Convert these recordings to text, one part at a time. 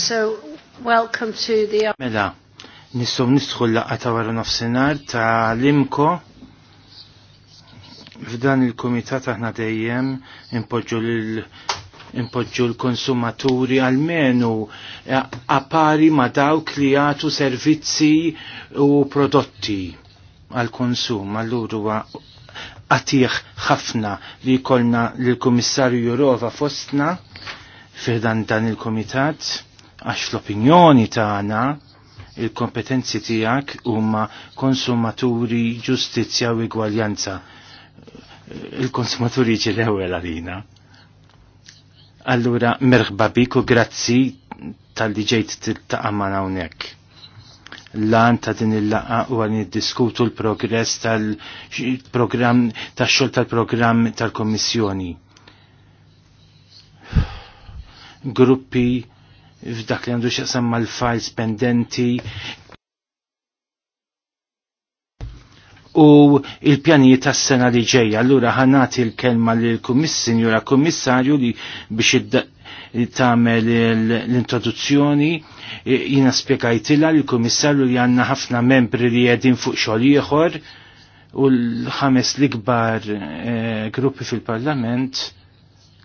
So, welcome to the... Mela, nistgħu nistħu laqgħa ta' wara nofsinhar ta' Limko f'dan il-kumitat aħna dejjem impoġġu lil impoġġu l-konsumaturi għalmenu e, appari ma dawk li jagħtu servizzi u prodotti għal-konsum. Allura huwa għatiħ ħafna li kolna l-Komissarju Jurova fostna fiħdan dan il-Komitat għax l-opinjoni tagħna il-kompetenzi tiegħek huma konsumaturi ġustizzja u igwaljanza. Il-konsumaturi ġi l-ewwel għalina. Allura merħba bik u grazzi tal-li ġejt tiltaqa' ma' hawnhekk lan ta' din il-laqa u għan diskutu l-progress tal-program, tal-xol tal-program tal-komissjoni. Gruppi f'dak li għandu xaqsam mal-files pendenti u il-pjanijiet tas sena li ġejja. Allura ħanat l-kelma l jura Kommissarju li biex tagħmel l-introduzzjoni e, jina spiegajtila l-Kummissarju li għandna ħafna membri li jedin fuq xogħol ieħor u l-ħames l-ikbar e, gruppi fil-Parlament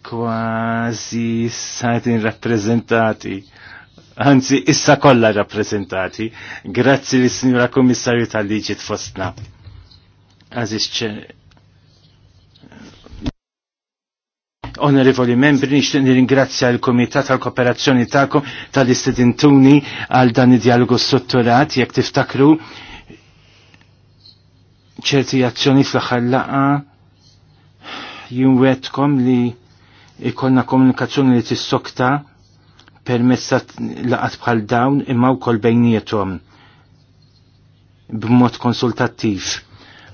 kważi sajtin rappresentati. Anzi, issa kollha rappresentati. Grazzi li signora Kommissarju tal-liġi tfostna. Aziz Onorevoli membri, nixtieq nirringrazzja l kumitat tal-Kooperazzjoni tagħkom tal-istedintuni għal dan id-dialogu strutturat jekk tiftakru ċerti azzjoni fl-aħħar jinwetkom li ikonna komunikazzjoni li tissokta permessa laqat bħal dawn imma wkoll bejnietom b'mod konsultattiv.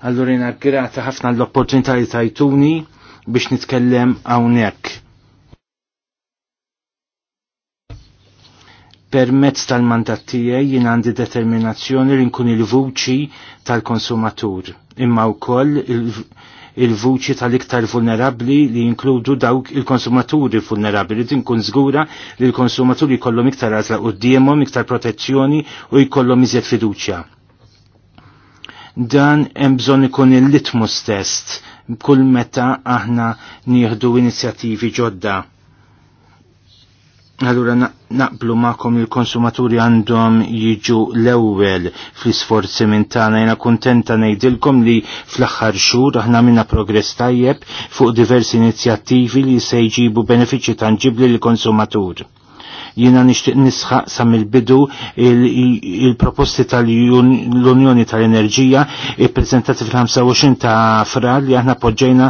Allura jena grata ħafna l-opportunità li tajtuni biex nitkellem hawnhekk. Permezz tal-mandat tiegħi jien għandi determinazzjoni li nkun il-vuċi tal-konsumatur imma wkoll il il-vuċi tal-iktar vulnerabli li jinkludu dawk il-konsumaturi vulnerabli. Din kun zgura li l-konsumaturi jkollhom iktar għazla qudiemhom, iktar protezzjoni u jkollhom iżjed fiduċja. Dan hemm bżonn ikun il-litmus test kull meta aħna nieħdu inizjattivi ġodda Allura naqblu ma'kom il-konsumaturi għandhom jiġu l-ewwel fl-isforzi minn tagħna jiena kuntenta ngħidilkom li fl-aħħar xhur aħna minna progress tajjeb fuq diversi inizjattivi li se jġibu benefiċċji tanġibli lill konsumatur Jiena nixtieq nisħa sa mill-bidu il-proposti tal-Unjoni tal-Enerġija prezentati fil-25 ta' frar li aħna poġġejna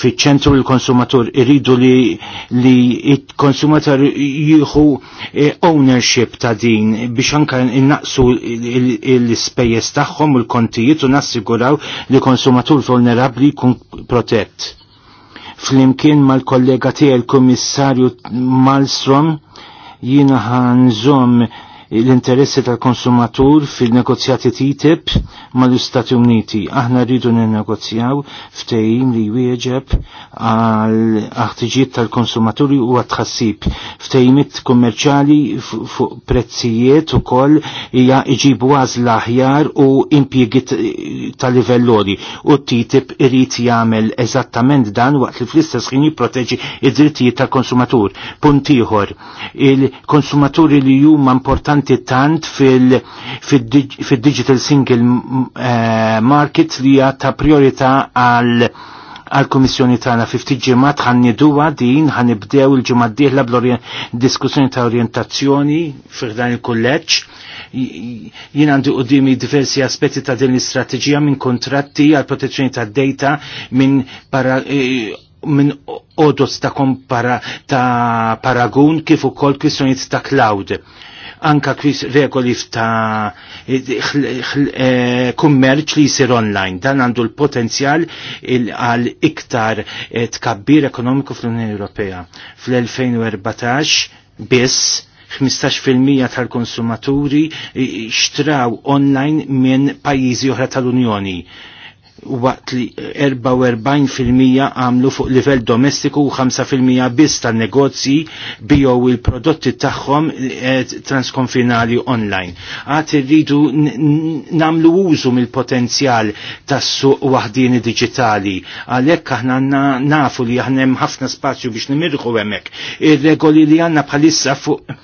fiċ-ċentru l-konsumatur irridu li il-konsumatur jieħu e, ownership ta' din biex anka innaqsu l-ispejjeż tagħhom u l-kontijiet u nassiguraw li konsumatur vulnerabbli jkun protett flimkien mal-kollega tiegħi l-Kummissarju Malmstrom jiena ħanżom l-interessi tal-konsumatur fil-negozjati TTIP mal-Istati Uniti. Aħna rridu n-negozjaw ftejim li wieġeb għal-ħtiġiet tal-konsumaturi u għat-ħassib. Ftejimit kommerċali fuq prezzijiet u koll iġibu għaz aħjar u impjegit tal-livellori. U TTIP irrit jagħmel eżattament dan waqt li fl-istess ħin jipproteġi id-drittijiet tal-konsumatur. Puntiħor, il-konsumaturi li huma importanti importanti tant fil-digital single eh, market li ta' priorità għal għal-Komissjoni tagħna fi ftit ġimgħat ħanniduha din ħanibdew il-ġimgħa d-dieħla bl-diskussjoni ta' orjentazzjoni fih dan il-kulleġġ jien għandi qudiemi diversi aspetti ta' din l-istrateġija minn kontratti għal protezzjoni ta' data minn para eh, minn odos ta' kompara ta' paragun kif ukoll kwistjonijiet ta' cloud anka kwis regoli ta' eh, kummerċ li jisir online. Dan għandu l-potenzjal għal iktar eh, tkabbir ekonomiku fl-Unjoni Ewropea. Fl-2014 biss 15% tal-konsumaturi xtraw online minn pajjiżi oħra tal-Unjoni waqt li 44% għamlu fuq livell domestiku u 5% biss tan-negozji bijow il-prodotti tagħhom eh, transkonfinali online. Għat irridu namlu użu mill-potenzjal tas-suq waħdini diġitali. Għalhekk aħna nafu li aħna hemm ħafna spazju biex nimirħu hemmhekk. Ir-regoli li għandna bħalissa fuq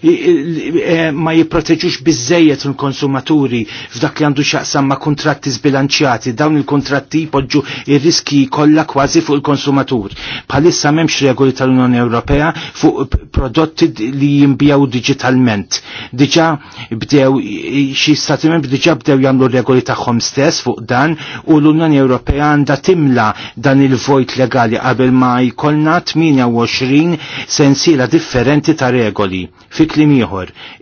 E, ma jipproteġux bizzejiet l konsumaturi f'dak li għandu xaqsam ma' kontratti zbilanċjati, dawn il-kontratti jpoġġu il riski kollha kważi fuq il-konsumatur. Bħalissa m'hemmx regoli tal-Unjoni Ewropea fuq prodotti li jimbijaw digitalment. Diġà bdew xi stati membri diġa' bdew jagħmlu regoli tagħhom stess fuq dan u l-Unjoni Ewropea għandha timla dan il-vojt legali qabel ma jkollna 28 sensiela differenti ta' regoli fi fi klim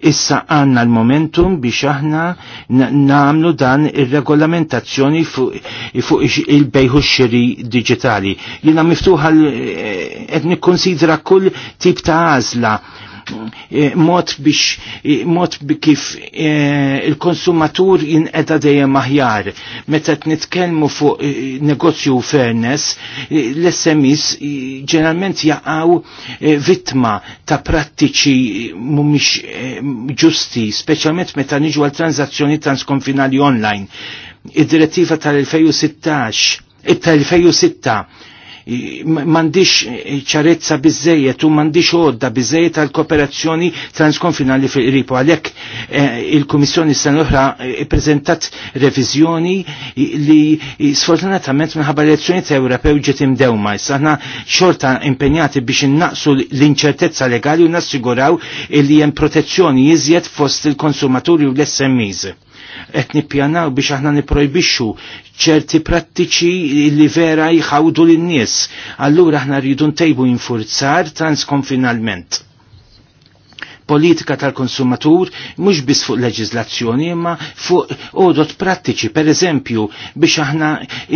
Issa għandna l-momentum biex aħna nagħmlu dan ir-regolamentazzjoni fuq il-bejħu xiri digitali. Jiena miftuħa eh, qed konsidra kull tip ta' għażla Eh, mod biex eh, mod kif eh, il-konsumatur jinqeda dejjem aħjar. Meta nitkellmu fuq negozju fairness, l-SMIs ġeneralment jaqgħu vittma ta' prattiċi mhumiex ġusti, speċjalment meta niġu għal tranzazzjoni transkonfinali online. Id-direttiva tal-2016 it-2006 mandiċ ċarezza bizzejiet u mandiċ odda bizzejiet tal kooperazzjoni transkonfinali fil-ripo. Għalek eh, il-Komissjoni s-sena uħra eh, prezentat revizjoni li sfortunatament minħabba ta' Ewropew ġiet imdewma. Saħna xorta impenjati biex innaqsu l-inċertezza legali u nassiguraw li jem protezzjoni jizjed fost il-konsumaturi u l smis qed nippjanaw biex aħna niprojbixxu ċerti prattiċi li vera jħawdu lin-nies. Allura aħna rridu ntejbu infurzar transkonfinalment politika tal-konsumatur mhux biss fuq leġiżlazzjoni imma fuq għodot prattiċi, per eżempju, biex aħna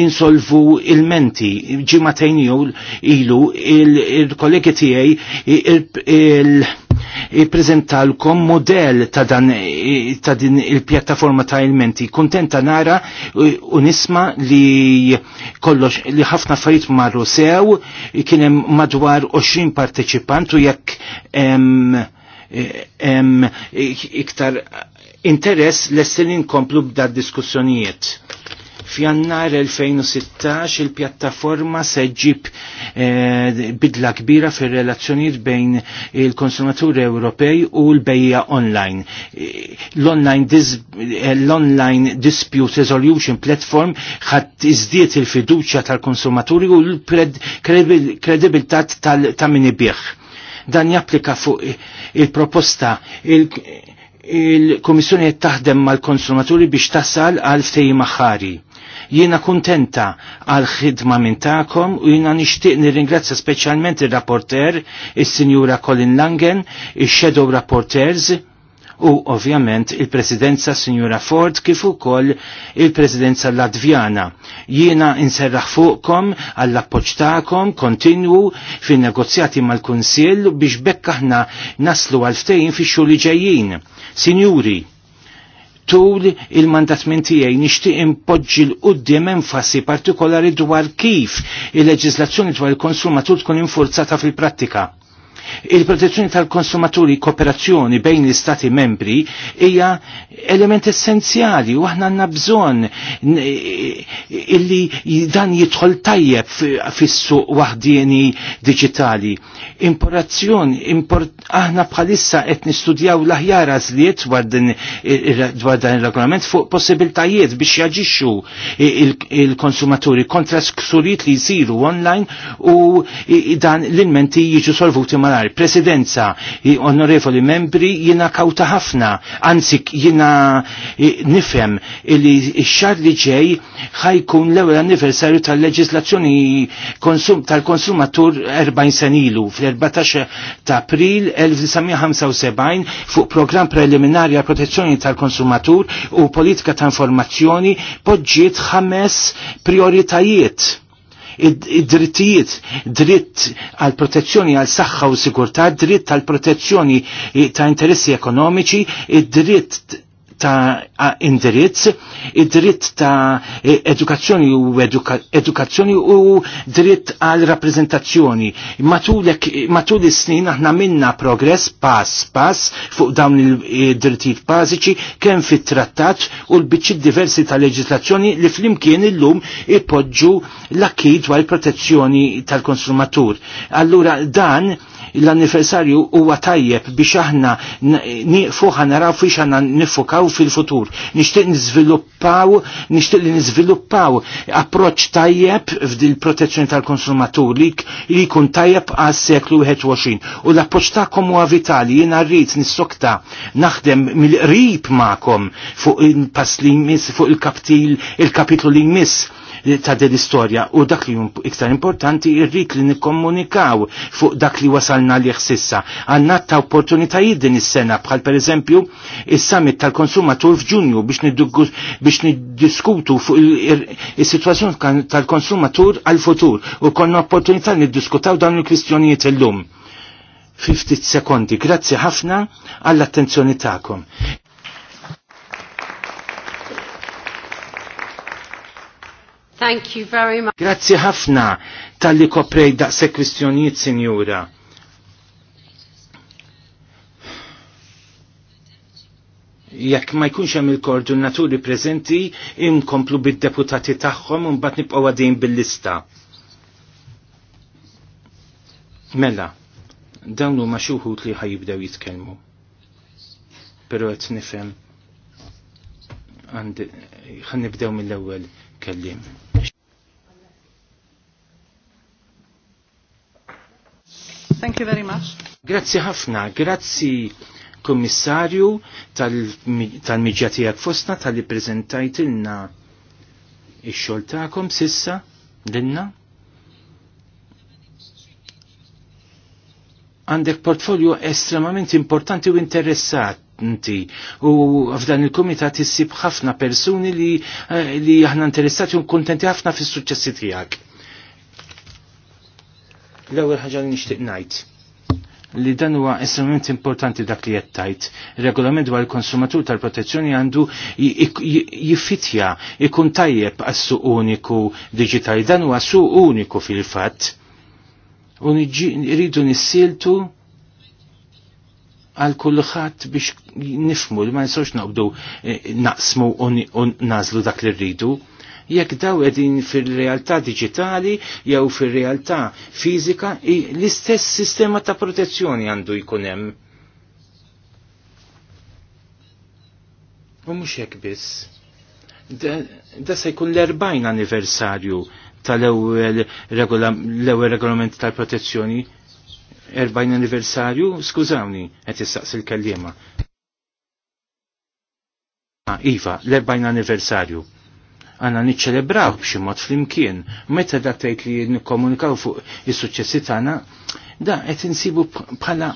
insolvu il-menti. Ġimatejn jew ilu il-kollegi tiegħi il-, il, il, il ippreżentalkom model ta' dan ta' din il-pjattaforma ta' elementi. Kontenta nara u nisma li kollox li ħafna affarijiet marru sew kien hemm madwar 20 parteċipant u jekk iktar interess lest li b'dar diskussjonijiet F'jannar 2016 il-pjattaforma se ġib eh, bidla kbira fir relazzjonijiet bejn il-konsumaturi Ewropej u l-bejja online. Eh, eh, l-online dispute resolution platform ħadd iżdiet il-fiduċja tal-konsumaturi u l-kredibilità ta' min ibieħ. Dan japplika fuq il-proposta il, il, il komissjoni taħdem mal-konsumaturi biex tasal għal ftejim aħħari Jiena kuntenta għal ħidma minn tagħkom u jiena nixtieq nirringrazzja speċjalment ir-rapporter, is-Sinjura Colin Langen, ix-Shadow Rapporters, u ovvjament il-presidenza s-Sinjura Ford kif ukoll il-presidenza Latvjana. Jiena inserraħ fuqkom għall appoġġ tagħkom kontinwu fin-negozjati mal-Kunsill biex bekk aħna naslu għal ftejn fix-xhur ġejjin. Sinjuri, tul il-mandat minn tiegħi nixtieq impoġġi l qudiem enfasi partikolari dwar kif il-leġiżlazzjoni dwar il-konsumatur tkun infurzata fil-prattika Il-protezzjoni tal-konsumaturi kooperazzjoni bejn l-istati membri hija element essenzjali u aħna għandna bżonn eh, illi dan jidħol tajjeb fis-suq waħdieni diġitali. Importazzjoni, import, aħna bħalissa qed nistudjaw l-aħjar għażliet dwar dan ir-regolament fuq possibiltajiet biex jaġixxu il-konsumaturi kontra sksurijiet li jsiru online u dan l-inmenti jiġu solvuti mal nofsinar, presidenza, onorevoli membri, jina kawta ħafna, anzik jina nifem li xar li ġej ħajkun l-ewel anniversarju tal-leġislazzjoni tal-konsumatur 40 senilu fl-14 ta' april 1975 fuq program preliminari għal protezzjoni tal-konsumatur u politika ta' informazzjoni poġġiet ħames prioritajiet id-drittijiet, dritt għal protezzjoni għal saħħa u sigurtà, dritt għal protezzjoni ta' interessi ekonomiċi, id-dritt ta' indirizz, id-dritt ta' e, edukazzjoni u edukazzjoni u dritt għal rappresentazzjoni. Matul is-snin aħna minna progress pass pass fuq dawn il-drittijiet bażiċi kemm fit-trattat u l-biċċi diversi ta' leġislazzjoni li flimkien illum ipoġġu l-akkid dwar il-protezzjoni tal-konsumatur. Allura dan l-anniversarju huwa tajjeb biex aħna fuħa naraw fiex aħna nifukaw fil-futur. Nixtieq niżviluppaw, nixtieq li niżviluppaw approċċ tajjeb f'dil protezzjoni tal-konsumatur li jkun tajjeb għas seklu 21. U l-approċċ tagħkom huwa vitali jiena rrid nissokta naħdem mill-qrib magħkom fuq il-pass li jmiss fuq il il-kapitlu li jmiss ta' din istorja u dak li iktar importanti irrit li nikkomunikaw fuq dak li wasalna li sissa. Għanna ta' opportunitajiet din is-sena bħal per eżempju is-summit tal-konsumatur f'Ġunju biex niddiskutu fuq is-sitwazzjoni tal-konsumatur għal-futur u konna opportunità niddiskutaw dawn il-kwistjonijiet illum. 50 sekondi. Grazzi ħafna għall-attenzjoni ta'kom. Thank you very much. Grazzi ħafna tal-li koprej daqse kwistjonijiet, Sinjura. jekk ma jkunx hemm il-koordinaturi preżenti inkomplu bid-deputati tagħhom u mbagħad nibqgħu għadin bil-lista. Mela, dawn huma xi wħud li ħajibdew jitkellmu. Però qed nifhem għandi ħanibdew nibdew mill-ewwel kellim. Thank you very much. Grazzi ħafna, grazzi kommissarju tal-miġja tiegħek fostna tal-li prezentajt ilna ix-xogħol tagħkom sissa dinna. Għandek portfolio estremament importanti u interessat u f'dan il-komitat jissib ħafna persuni li, eh, li aħna interessati u kontenti ħafna fis suċċessi tiegħek. L-ewwel ħaġa li nixtieq ngħid li dan huwa estremament importanti dak li qed tajt. Regolament dwar il-konsumatur tal-protezzjoni għandu jiffitja, ikun tajjeb għas-suq uniku diġitali. Dan huwa suq uniku fil-fatt. U rridu nissiltu għal kulħadd biex nifmu li ma nistgħux naqbdu eh, naqsmu u nażlu dak li rridu jekk daw qegħdin fir-realtà digitali jew fir-realtà fiżika l-istess sistema ta' protezzjoni għandu jkun hemm. U mhux hekk biss. Da, se jkun l erbajn anniversarju tal-ewwel l-ewwel regolament tal-protezzjoni 40 anniversarju, skużawni, qed issaqs il-kellima. Ah, iva, l-40 anniversarju għanna niċċelebraw b'xi mod flimkien. Meta dak tgħid li nikkomunikaw fuq is-suċċessi tagħna, da qed insibu bħala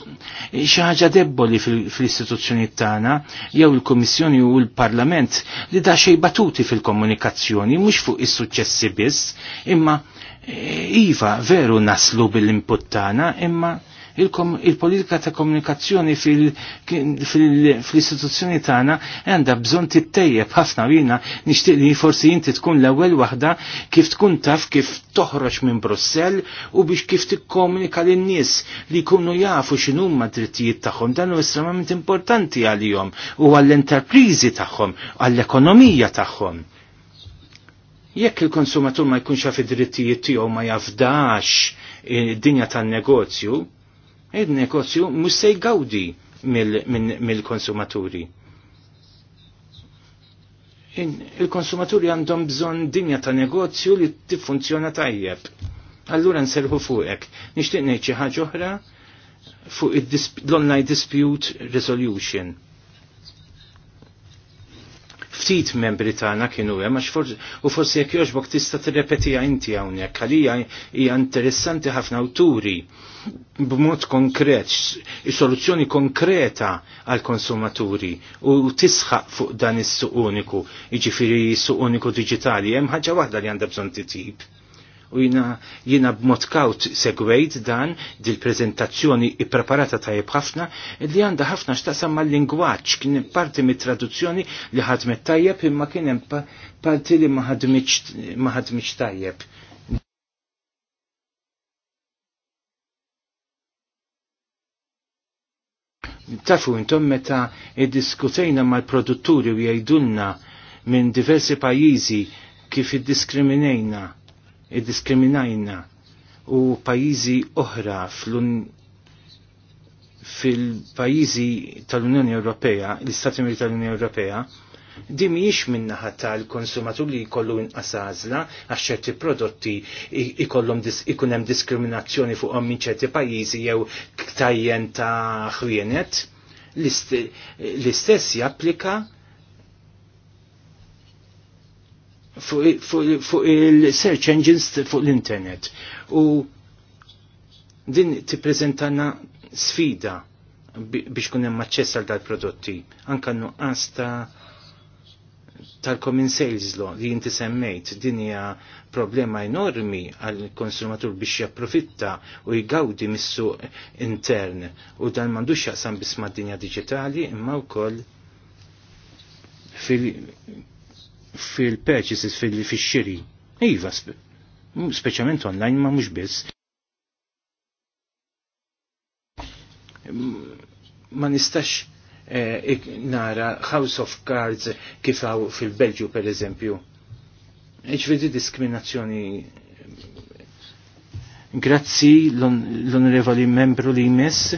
xi ħaġa debboli fl istituzzjoni tagħna jew il-Kummissjoni u l-Parlament li da xej batuti fil-komunikazzjoni mhux fuq is-suċċessi biss, imma e, iva veru naslu bil-input tagħna, imma il-politika ta' komunikazzjoni fil-istituzzjoni tagħna għandha bżonn tittejjeb ħafna jina nixtieq li forsi inti tkun l-ewwel waħda kif tkun taf kif toħroġ minn Brussell u biex kif tikkomunika lin-nies li jkunu jafu x'inhuma drittijiet tagħhom dan hu estremament importanti għalihom u għall-enterprizi tagħhom, għall-ekonomija tagħhom. Jekk il-konsumatur ma jkunx jaf id-drittijiet tiegħu ma jafdax id-dinja eh, tan-negozju, il-negozju mhux se jgawdi mill-konsumaturi. Il-konsumaturi għandhom bżonn dinja ta' negozju li tiffunzjona tajjeb. Allura nserħu fuqek. Nixtieq ngħid xi ħaġa oħra fuq l-online dispute resolution ftit membri tagħna kienu hemm għax u forsi jekk jogħġbok tista' tirrepetiha inti hawnhekk għalija hija interessanti ħafna awturi b'mod konkret, soluzzjoni konkreta għal konsumaturi u tisħaq fuq dan is-suq uniku, jiġifieri suq uniku diġitali, hemm ħaġa waħda li għandha bżonn titib u jina, jina b'mod kaut segwejt dan dil-prezentazzjoni i-preparata tajjeb ħafna li għandha ħafna x'taqsam mal-lingwaġġ kien parti mit-traduzzjoni li ħadmet tajjeb imma kien hemm parti li ma ħadmitx tajjeb. Tafu intom meta iddiskutejna mal-produtturi u jgħidulna minn diversi pajjiżi kif iddiskriminejna iddiskriminajna u pajizi oħra fil-pajizi tal-Unjoni Ewropea, l-Istati Uniti tal-Unjoni Ewropea, di miex ħatta tal-konsumatur li jkollu inqas għażla għax ċerti prodotti ikollhom ikun hemm diskriminazzjoni fuqhom minn ċerti pajjiżi jew ktajjen ta' ħwienet. L-istess japplika fuq il-search engines fuq l-internet. U din tippreżentana sfida biex kun hemm aċċess għal dal-prodotti. Anka nuqqas ta' tal-common sales law li jinti semmejt din hija problema enormi għal konsumatur biex japprofitta u jgawdi missu intern u dan m'għandux jaqsam biss mad-dinja digitali imma wkoll fil fil-purchases fil-xiri. Iva, speċjalment online ma mhux biss. Ma nistax eh, nara House of Cards kif fil-Belġju per eżempju. Iġvedi diskriminazzjoni Grazzi l-onorevoli membru li jmiss.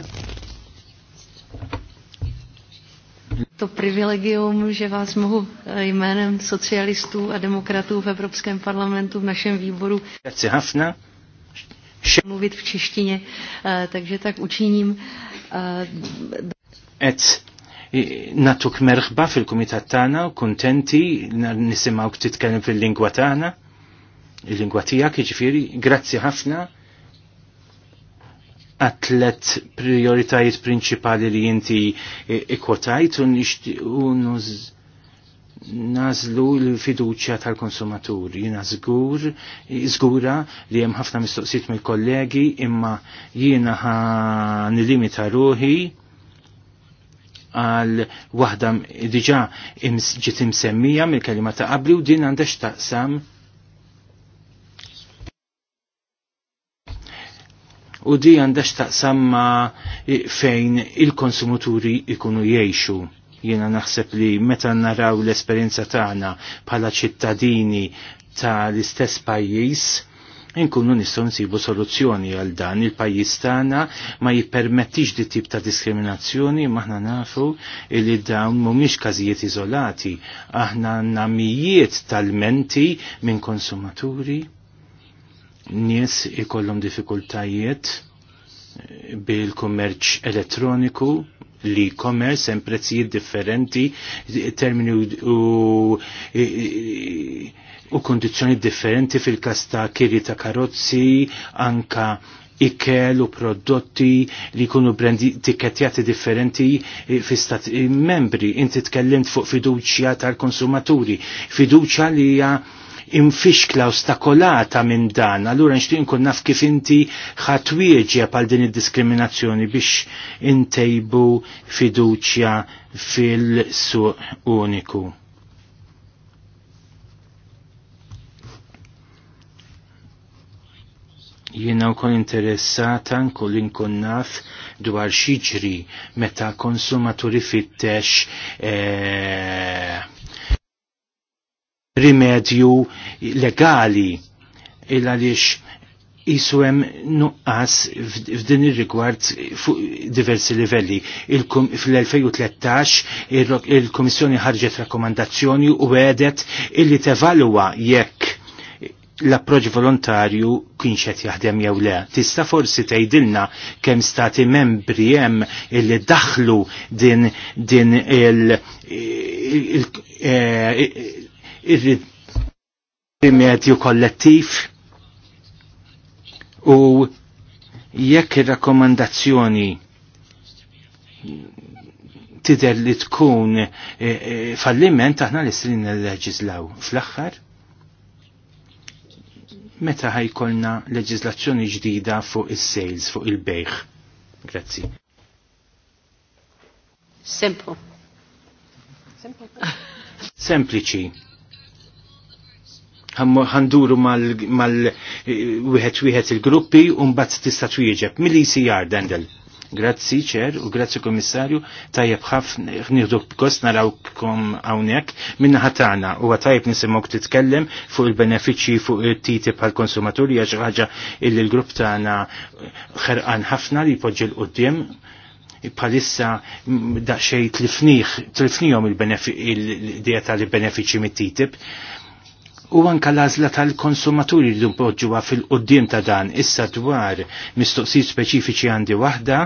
to privilegium, že vás mohu eh, jménem socialistů a demokratů v Evropském parlamentu v našem výboru mluvit v češtině, eh, takže tak učiním. Eh, Et natuk merħba fil komitat tana u kuntenti nisimgħu titkellem fil-lingwa tana, il-lingwa tijak, jiġifieri, grazzi ħafna għatlet prioritajiet prinċipali li jinti ikkotajt u nazlu l-fiduċja tal-konsumatur. Jina zgur, zgura li jem ħafna mistoqsit mill-kollegi imma jina nilimita ruħi għal wahda diġa ġiet imsemmija mill-kelima ta' qabli u din għandax taqsam u di għandax taqsamma fejn il-konsumaturi ikunu jiexu. Jena naħseb li meta naraw l-esperienza tagħna bħala ċittadini ta' l-istess pajjiż, inkunu nistgħu nsibu soluzzjoni għal dan il-pajjiż tagħna ma jippermettix di tip ta' diskriminazzjoni maħna nafu li dawn mhumiex każijiet iżolati. Aħna għandna mijiet tal-menti minn konsumaturi nies ikollhom diffikultajiet bil-kummerċ elettroniku li commerce hemm prezzijiet differenti, termini u, u kondizjoni differenti fil-kas ta' kiri ta' karozzi, anka ikel u prodotti li jkunu brandi tikketjati differenti fi stat membri. Inti tkellimt fuq fiduċja tal-konsumaturi, fiduċja li hija imfixkla ostakolata minn dan, allura nixtieq nkun naf kif inti ħatwieġja għal din id-diskriminazzjoni biex intejbu fiduċja fil-suq uniku. jiena wkoll interessata nkun inkun naf dwar xiġri meta konsumaturi fittex eh, rimedju legali il għaliex jiswem nuqqas f'din ir-rigward fuq diversi livelli. fl 2013 il-Komissjoni ħarġet rakkomandazzjoni u għedet illi tevalwa jekk l-approċ volontarju kienx qed jaħdem jew le. Tista' forsi tgħidilna kemm stati membri hemm illi daħlu din din il eh, irrimedju kollettiv u jekk ir-rakkomandazzjoni tider li tkun e, e, falliment aħna li sirin leġizlaw fl aħħar meta ħajkolna leġislazzjoni ġdida fuq is-sales fuq il-bejħ. Grazzi. Simple. Sempliċi ħanduru mal-wieħed wieħed il-gruppi u mbagħad tista' twieġeb. Mili jsir Dendel. Grazzi ċer u grazzi komissarju tajjeb ħafna nieħdu kost narawkom hawnhekk minna ħatana u tajjeb nisimgħu titkellem fuq il-benefiċċji fuq it-titi bħal konsumaturi għax ħaġa illi l-grupp tagħna ħerqan ħafna li jpoġġi l qudiem bħalissa daqsxejn tlifnih il-dieta tal benefiċċji mit-titib u anka l tal-konsumaturi li dumpoġġuwa fil-qoddim ta' dan issa dwar mistoqsijiet speċifiċi għandi waħda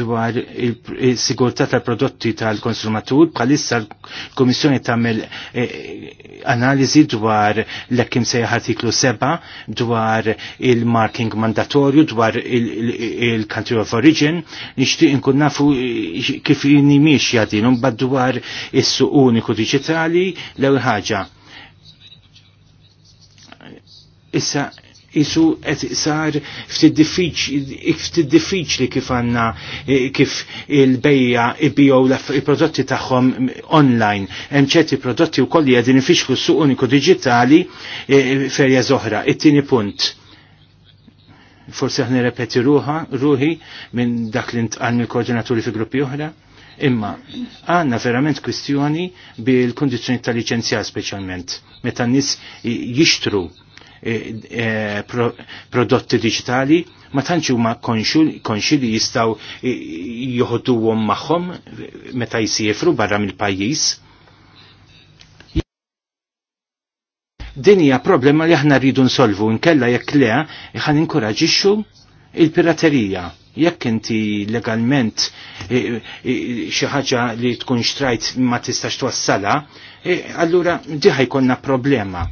dwar il-sigurtà tal-prodotti tal-konsumatur bħalissa l-Komissjoni tagħmel eh, eh, analiżi dwar l-ekkim sejħ artiklu 7 dwar il-marking mandatorju dwar il-country of origin nixtieq inkun nafu eh, kif jini miex jadin dwar is-suq uniku diġitali l-ewwel ħaġa issa isu qed sar ftit diffiċli kif għandna eh, kif il-bejja ibijow il-prodotti tagħhom online. Hemm ċerti prodotti wkoll li qegħdin ifixxlu suq uniku diġitali eh, ferja zoħra. It-tieni punt forse aħna repeti ruha, ruhi minn dak li ntqal mill-koordinaturi fi gruppi oħra. Imma, għanna verament kwistjoni bil-kondizjoni tal-licenzja specialment, meta nis jixtru Eh, eh, prodotti digitali ma tantx huma konxi li jistgħu eh, għom magħhom meta jsifru barra mill-pajjiż. Din hija problema li aħna rridu nsolvu nkella jekk le ħan inkoraġixxu il-piraterija. Jekk inti legalment xi ħaġa li tkun xtrajt ma tistax twassala, allura diħa jkollna problema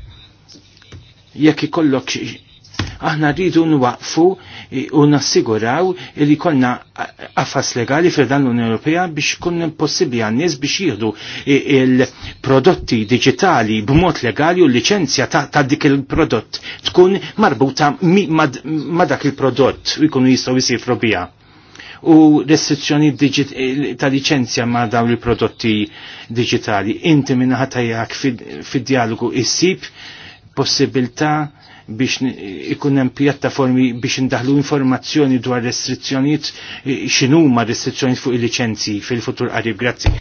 jekk ikollok aħna rridu nwaqfu u nassiguraw li konna affas legali fil dan l-Unjoni Ewropea biex kun possibbli għan-nies biex jieħdu il-prodotti digitali b'mod legali u l-liċenzja ta' dik il-prodott tkun marbuta ma' dak il-prodott u jkunu jistgħu jisifru biha u restrizzjoni ta' licenzja ma' dawn il-prodotti digitali. Inti minna ħatajak fid-dialogu issib possibilità biex ikun hemm pjattaformi biex indaħlu informazzjoni dwar restrizzjonijiet e, x'inhuma restrizzjonijiet fuq il licenzi fil-futur qarib. Grazie.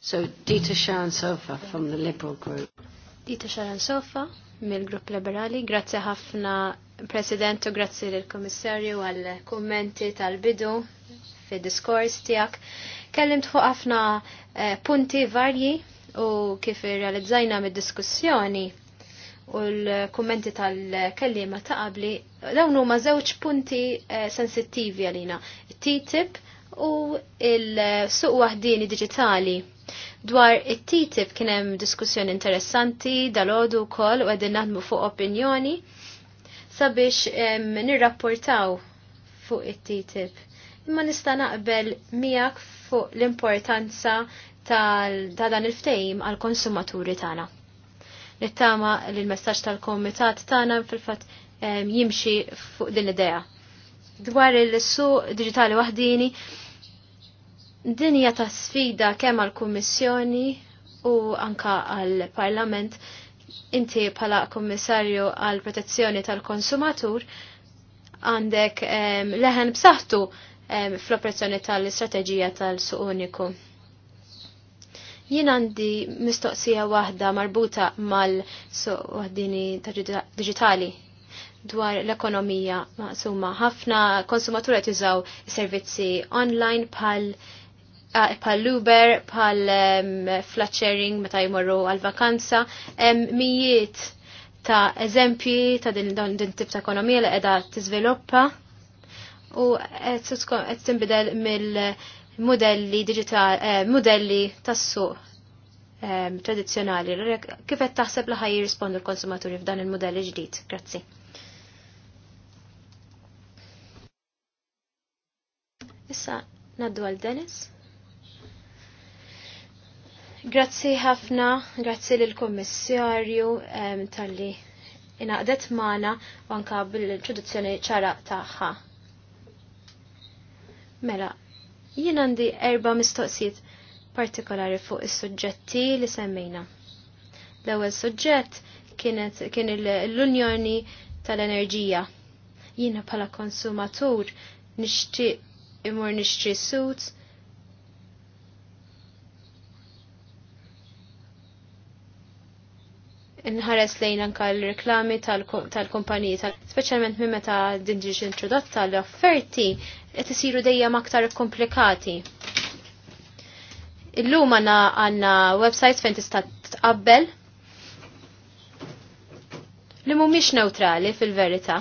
So Dita Sharon Sofa from the Liberal Group. Dita Sharon Sofa mill-Grupp Liberali. Grazzi ħafna President u grazzi lill-Kummissarju għal kummenti tal-bidu fid diskors tiegħek. Kellim tħu ħafna eh, punti varji u kif irrealizzajna mid-diskussjoni u l-kummenti tal-kellima ta' qabli, dawnu huma żewġ punti eh, sensittivi għalina, TTIP u il-suq wahdini digitali Dwar it-TTIP kien hemm diskussjoni interessanti dal-għodu wkoll u qegħdin naħdmu fuq opinjoni sabiex nirrapportaw fuq it-TTIP. Imma nista' naqbel miegħek fuq l-importanza ta' dan il ftehim għal konsumaturi tagħna. Nittama li l-messaġġ tal-komitat tagħna fil-fatt jimxi fuq din l-idea. Dwar il-suq digitali waħdini, Dinja ta' sfida kemm għal-Kummissjoni u anka għal-Parlament inti pala kommissarju għal protezzjoni tal-konsumatur għandek um, leħen b'saħħtu um, fl-operazzjoni tal-istrateġija tal-suq uniku. Jien għandi mistoqsija waħda marbuta mal-suq waħdini digitali dwar l-ekonomija maqsuma. ħafna konsumaturi tużaw servizzi online bħal pal Luber, pal flatchering meta jmorru għal-vakanza, mijiet ta' eżempji ta' din, din tip ta' ekonomija li qiegħda tiżviluppa u qed tinbidel mill-modelli digital eh, modelli tas-suq tradizzjonali. Kif qed taħseb li ħaj jirrispondu l-konsumaturi f'dan il mudelli ġdid? Grazzi. Issa naddu għal Dennis. Grazzi ħafna, grazzi lill-Kummissarju tal-li inaqdet mana u anka bil-introduzzjoni ċara tagħha. Mela, jien għandi erba mistoqsijiet partikolari fuq is-suġġetti li semmejna. L-ewwel suġġett kienet kien l-Unjoni tal-Enerġija. Jiena bħala konsumatur nixtieq imur nixtri suits nħares lejn anka l-reklami tal-kumpaniji, tal speċjalment minn meta din ġiġ introdotta l-offerti qed isiru dejjem aktar komplikati. Illum għandna għandna websites fejn tista' tqabbel li mhumiex neutrali fil-verità.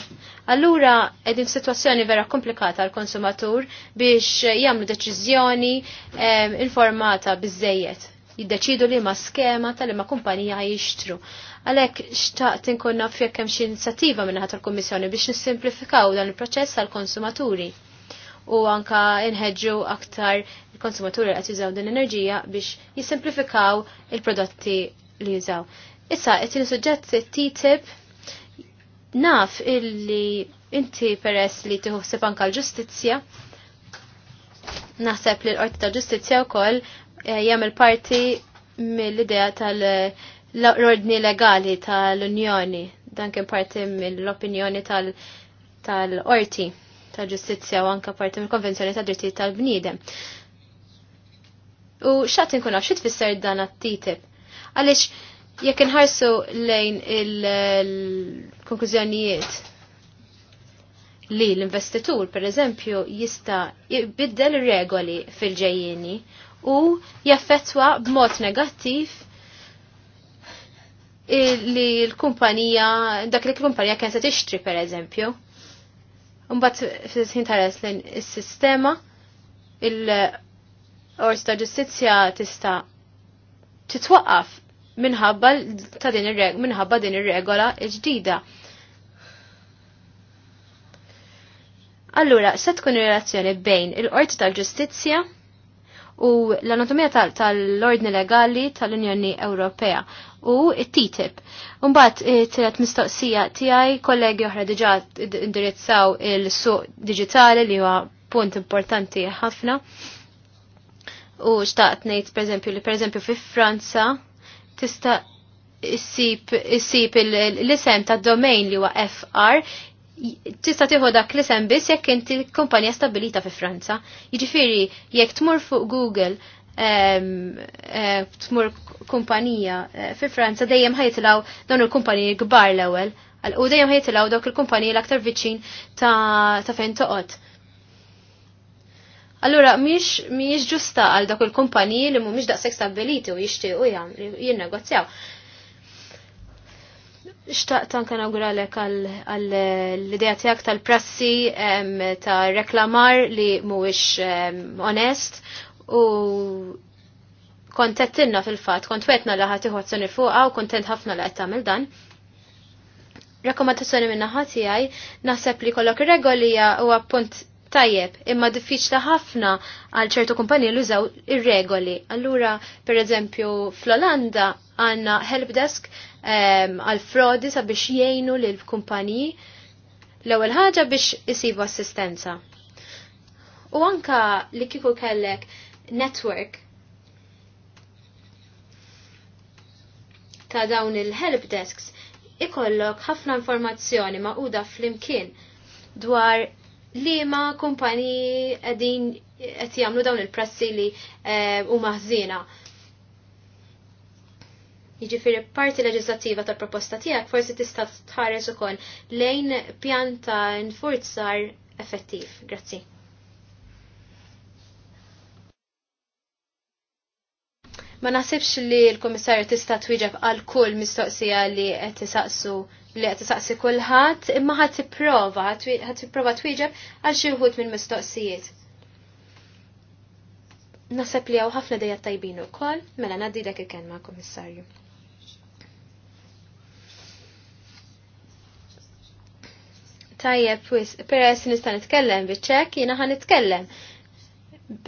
Allura qegħdin situazzjoni vera komplikata għal konsumatur biex jagħmlu deċiżjoni eh, informata biżejjed jiddeċidu li ma skema tal ma kumpanija jixtru. Għalek xtaqt inkunna fjek hemm xi inizjattiva minnaħat tal-Kummissjoni biex nissimplifikaw dan il-proċess għal-konsumaturi u anka inħedġu aktar il-konsumaturi qed jużaw din enerġija biex jissimplifikaw il-prodotti li jużaw. Issa, qed tieni suġġett TTIP naf illi inti peress li tieħu anka l-ġustizzja naħseb li l-qorti ta' ġustizzja wkoll Eh, jagħmel parti mill-idea tal-ordni legali tal-Unjoni, dan kien parti mill-opinjoni tal-orti tal-ġustizzja u anka parti mill-Konvenzjoni tad drittijiet tal-Bniedem. U xat nkun għaf, xit fisser dan għat-titib? Għalix, jekk nħarsu lejn il-konklużjonijiet li l-investitur, per eżempju, jista' jibiddel regoli fil-ġejjini u jaffettwa b'mod negattiv li l-kumpanija, dak li l-kumpanija kien se tixtri per eżempju. Mbagħad fis-sin tares li s-sistema il-Qorti ta' Ġustizzja tista' titwaqqaf minħabba ta' din ir-regola minħabba din ir-regola ġdida. Allura, se tkun ir-relazzjoni bejn il-Qorti tal-Ġustizzja u l-anatomija tal-ordni legali tal-Unjoni Ewropea u t-TTIP. Umbat, eh, t-tret mistoqsija tijaj, kollegi oħra diġa indirizzaw il-suq digitali li huwa punt importanti ħafna. U xtaqt nejt, per eżempju, li per eżempju fi Franza tista' issib il isem ta' domain li huwa FR tista' tieħu dak li sem biss jekk inti kumpanija stabilita fi Franza. Jiġifieri jekk tmur fuq Google tmur kumpanija eh, fi Franza dejjem ħajtilgħu dawn il-kumpaniji kbar l-ewwel u dejjem ħajtilgħu dawk il-kumpaniji l-aktar viċin ta' fejn toqgħod. Allura, miex, ġusta għal dak il-kumpaniji li miex daqseg stabiliti u jishtiqu jgħam, jinnegozjaw. Xtaqt anka nawguralek għall-idea tiegħek tal-prassi ta' reklamar li mhuwiex onest u kontettinna fil-fatt, kont wetna li ħadd iħozzjoni fuqha u kontent ħafna li qed tagħmel dan. Rakkomandazzjoni minn naħa tiegħi naħseb li kollok regolija u appunt tajjeb, imma diffiċla ħafna għal ċertu kumpanji li użaw ir-regoli. Allura, per eżempju, fl-Olanda għandna helpdesk għal-frodi sabiex jgħinu lill-kumpaniji l-ewwel ħaġa biex jisibu assistenza. U anka li kiku kellek network ta' dawn il-help desks ikollok ħafna informazzjoni maquda fl-imkien dwar li ma kumpani qegħdin qed jagħmlu dawn il-prassi li eh, huma ħżiena. Uh, Jiġifieri parti leġislattiva tal-proposta tiegħek forsi tista' tħares ukoll lejn pjan ta' nfurzar effettiv. Grazzi. Ma naħsibx li l-Komissarju tista' twieġeb għal kull mistoqsija li qed isaqsu li qed isaqsi kulħadd, imma ħadd tipprova ħadd tipprova twieġeb għal xi wħud mill-mistoqsijiet. Naħseb li hawn ħafna dejja tajbin ukoll, mela ngħaddilek il-kelma, Komissarju. Tajjeb, peress nista' nitkellem biċ jiena ħa nitkellem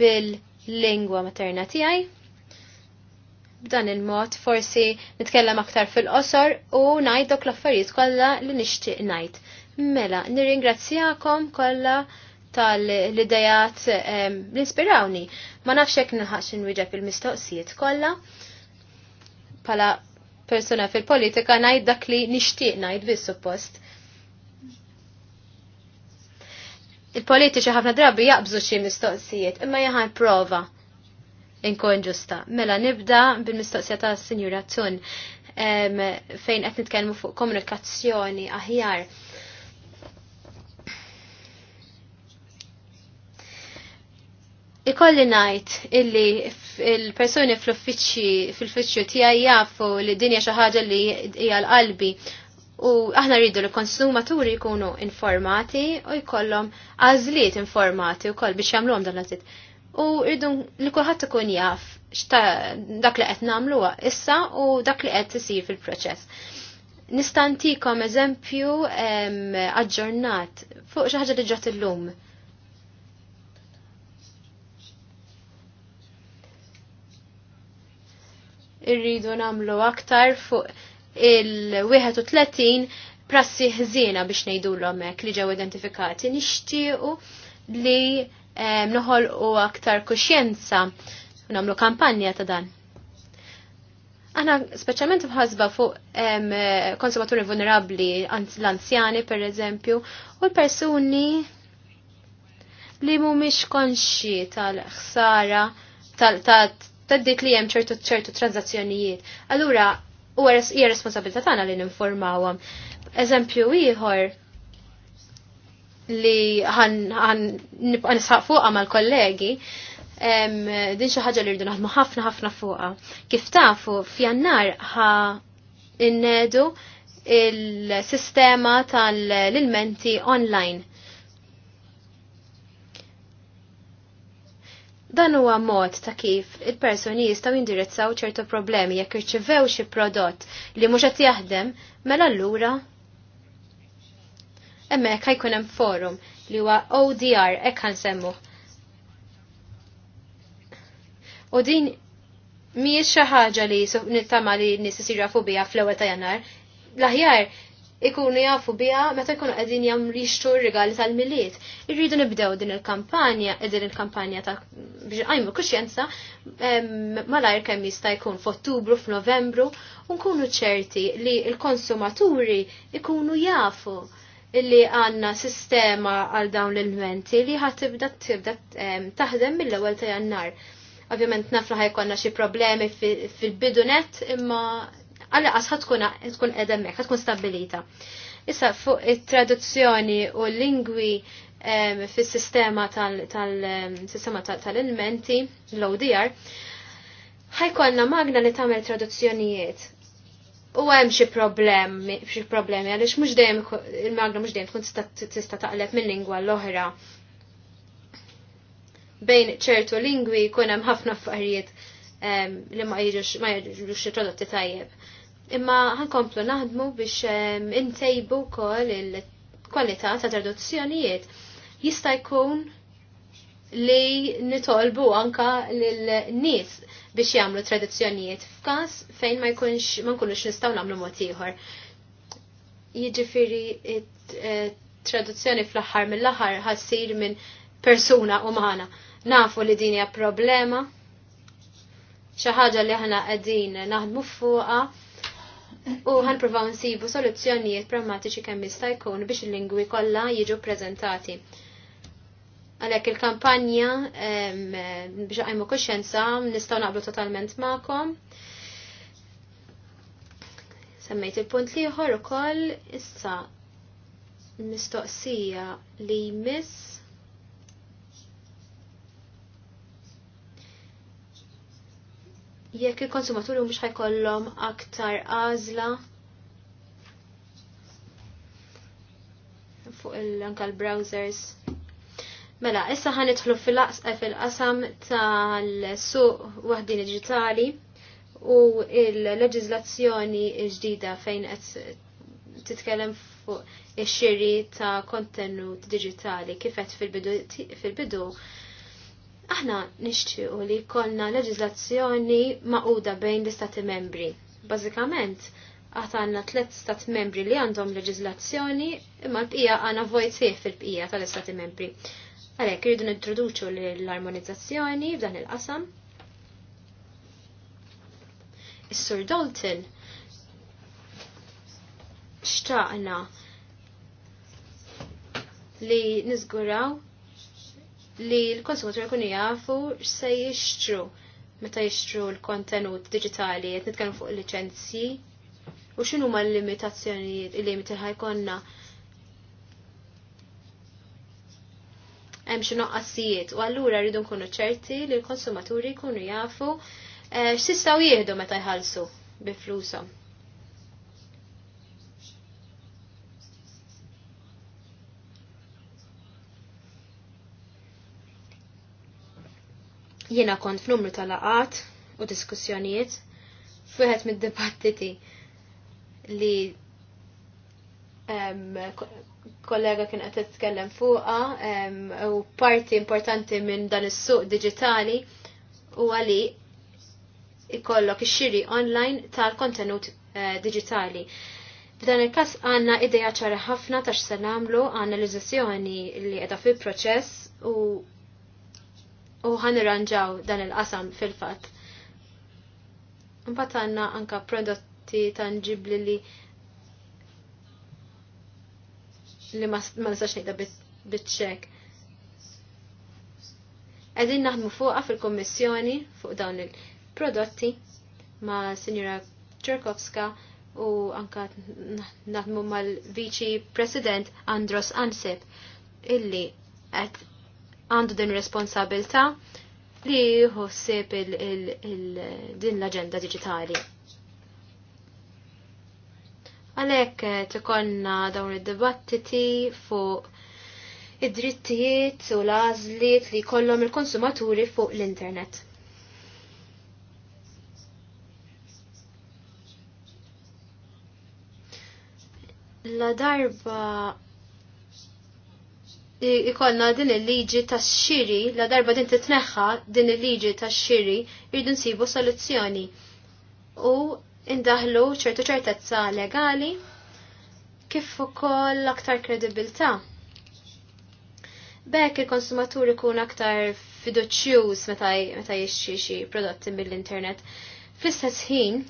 bil-lingwa materna tiegħi. B'dan il-mod forsi nitkellem aktar fil-qosor u ngħid dok l-affarijiet kollha li nixtieq ngħid. Mela, nirringrazzjakom kollha tal-idejat li inspirawni Ma nafx hekk nħax inwieġeb il-mistoqsijiet kollha. Pala persuna fil-politika ngħid dak li nixtieq ngħid bis-suppost. il-politiċi ħafna drabi jaqbżu xi mistoqsijiet, imma jħan prova inkun ġusta. Mela nibda bil-mistoqsija ta' Sinjura Tun fejn qed nitkellmu fuq komunikazzjoni aħjar. Ikolli ngħid illi il-persuni fl-uffiċċju fil-uffiċċju tiegħi jafu li dinja xi ħaġa li hija l-qalbi U aħna rridu li konsumaturi jkunu informati u jkollhom għażliet informati wkoll biex jagħmluhom dan l-għażliet. U rridu li kulħadd ikun jaf dak li qed nagħmluha issa u dak li qed isir fil-proċess. Nistantikom eżempju aġġornat fuq xi ħaġa li ġrat illum. Irridu nagħmlu aktar fuq il-31 prassi ħżiena biex nejdu l-omek li ġew identifikati nixtiequ li noħol u aktar kuxjenza u namlu kampanja ta' dan. Aħna speċjalment bħazba fuq konsumaturi vulnerabli, l-anzjani per eżempju, u l-persuni li mumiex konxi tal-ħsara, tal-dik li jem ċertu ċertu tranzazzjonijiet. Allura, u hija responsabilità tagħna li ninformawhom. Eżempju ieħor li ħan nibqa' nisħaq fuqha mal-kollegi, din xi ħaġa li rridu naħdmu ħafna ħafna fuqha. Kif tafu f'jannar ħa innedu il-sistema tal-ilmenti online Dan huwa mod ta' kif il-personi jistgħu jindirizzaw ċertu problemi jekk irċivew xi prodott li mhux qed jaħdem, mela allura hemmhekk ħajkun hemm forum li huwa ODR hekk ħansemmu. U din mhijiex xi ħaġa li nittama li nies isiru fuq biha fl-ewwel ta' Jannar. L-aħjar ikunu jafu biha meta jkunu qegħdin jagħmlu jixtru r-rigali tal-miliet. Irridu nibdew din il-kampanja, din il-kampanja ta' biex għajmu kuxjenza malajr kemm jista' jkun f'Ottubru, f'Novembru, u nkunu ċerti li l-konsumaturi ikunu jafu illi għanna sistema għal dawn l-elementi li ħat tibda tibda taħdem mill-ewwel ta' jannar. Ovvjament nafla ħajkonna xi problemi fil-bidunet imma għalli qas ħatkun edemmek, tkun stabilita. Issa fuq it-traduzzjoni u lingwi fis-sistema tal-sistema tal-elementi, l-ODR, ħajkonna magna li tagħmel traduzzjonijiet. U hemm xi problemi, xi problemi għaliex mhux dejjem il-magna mhux dejjem tkun tista' taqleb mill lingwa l-oħra. Bejn ċertu lingwi jkun hemm ħafna affarijiet li ma jiġux ma jiġux tradotti tajjeb. Imma ħankomplu naħdmu biex intejbu kol il-kwalità ta' traduzzjonijiet. Jista' jkun li nitolbu anka lil-nies biex jagħmlu tradizzjonijiet f'każ fejn ma jkunx ma nkunux nistgħu nagħmlu mod ieħor. Jiġifieri e, traduzzjoni fl-aħħar mill-aħħar ħassir minn persuna umana. Nafu li din hija problema. Xi ħaġa li aħna qegħdin naħdmu fuqha u ħanprovaw nsibu soluzzjonijiet pragmatiċi kemm jista' jkun biex il-lingwi kollha jiġu preżentati. Għalhekk il-kampanja biex għajmu kuxjenza nistgħu naqblu totalment magħkom. Semmejt il-punt liħor ukoll issa mistoqsija li jmiss jekk il-konsumaturi mhux ħajkollhom aktar għażla fuq il-anka l-browsers. Mela, issa ħanidħlu fil-qasam tal-suq waħdin digitali u il-leġizlazzjoni ġdida fejn qed titkellem fuq ix-xiri ta' kontenut digitali kifet fil-bidu Aħna nixtiequ li kollna leġiżlazzjoni maquda bejn l-istati membri. Bażikament, għatanna tlet stat membri li għandhom leġiżlazzjoni imma l-bqija għana vojtieħ fil-bqija tal-istati membri. Għalhekk irridu nintroduċu l-armonizzazzjoni f'dan il-qasam. Is-Sur Dalton xtaqna li nizguraw li l-konsumatur jkun jafu x'se jixtru meta jixtru l-kontenut digitali qed nitkellmu fuq liċenzji u x'inhu huma l-limitazzjonijiet il-limiti li ħajkonna hemm xi noqqasijiet u allura rridu nkunu ċerti li l-konsumaturi jkunu jafu eh, x'tistgħu jieħdu meta jħallsu bi flushom. Jiena kont f'numru tal-laqat u diskussjonijiet f'wieħed mid-dibattiti li kollega kien qed titkellem fuqha u parti importanti minn dan is-suq diġitali u għali ikollok ix-xiri online tal-kontenut eh, diġitali. F'dan il-kas għanna ideja ċara ħafna tax se nagħmlu, għanna l li qiegħda fil-proċess u u irranġaw dan il-qasam fil-fatt. Mbagħad għandna anka prodotti tangibli li li ma nistax ngħidha biċ-ċek. Qegħdin naħdmu fuqha fil kommissjoni fuq dawn il-prodotti ma' Sinjura Ċerkowska u anka naħdmu mal-Viċi President Andros Ansip illi għed għandu din responsabilta li jħossib din l-agenda digitali. Għalek eh, tikonna dawn id-dibattiti fuq id-drittijiet u l-għazliet li kollom il-konsumaturi fuq l-internet. La darba Ikollna din il-liġi ta' xiri, la darba din titneħħa din il-liġi ta' xiri, irridu nsibu soluzzjoni. U indaħlu ċertu ċertezza legali kif ukoll aktar kredibilità. Bekk il-konsumatur ikun aktar fiduċjuż meta jixxi xi prodotti mill-internet. Fl-istess ħin,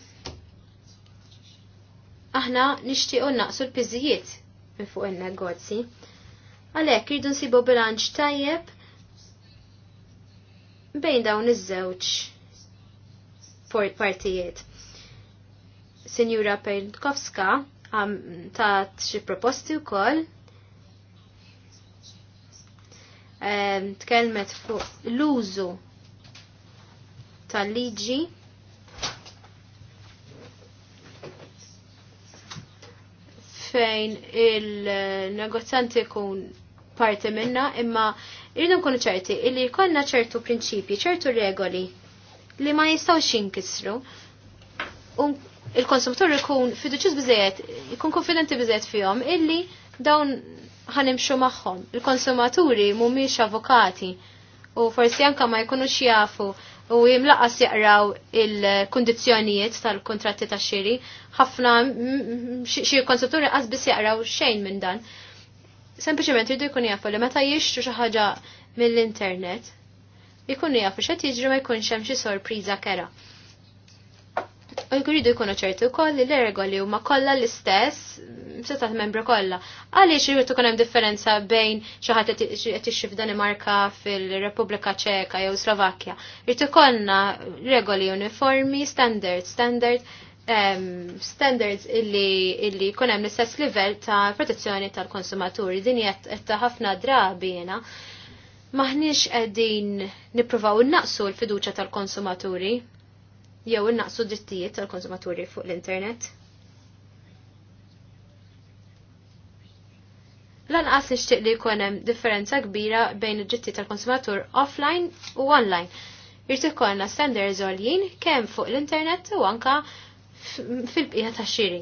aħna nixtiequ naqsu l-piżijiet minn fuq in-negozji Għalhekk irdu nsibu bilanċ tajjeb bejn dawn iż-żewġ partijiet. Sinjura Pejnkowska taħt xi proposti wkoll tkellmet fuq l-użu tal-liġi fejn il-negozjanti kun parti minna, imma irridu nkunu ċerti illi jkollna ċertu prinċipji, ċertu regoli li ma jistgħux xinkisru. il konsumtur ikun fiduċjuż biżejjed, ikun konfidenti biżejjed fihom illi dawn ħanimxu magħhom. Il-konsumaturi mhumiex avukati u forsi anka ma jkunux jafu u jimlaqas jaqraw il-kondizjonijiet tal-kontratti ta' xiri, ħafna xie konsulturi qas biss jaqraw xejn minn dan sempliciment jiddu jkun jafu li meta jiexċu xi ħaġa mill-internet jkun jafu x'qed jiġri ma jkunx hemm xi sorpriża kera. U jiddu jkunu ċerti wkoll li l-regoli huma kollha l-istess mm, setat membru kollha. Għaliex irid ikun hemm differenza bejn xi ħadd qed ixxi f'Danimarka fil-Repubblika Ċeka jew Slovakkja. Irid ikollna regoli uniformi, standard, standard um, standards illi, illi kunem l-istess livell ta' protezzjoni tal-konsumaturi. Din jett ta' ħafna drabi jena. Maħniex għedin niprofaw naqsu l-fiduċa tal-konsumaturi jew naqsu drittijiet tal-konsumaturi fuq l-internet. Lanqas nixtieq li jkun hemm differenza kbira bejn id ġittijiet tal-konsumatur offline u online. Irrid ikollna standards għoljin kemm fuq l-internet u anka fil-bqija ta' xiri.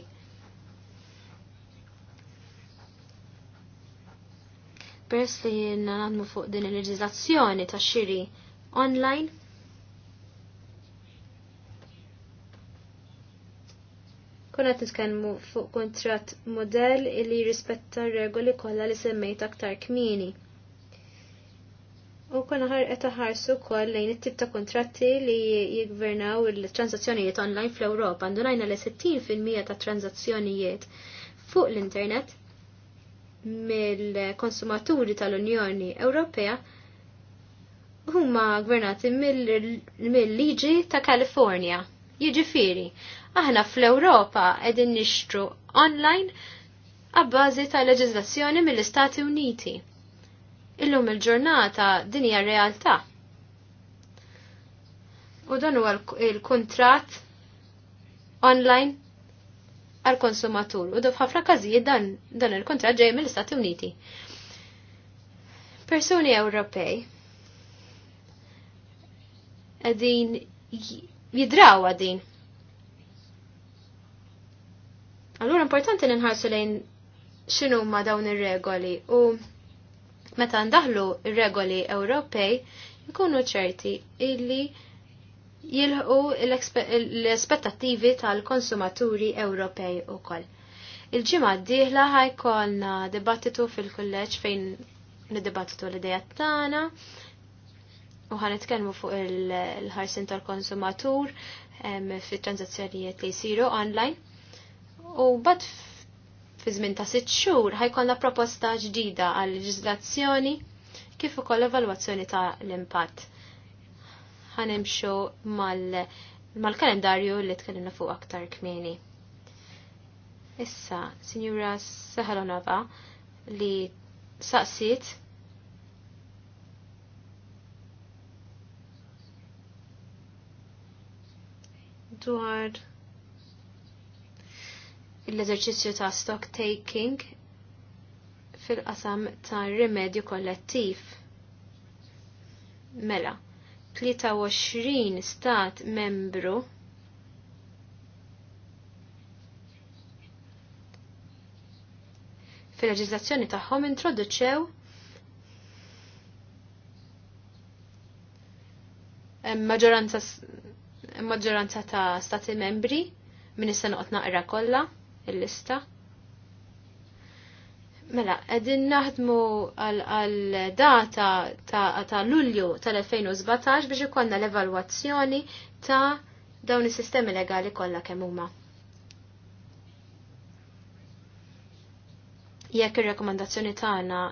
Pers li jenna fuq din il-leġizazzjoni ta' xiri online, Kuna t-niskenmu fuq kontrat model li rispetta regoli kolla li semmejt aktar kmini. U konna ħar qed ħarsu wkoll lejn it-tip ta' kontratti li jigvernaw il-transazzjonijiet online fl-Ewropa Ndunajna ngħidna li 60% ta' transazzjonijiet fuq l-internet mill-konsumaturi tal-Unjoni Ewropea huma gvernati mill-liġi ta' Kalifornja. Jiġifieri, aħna fl-Ewropa qegħdin nixtru online għabbażi ta' leġislazzjoni mill-Istati Uniti illum il-ġurnata din hija realtà. U dan huwa l-kuntratt online għal konsumatur u f'ħafna każijiet dan, dan il kuntrat ġej mill-Istati Uniti. Persuni Ewropej qegħdin jidraw għadin. Allura importanti nħarsu lejn x'inhuma dawn ir-regoli u meta ndaħlu regoli Ewropej jkunu ċerti illi jilħu l-aspettativi tal-konsumaturi Ewropej koll. Il-ġimgħa d-dieħla ħajkolna dibattitu fil-kulleġġ fejn niddibattitu l idejat tagħna u ħanitkellmu fuq il-ħarsin tal-konsumatur fit-tranzazzjonijiet li jsiru online. U bad fi żmien ta' sitt xhur ħajkollna proposta ġdida għal leġiżlazzjoni kif ukoll evalwazzjoni ta' l-impatt. Ħanimxu mal-kalendarju mal li tkellimna fuq aktar kmieni. Issa, Sinjura Sahalonova li saqsit dwar l-eżerċizzju ta' stock taking fil-qasam ta' rimedju kollettiv. Mela, 23 stat membru fil-leġizzazzjoni tagħhom introduċew maġġoranza ta' stati membri minn is-sena qed naqra kollha il-lista. Mela, edin naħdmu għal-data ta' lulju tal-2017 biex ikonna l-evalwazzjoni ta' dawn is-sistemi legali kollha kemm huma. Jekk ir-rakkomandazzjoni tagħna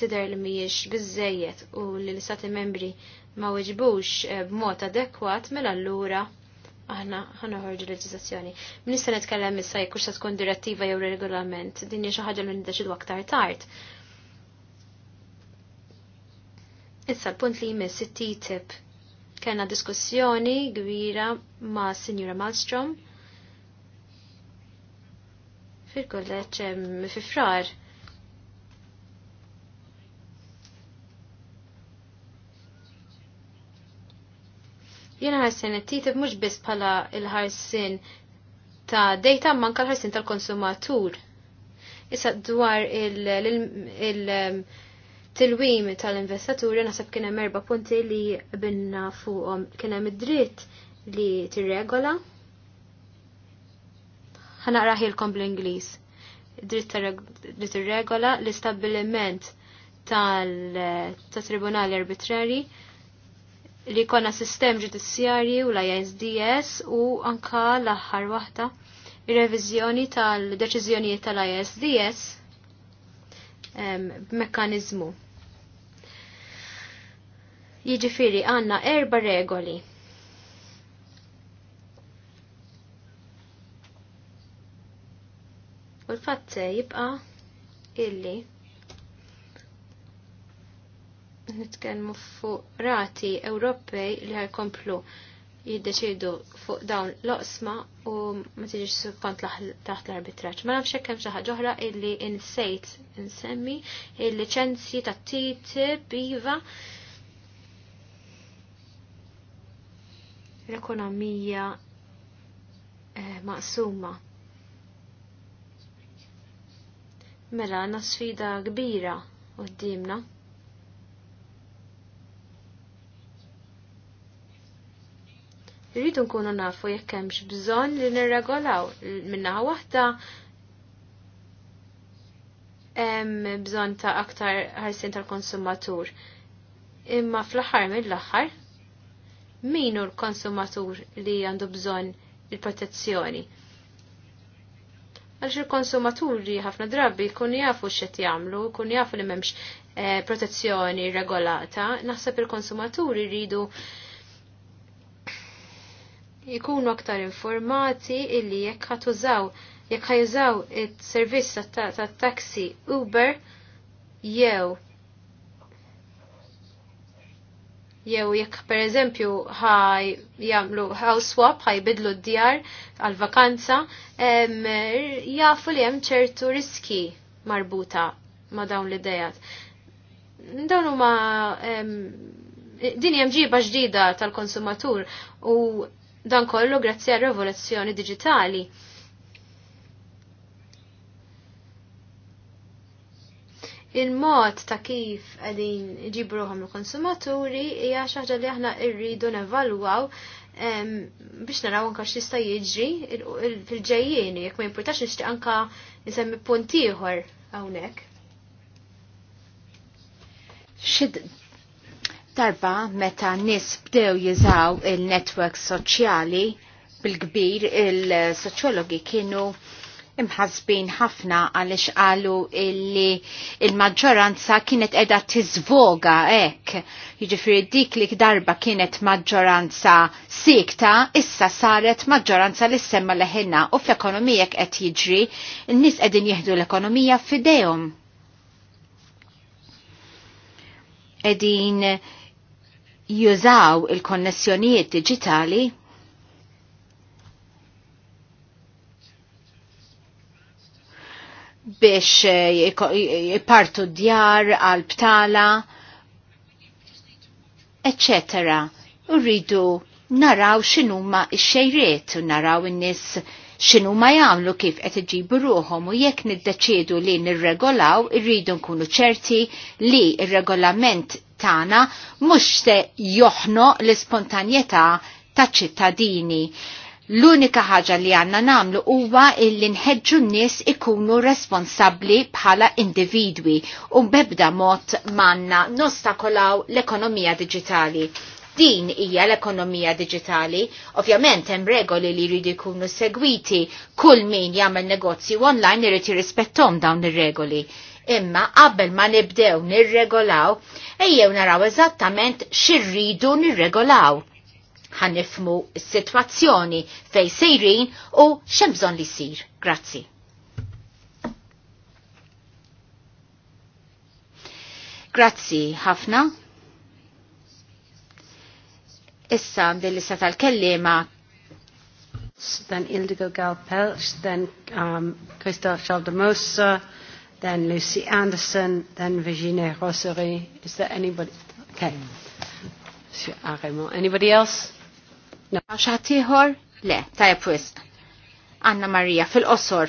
tidher li mhijiex biżejjed u li l-istati membri ma weġbux eh, b'mod adekwat mela allura aħna ħana ħorġu leġiżazzjoni. Minista netkellem issa jekk se tkun direttiva jew regolament, din hija xi ħaġa li niddeċidu aktar tard. Issa l-punt li jmiss it-TTIP kellna diskussjoni kbira ma' Sinjura Malmstrom fil-kolleġġ fi frar Jena ħarsin t-titib mhux biss bħala il-ħarsin ta' dejta manka l-ħarsin tal-konsumatur. Issa dwar il-tilwim tal-investaturi naħseb kien hemm erba' punti li binna fuqhom kien hemm id-dritt li tirregola. Ħanaqraħilkom bl-Ingliż. Dritt tirregola l-istabbiliment tal-tribunali arbitrari li konna sistem ġudizzjarji u la ISDS u anka l-aħħar waħda ir-reviżjoni tal-deċiżjonijiet tal-ISDS b'mekkaniżmu. Jiġifieri għandna erba regoli. U l-fatt jibqa' illi nitkellmu fuq rati Ewropej li għal-komplu jiddeċidu fuq dawn l-oqsma u ma tiġix sukkont taħt l-arbitraċ. Ma nafx hemm xi ħaġa oħra illi insejt insemmi il-liċenzji ta' TTIP iva l-ekonomija eh, maqsuma. Mela, għandna sfida kbira qudiemna. Rridu nkunu nafu jekk hemmx bżonn li nirregolaw minnaħa waħda hemm bżonn ta' aktar ħarsien tal-konsumatur. Imma fl-aħħar mill-aħħar min hu l-konsumatur li għandu bżonn il-protezzjoni. Għalx il-konsumaturi ħafna drabi kun jafu x'qed jagħmlu, kun jafu li m'hemmx eh, protezzjoni regolata, naħseb il-konsumaturi rridu jikunu aktar informati illi jekk ħatużaw jekk ħajżaw it-servizz tat-taxi Uber jew jew jekk per eżempju ħaj jagħmlu house swap ħajbidlu d-djar għal vakanza jafu li hemm ċertu riski marbuta ma dawn l-idejat. Dawn huma din hemm ġiba ġdida tal-konsumatur u Dan kollu grazzi għal rivoluzzjoni digitali. Il-mod ta' kif għedin ġibruħom l-konsumaturi hija xaħġa li aħna irridu nevalwaw biex naraw anka x'ista jiġri fil-ġejjieni jekk ma jimpurtax nixtieq anka nsemmi punt ieħor hawnhekk. Darba meta nis bdew jizaw il-netwerk soċjali bil-kbir il-soċjologi kienu imħazbin ħafna għalix għalu illi il-maġġoranza kienet edha tizvoga ek. Jġifri dik li darba kienet maġġoranza sikta, issa saret maġġoranza li semma leħenna u fl-ekonomija qed jiġri, n-nis edin jihdu l-ekonomija fidejhom. Edin jużaw il-konnessjonijiet digitali biex eh, jipartu djar għal btala, etc. Urridu naraw xinuma xejriet, naraw in-nis xinuma jagħmlu kif qed iġibu ruhom u jekk niddeċiedu li nirregolaw, irridu nkunu ċerti li ir-regolament Tana mhux se joħno l-ispontanjetà taċ ċittadini. L-unika ħaġa li għanna namlu huwa illi nħedġu n-nies ikunu responsabli bħala individwi u bebda mod manna nostakolaw l-ekonomija digitali. Din hija l-ekonomija digitali, ovvjament hemm regoli li jridu jkunu segwiti, kull min jagħmel negozju online irid jirrispettom dawn ir-regoli Imma qabel ma nibdew nirregolaw, ejjew naraw eżattament xirridu nirregolaw. Ħanifmu s-sitwazzjoni fej sejrin u xemżon li sir. Grazzi. Grazzi ħafna. Issa dil sa tal-kellima then Ildigo Galpel, then um, Christoph Chaldemosa, uh, then Lucy Anderson, then Virginie Rosary. Is there anybody? Okay. Monsieur Arimo. Anybody else? No. Xatiħor? Le, tajab Anna Maria, fil osor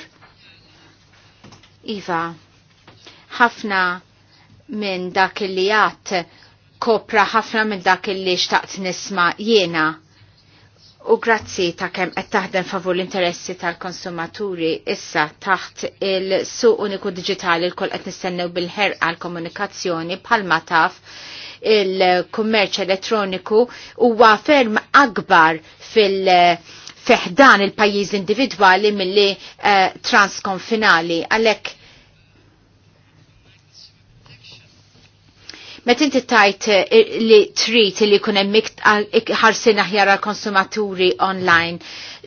Iva, ħafna minn dak li għat kopra ħafna minn dak li xtaqt nisma jiena U grazzi ta' kem qed taħdem favur l-interessi tal-konsumaturi issa taħt il-suq uniku digitali l-kol qed nistennew bil ħer għal komunikazzjoni bħalma taf il-kummerċ elettroniku huwa ferm akbar fil- Feħdan il-pajjiż individwali milli uh, transkonfinali għalhekk Met inti tajt eh, li trit li kunem ħarsin aħjar konsumaturi online,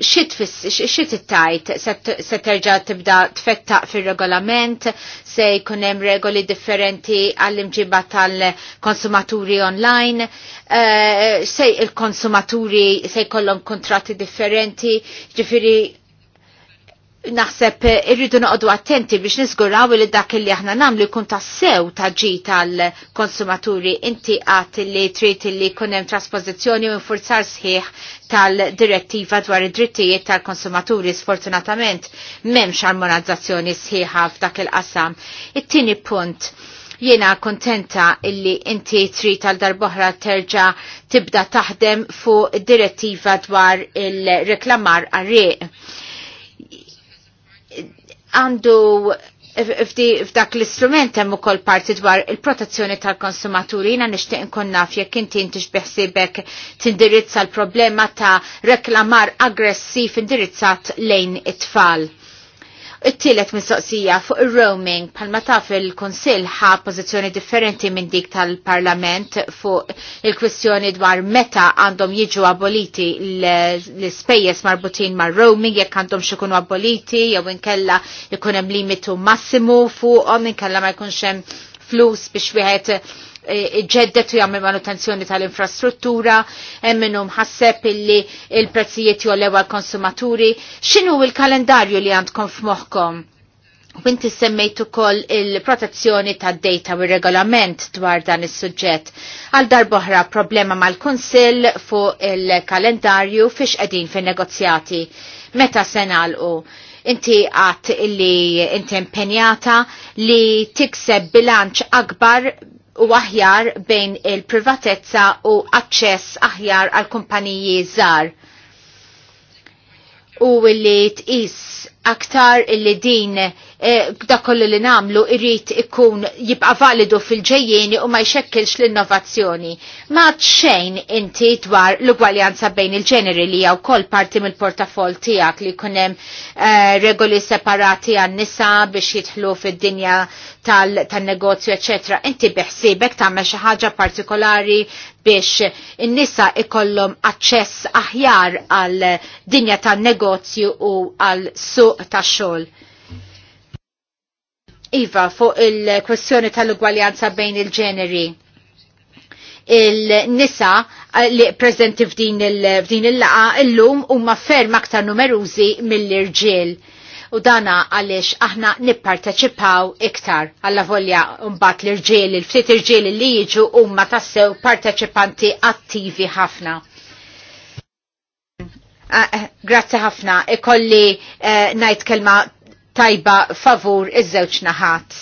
xit tajt se terġa tibda tfettaq fil-regolament, se jkunem regoli differenti għall-imġiba tal-konsumaturi online, eh, se il-konsumaturi se kollom kontratti differenti, ġifiri naħseb irridu noqdu attenti biex nizguraw li dak li aħna namlu jkun tassew ta' ġi tal-konsumaturi inti għat li trit li kunem trasposizjoni u forzar sħiħ tal-direttiva dwar id-drittijiet tal-konsumaturi sfortunatament memx armonizzazzjoni sħiħa f'dak il-qasam. It-tieni punt jiena kontenta illi inti trid tal darboħra terġa tibda taħdem fuq direttiva dwar il-reklamar għarriq għandu f'dak l-istrument hemm ukoll parti dwar il-protezzjoni tal-konsumaturi jiena nixtieq inkun naf jekk inti intix beħsibek tindirizza l-problema ta' reklamar aggressiv indirizzat lejn it-tfal. It-tielet mistoqsija fuq il-roaming palma taf il-Konsil ħa pożizzjoni differenti minn dik tal-Parlament fuq il-kwistjoni dwar meta għandhom jiġu aboliti l spejjes marbutin mar roaming jekk għandhom xikunu aboliti jew inkella jkun hemm limitu massimu fuqhom inkella ma jkunx hemm flus biex wieħed E, e, ġeddet u jagħmel manutenzjoni tal-infrastruttura, hemm minnhom ħasseb illi il-prezzijiet jollew l konsumaturi X'inhu il-kalendarju li għandkom f'moħħkom? U inti semmejt ukoll il-protezzjoni tad data u regolament dwar dan is-suġġett. Għal darboħra problema mal-Kunsill fuq il-kalendarju fiex qegħdin fin-negozjati. Meta se nagħlqu? inti għat li inti impenjata li tikseb bilanċ akbar u aħjar bejn il-privatezza u aċċess aħjar għal kumpaniji żgħar u li tqis aktar illi din eh, da kollu li namlu irrit ikun jibqa validu fil-ġejjeni u ma jxekkilx l-innovazzjoni. Ma xejn inti dwar l-ugwaljanza bejn il-ġeneri li jaw kol parti mill portafol tijak li kunem eh, regoli separati għan nisa biex jitħlu fil-dinja tal-negozju, tal eccetera. Inti biħsibek ta' ħaġa partikolari biex in-nisa ikollhom aċċess aħjar għal dinja tan negozju u għal suq fuq ta' xogħol Iva, fuq il-kwestjoni tal-ugwaljanza bejn il-ġeneri il-nisa eh, li prezenti f'din il-laqa illum huma ferm aktar numerużi mill-irġiel. U dana għaliex aħna nipparteċipaw iktar għalla volja mbagħad l-irġiel, il-ftit irġiel li jiġu huma tassew parteċipanti attivi ħafna. Ah, eh, grazzi ħafna, ikolli eh, najt kelma tajba favur iż-żewġ naħat.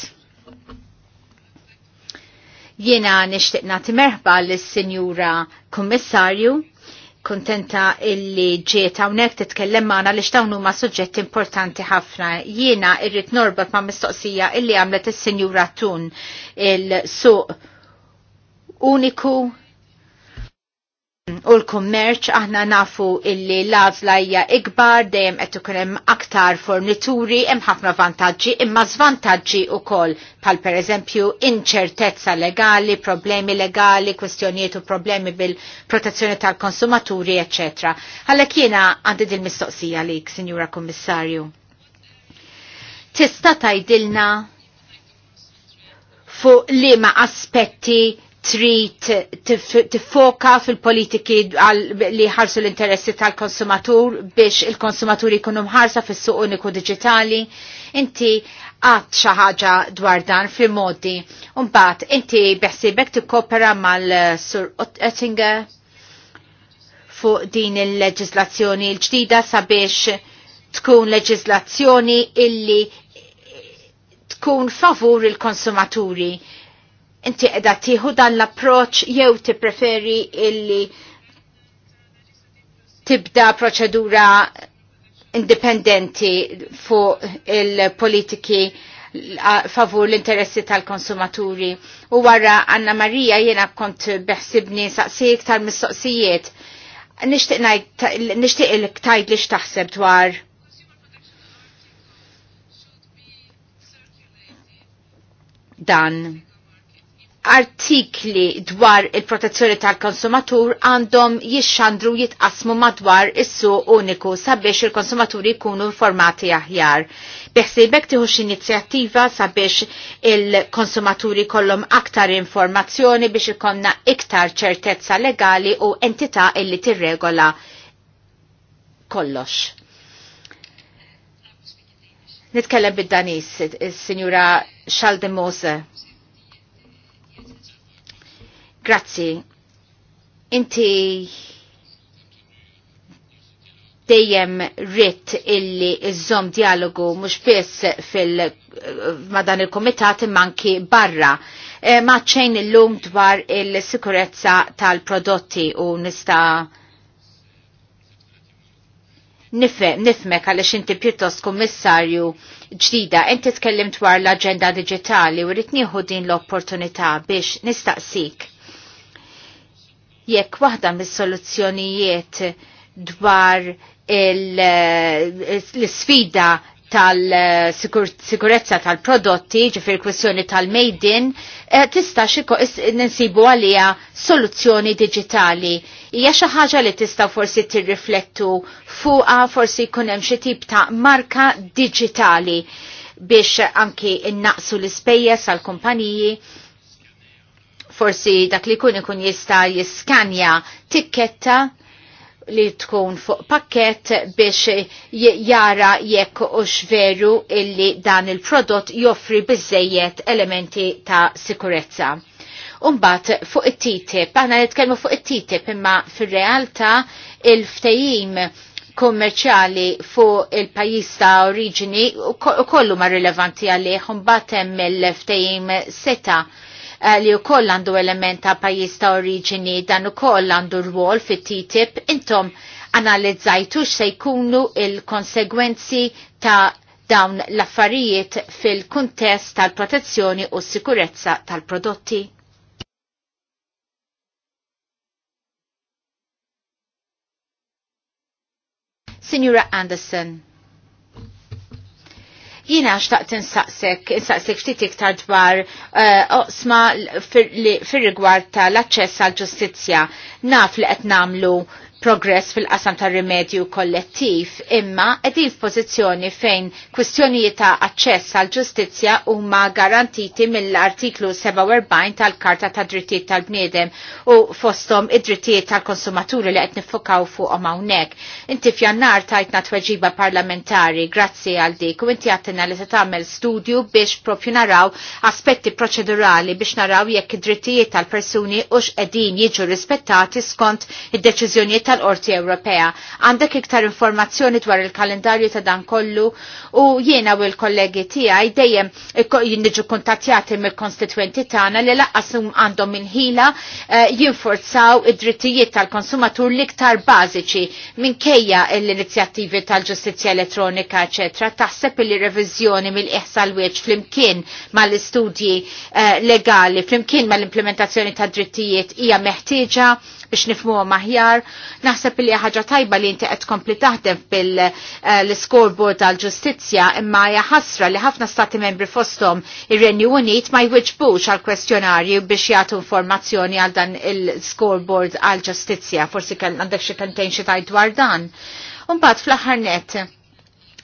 Jiena nixtieq nagħti merħba lis-Sinjura Kummissarju kontenta illi ġiet hawnhekk titkellem magħna li x'dawn huma suġġetti importanti ħafna. Jiena irrid norbot ma' mistoqsija illi għamlet is-Sinjura Tun il-suq uniku U l-kummerċ aħna nafu illi l hija ikbar dejjem qed ikun hemm aktar fornituri hemm ħafna vantaġġi imma żvantaġġi wkoll bħal pereżempju inċertezza legali, problemi legali, kwestjonijiet u problemi bil-protezzjoni tal-konsumaturi, eċċetera. Għalhekk jiena għandi din mistoqsija lik, Sinjura Kummissarju. Tista' tgħidilna fuq liema aspetti trid tifoka fil-politiki li ħarsu l-interessi tal-konsumatur biex il-konsumatur jkunu mħarsa fis-suq uniku diġitali, inti għat xaħġa dwar dan fil-modi. Unbat, inti beħsibek tikkopera mal-Sur Oettinger fuq din il leġizlazzjoni l-ġdida sabiex tkun leġizlazzjoni illi tkun favur il-konsumaturi Inti edha tiħu dan l-approċ jew ti preferi illi tibda proċedura indipendenti fuq il-politiki favur l-interessi tal-konsumaturi. U wara Anna Marija jena kont beħsibni iktar mis mistoqsijiet Nishtiq il-ktajd li xtaħseb dwar dan artikli dwar il-protezzjoni tal-konsumatur għandhom jixxandru jitqasmu madwar issu uniku sabiex il-konsumaturi jkunu informati aħjar. Beħsibek x inizjattiva sabiex il-konsumaturi kollom aktar informazzjoni biex ikonna iktar ċertezza legali u entità illi tirregola kollox. Nitkellem bid-danis, il-Sinjura Xaldemose. Mose. Grazzi. Inti dejjem rrit illi iżom dialogu mhux biss fil ma dan il-komitat manki barra. E, ma ċejn illum dwar il-sikurezza tal-prodotti u nista' nifmek nifme għalix inti pjuttost kummissarju ġdida, inti tkellim dwar l-agenda digitali u rritniħu din l-opportunità biex nistaqsik jekk waħda mis-soluzzjonijiet dwar l-sfida tal-sikurezza tal-prodotti, ġifir kwestjoni tal in, eh, tista xiko ninsibu għalija soluzzjoni digitali. Ija xaħġa li tista forsi tirriflettu fuqa forsi kunem xi tip ta' marka digitali biex anki innaqsu l-ispejjeż għal-kumpaniji forsi dak li kun ikun jista jiskanja tikketta li tkun fuq pakket biex jara jekk u veru illi dan il-prodott joffri bizzejiet elementi ta' sikurezza. Umbat fuq it-TTIP, għana nitkellmu fuq it-TTIP imma fil-realta il-ftajim kommerċali fuq il-pajis ta' oriġini kollu ma' rilevanti għalih, umbat hemm il-ftajim seta' Eh, li wkoll għandu element ta' pajjiż ta' oriġini dan ukoll għandu rwol fit-TTIP intom analizzajtu se jkunu il-konsegwenzi ta' dawn l-affarijiet fil-kuntest tal-protezzjoni u sikurezza tal-prodotti. Signora Anderson. Jina xtaqt insaqsek, insaqsek ftit iktar dwar eh, oqsma fir-rigward tal-aċċess għal ġustizzja naf li qed nagħmlu progress fil-qasam ta' rimedju kollettiv, imma edin f'pożizzjoni fejn kwistjonijiet ta' aċċess għal ġustizzja huma garantiti mill-artiklu 47 tal-Karta ta' Drittijiet tal-Bniedem u fostom id-drittijiet tal-konsumaturi li qed nifokaw fuqhom hawnhekk. Inti f'jannar tajtna tweġiba parlamentari grazzi għal dik u inti għattina li se tagħmel studju biex propju naraw aspetti proċedurali biex naraw jekk id-drittijiet tal-persuni u x-edin jiġu rispettati skont id-deċiżjonijiet tal-Qorti Ewropea. Għandek iktar informazzjoni dwar il-kalendarju ta' dan kollu u jiena u l-kollegi tiegħi dejjem jinniġu kuntattjati mill-konstituenti tagħna li laqqasum għandhom minn ħila eh, jinforzaw id-drittijiet tal-konsumatur l-iktar bażiċi minkejja l-inizjattivi tal-ġustizzja elettronika, eċetera. Taħseb li reviżjoni mill-iħsal wieġ flimkien mal-istudji eh, legali, flimkien mal-implementazzjoni ta' drittijiet hija meħtieġa biex nifmuha maħjar. Naħseb li ħaġa tajba li inti qed tkompli taħdem bil-scoreboard eh, għal ġustizzja imma hija ħasra li ħafna stati membri fosthom ir-Renju Unit ma jwiġbux għal kwestjonarju biex jagħtu informazzjoni għal dan il-scoreboard għal ġustizzja. Forsi għandek xi kentejn xi tajt dwar dan. Umbagħad fl-aħħar net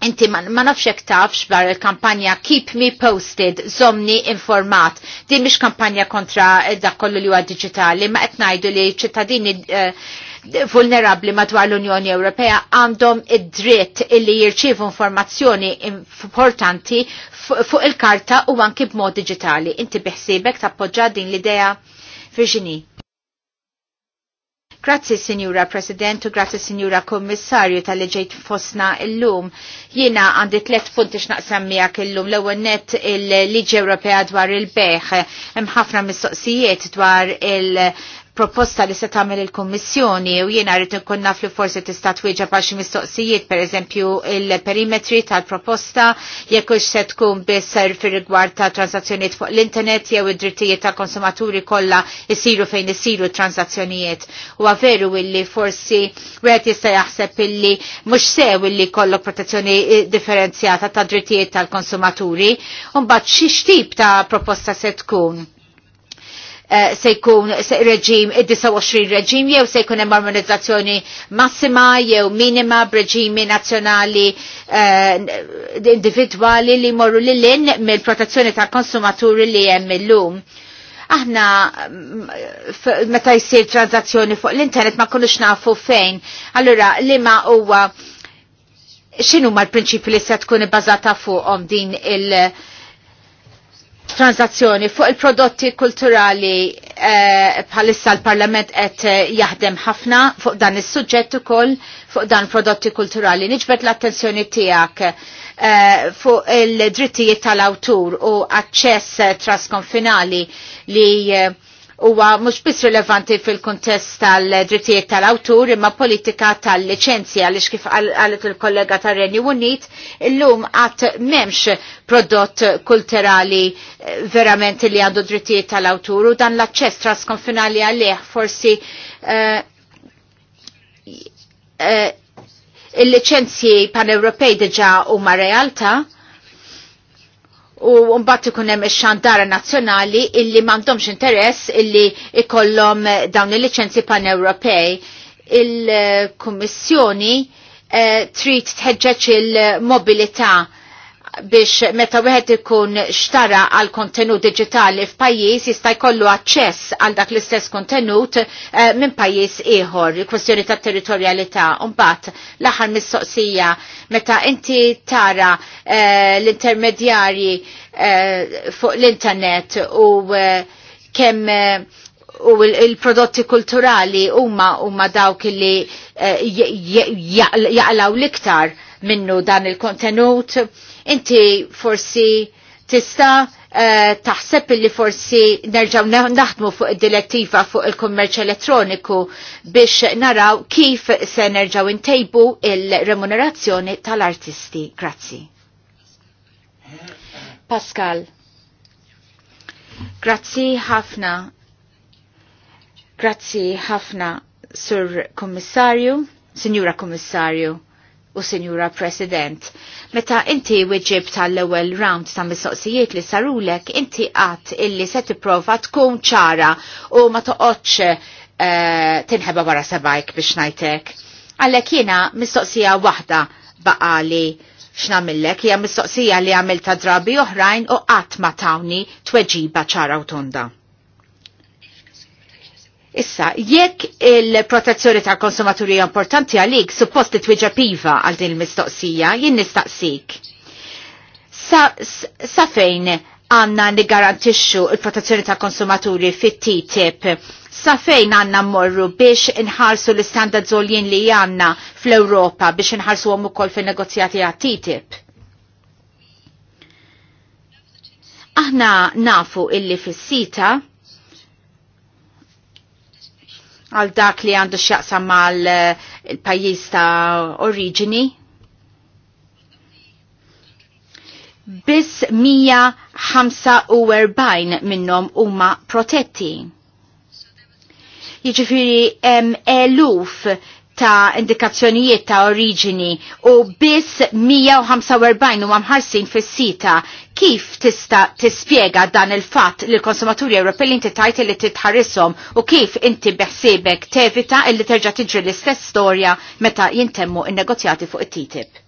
Inti ma nafxek tafx bar il-kampanja Keep Me Posted, zomni informat. Di mish kampanja kontra dak kollu li huwa digitali, ma qed ngħidu li ċittadini eh, vulnerabli madwar l-Unjoni Ewropea għandhom id-dritt illi jirċivu informazzjoni importanti fuq il-karta u anki b'mod digitali. Inti biħsibek tappoġġa din l-idea Virginie. Grazzi Signora President u grazzi Signora Kommissarju tal ġejt fosna illum. Jiena għandi tlet punti x'naqsam miegħek illum l-ewwel net il-Liġi Ewropea dwar il-beħ. Hemm ħafna mistoqsijiet dwar il- proposta li se tagħmel il-Kummissjoni u jiena rrid inkun naf li forsi tista' twieġeb għal xi mistoqsijiet pereżempju il-perimetri tal-proposta jekk hux se tkun biss fir-rigward ta' transazzjonijiet fuq l-internet jew id-drittijiet ta' konsumaturi kollha isiru fejn isiru transazzjonijiet. Huwa veru illi forsi wieħed jista' jaħseb illi mhux sew illi kollu protezzjoni eh, differenzjata ta' drittijiet tal-konsumaturi u mbagħad xi xtip ta' proposta se tkun Eh, se jkun reġim id-29 reġim jew se jkun hemm armonizzazzjoni massima jew minima b'reġimi nazzjonali eh, individwali li morru lil lin mill-protezzjoni tal-konsumaturi li hemm illum. Aħna mm, meta jsir tranzazzjoni fuq l-internet ma kunux nafu fejn. Allura li ma huwa x'inhuma l-prinċipi li se tkun ibbażata fuqhom din il- transazzjoni fuq il-prodotti kulturali eh, bħalissa l-Parlament qed eh, jaħdem ħafna fuq dan is-suġġett ukoll fuq dan prodotti kulturali. Niġbet l-attenzjoni tiegħek eh, fuq il-drittijiet tal-awtur u aċċess trasconfinali li huwa mhux biss rilevanti fil-kuntest tal-drittijiet tal-awtur imma politika tal-liċenzja għaliex kif għalet il-kollega tar-Renju Unit illum għat m'hemmx prodott kulturali eh, verament li għandu drittijiet tal-awtur u dan l-aċċess trasconfinali għalih forsi eh, eh, il-liċenzji pan-Ewropej diġà huma realtà u mbagħad ikun hemm ix-xandara nazzjonali illi m'għandhomx interess illi ikollhom dawn il-liċenzi pan-Ewropej. Il-Kummissjoni eh, trid tħeġġeġ il-mobilità biex meta wieħed ikun xtara għal kontenut digitali f'pajjiż jista' jkollu aċċess għal dak l-istess kontenut eh, minn pajjiż ieħor, kwestjoni ta' territorjalità. Mbagħad l-aħħar mistoqsija meta inti tara eh, l-intermedjarji eh, fuq l-internet u kemm u il-prodotti kulturali huma huma dawk li jaqlaw l-iktar minnu dan il-kontenut Inti forsi tista uh, taħseb li forsi nerġaw naħdmu fuq id-direttiva fuq il-kummerċ elettroniku biex naraw kif se nerġaw intejbu il-remunerazzjoni tal-artisti. Grazzi. Pascal. Grazzi ħafna. Grazzi ħafna, Sur Kommissarju, Signora Kommissarju u Sinjura President. Meta inti weġib tal-ewwel round ta' mistoqsijiet li sarulek, inti qatt illi se tipprova tkun ċara u ma toqgħodx uh, tinħeba wara sebajk biex ngħidlek. Għalhekk jiena mistoqsija waħda baqali x'namillek hija mistoqsija li għamilta drabi oħrajn u qatt ma tawni tweġiba ċara u tonda. Issa, jekk il-protezzjoni tal-konsumaturi importanti għalik, suppost li it iva għal din il-mistoqsija, jien nistaqsik. Sa, sa fejn għanna nigarantixxu il-protezzjoni tal-konsumaturi fit-TTIP? Sa fejn għanna morru biex inħarsu l-istandard zoljen li għanna fl-Europa biex inħarsu għom ukoll fin-negozjati għat-TTIP? Aħna nafu illi fis-sita għal dak li għandu xjaqsa mal eh, pajjiż ta' oriġini. Biss 145 minnhom huma protetti. Jiġifieri hemm eluf ta' indikazzjonijiet ta' oriġini u biss 145 u għamħarsin fis-sita kif tista' tispjega dan il-fatt li l-konsumaturi Ewropej li inti tajt li titħarrishom u kif inti beħsiebek tevita illi terġa' tiġri l-istess storja meta jintemmu in-negozjati fuq it-TTIP.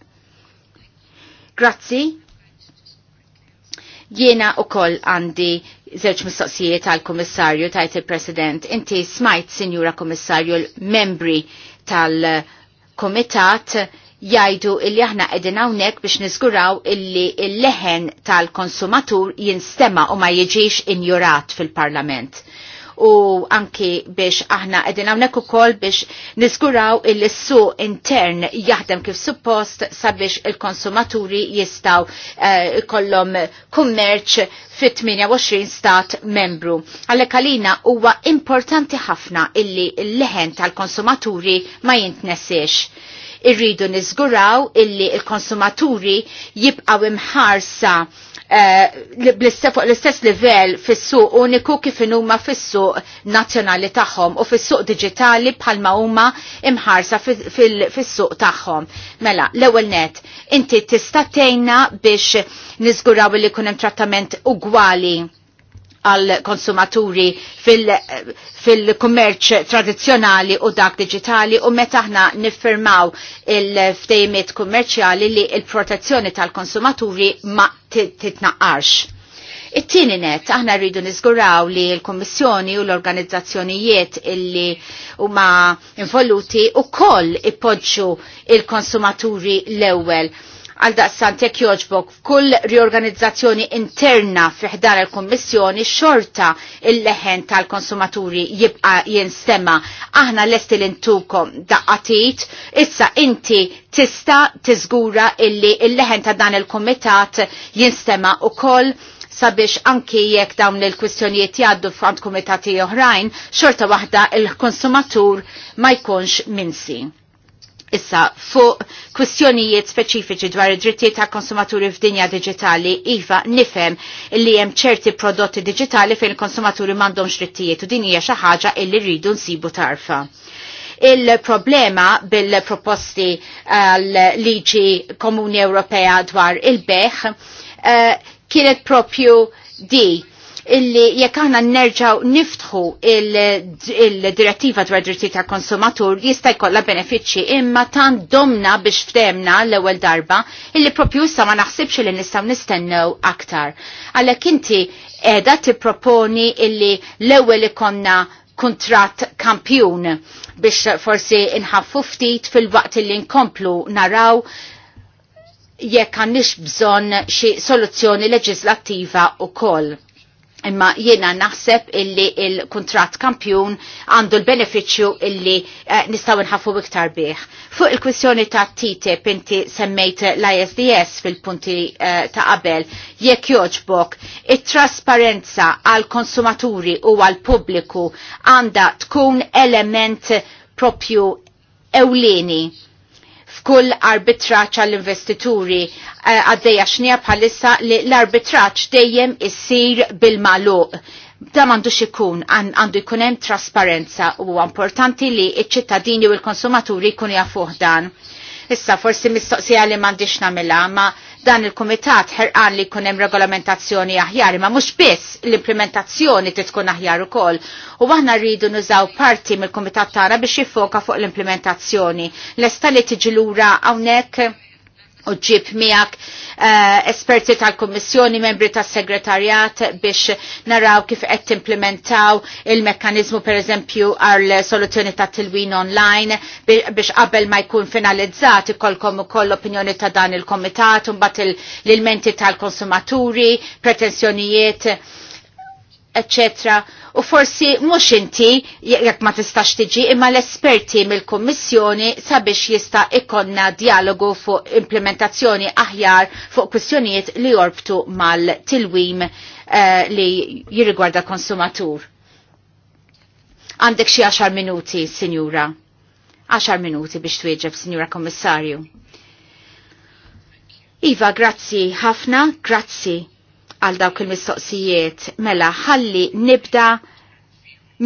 Grazzi. Jiena u koll għandi zewċ mistoqsijiet għal komissarju tajt il-President. Inti smajt, Sinjura Komissarju, l-membri tal-komitat jajdu illi aħna edina hawnhekk biex niżguraw illi l-leħen tal-konsumatur jinstema u ma jiġix injurat fil-Parlament u anki biex aħna għawnek u ukoll biex niskuraw il-suq intern jaħdem kif suppost sabiex il-konsumaturi jistgħu uh, eh, kollhom kummerċ fit-28 stat membru. Għalhekk għalina huwa importanti ħafna illi l-leħen tal-konsumaturi ma jintnesiex irridu niżguraw illi il-konsumaturi jibqaw imħarsa eh, fuq l-istess livell fis-suq uniku kif huma fis-suq nazzjonali tagħhom u fis-suq diġitali bħalma huma imħarsa fis-suq tagħhom. Mela, l-ewwel net, inti tista' tgħinna biex niżguraw li jkun hemm trattament ugwali għal konsumaturi fil-kummerċ fil tradizjonali u dak digitali u meta aħna niffirmaw il-ftejmiet kummerċjali li il-protezzjoni tal-konsumaturi ma titnaqqarx. It-tieni net aħna rridu niżguraw li l-Kommissjoni u l-organizzazzjonijiet illi huma involuti u koll ippoġġu il-konsumaturi l-ewwel Għal daqsan jekk joġbok f'kull riorganizzazzjoni interna fiħdan il-Kommissjoni xorta il-leħen tal-konsumaturi jibqa' jinstema. Aħna lesti l-intukom daqqatit, issa inti tista tiżgura illi il-leħen ta' dan il-Komitat jinstema u koll sabiex anki jekk dawn il-kwistjonijiet jgħaddu f'għand kumitati oħrajn, xorta waħda il-konsumatur ma jkunx minsi. Issa, fuq kwistjonijiet speċifiċi dwar id-drittijiet ta' konsumaturi f'dinja digitali, iva nifhem li hemm ċerti prodotti digitali fejn konsumaturi m'għandhomx drittijiet u din hija xi ħaġa li rridu nsibu tarfa. Il-problema bil-proposti għal-liġi komuni Ewropea dwar il-beħ uh, kienet propju di illi jekk aħna nerġaw niftħu il-direttiva dwar drittijiet ta' konsumatur jista' jkollha benefiċċji imma tant domna biex fdemna l-ewwel darba illi propju issa ma naħsibx li nistgħu nistennew aktar. Għalhekk inti qiegħda tipproponi illi l-ewwel ikonna kontrat kampjun biex forsi inħaffu ftit fil-waqt li nkomplu naraw jekk għandix bżonn xi soluzzjoni leġislattiva u koll imma jiena naħseb illi il-kontrat kampjun għandu l-beneficju illi eh, nistaw nħafu iktar bih. Fuq il-kwissjoni ta' tite inti semmejt l-ISDS fil-punti eh, ta' qabel, jekk joġbok, it-trasparenza għal konsumaturi u għal pubbliku għanda tkun element propju ewleni f'kull arbitraċ għall-investituri eh, għaddeja xnija bħalissa li l-arbitraċ dejjem issir bil-maluq. Da mandux ikun, għandu jkun hemm trasparenza u importanti li iċ-ċittadini u l-konsumaturi jkunu jafuħdan. dan. Issa forsi mistoqsija li m'għandix nagħmilha, ma' Dan il-Kumitat ħerqan li jkun hemm regolamentazzjoni aħjar, ma mhux biss l-implementazzjoni tkun aħjar ukoll. U aħna rridu nużaw parti mill-Kumitat tara biex jiffoka fuq l-implementazzjoni. Lesta li tiġi lura hawnhekk u ġib miegħek uh, esperti tal-Kummissjoni, membri tas-Segretarjat biex naraw kif qed implementaw il-mekkaniżmu pereżempju għal soluzzjoni ta' tilwin online biex qabel ma jkun finalizzat ikolkom koll opinjoni ta' dan il-Komitat un mbagħad l-ilmenti tal-konsumaturi, pretenzjonijiet etc. U forsi mux inti, jekk ma tistax tiġi, imma l-esperti mill-Kommissjoni sabiex jista' ikonna dialogu fuq implementazzjoni aħjar fuq kwistjonijiet li jorbtu mal-tilwim uh, li jirrigwarda konsumatur. Għandek xi 10 minuti, Sinjura. 10 minuti biex twieġeb, Sinjura Kommissarju. Iva, grazzi ħafna, grazzi għal dawk il-mistoqsijiet. Mela, ħalli nibda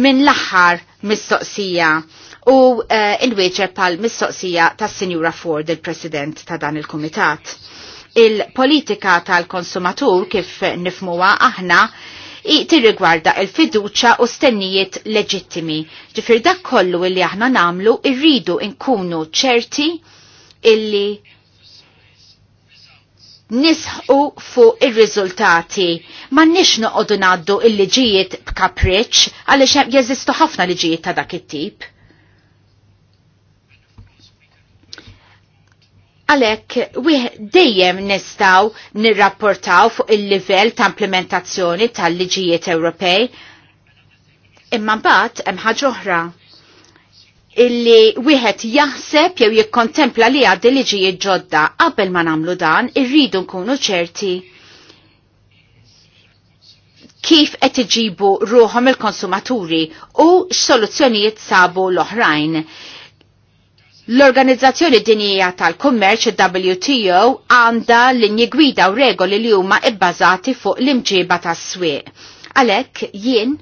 minn l-aħħar mistoqsija u uh, eh, inweġeb għal mistoqsija tas Sinjura Ford, il-President ta' dan il-Komitat. Il-politika tal-konsumatur kif nifmuwa aħna rigwarda il-fiduċa u stennijiet leġittimi. Ġifir dak kollu li aħna namlu irridu inkunu ċerti illi nisħu fuq ir-riżultati. Ma nix noqogħdu ngħaddu il-liġijiet b'kapriċċ għaliex jeżistu ħafna liġijiet ta' dak it-tip. Għalek, wih dejjem nistaw nirrapportaw fuq il-livell ta' implementazzjoni tal-liġijiet Ewropej. Imma mbagħad hemm ħaġa oħra illi wieħed jaħseb jew jikkontempla li għaddi liġi ġodda qabel ma nagħmlu dan irridu nkunu ċerti kif qed iġibu ruhom il-konsumaturi u x'soluzzjonijiet sabu l-oħrajn. L-Organizzazzjoni Dinjija tal-Kummerċ WTO għandha linji gwida u regoli li huma ibbażati fuq l-imġiba tas-swieq. Għalhekk jien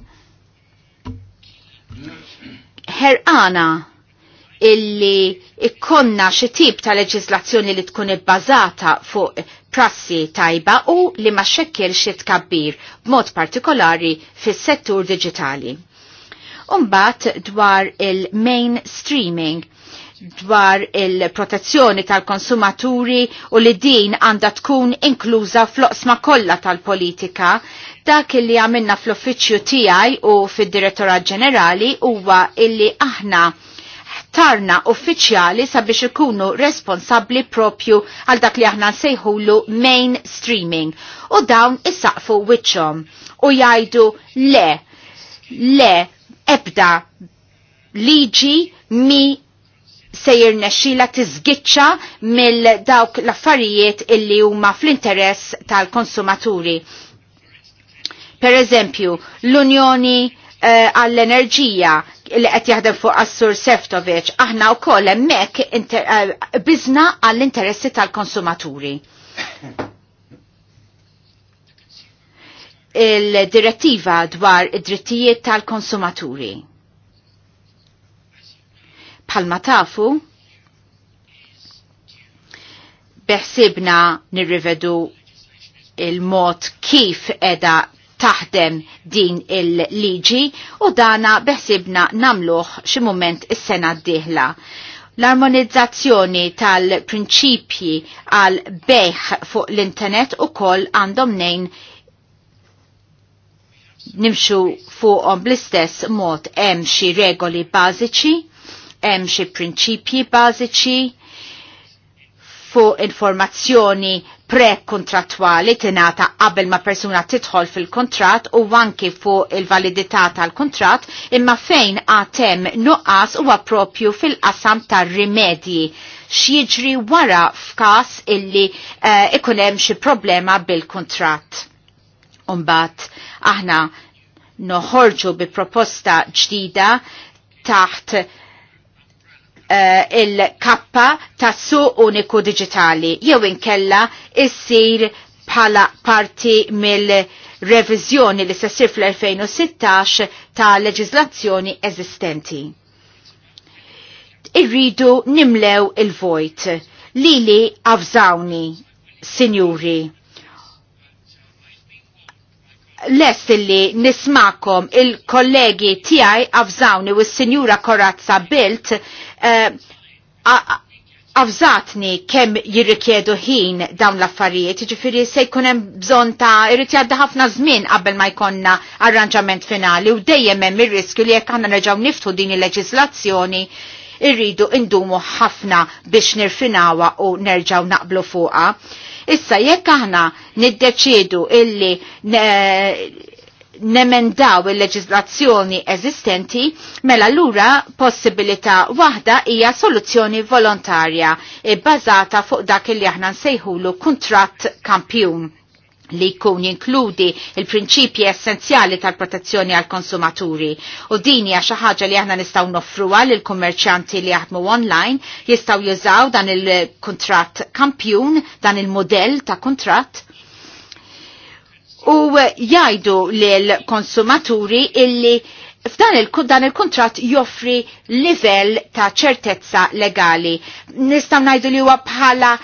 ħerqana illi ikkonna xi tip ta' leġislazzjoni li tkun ibbażata fuq prassi tajba u li ma xekkil xi tkabbir b'mod partikolari fis-settur diġitali. Umbat dwar il-mainstreaming dwar il-protezzjoni tal-konsumaturi u li din għanda tkun inkluża fl-oqsma kollha tal-politika dak li għamilna fl-uffiċju tiegħi u fid-direttora ġenerali huwa illi aħna tarna uffiċjali sabiex ikunu responsabli propju għal dak li aħna nsejħulu mainstreaming u dawn issaqfu wiċċhom u jgħidu le le ebda liġi mi sejr nexxila tiżgiċċa mill dawk l-affarijiet illi huma fl-interess tal-konsumaturi. Per eżempju, l-Unjoni eh, għall-enerġija li qed jaħdem fuq Assur Seftovic, aħna wkoll hemmhekk eh, biżna għall-interessi tal-konsumaturi. Il-direttiva dwar id-drittijiet tal-konsumaturi. Palma tafu, beħsibna nirrivedu il-mod kif edha taħdem din il-liġi u dana beħsibna namluħ xi mument is-sena d-dieħla. L-armonizzazzjoni tal-prinċipji għal beħ fuq l-internet u koll għandhom nejn nimxu fuqhom bl-istess mod hemm xi regoli bażiċi hemm xi prinċipji bażiċi fuq informazzjoni pre-kontrattwali tinata qabel ma persuna titħol fil-kontrat u anki fuq il-validità tal-kontrat imma fejn għatem nuqqas u għapropju fil-qasam tar-rimedji x'jiġri wara f'każ illi uh, eh, ikunem xi problema bil-kontrat. Umbat aħna noħorġu bi proposta ġdida taħt Eh, il-kappa ta' su uniku digitali jew inkella issir bħala parti mill-reviżjoni li se ssir fl-2016 ta' leġiżlazzjoni eżistenti. Irridu nimlew il-vojt. Lili avżawni, sinjuri lest illi nismakom il-kollegi tiegħi avżawni u s senjura Korazza Bilt eh, avżatni kemm jirrikjedu ħin dawn l-affarijiet, ġifiri se jkun hemm bżonn ta' irrid jgħadda ħafna żmien qabel ma jkollna arranġament finali u dejjem hemm ir-riskju li jekk aħna nerġgħu niftu din il leġislazzjoni irridu indumu ħafna biex nirfinawa u nerġgħu naqblu fuqa. Issa jekk aħna niddeċiedu illi nemendaw il-leġislazzjoni eżistenti, mela l-ura possibilità waħda hija soluzzjoni volontarja, bbażata e fuq dak li aħna nsejħulu kuntratt kampjun li jkun jinkludi il-prinċipji essenzjali tal-protezzjoni għal konsumaturi u din hija xi ħaġa li aħna nistgħu noffruha il kummerċjanti li jaħdmu online jistgħu jużaw dan il-kuntratt kampjun, dan il-modell ta' kuntratt u jgħidu lil konsumaturi illi F'dan il-dan il-kontrat joffri livell ta' ċertezza legali. Nistaw najdu li huwa bħala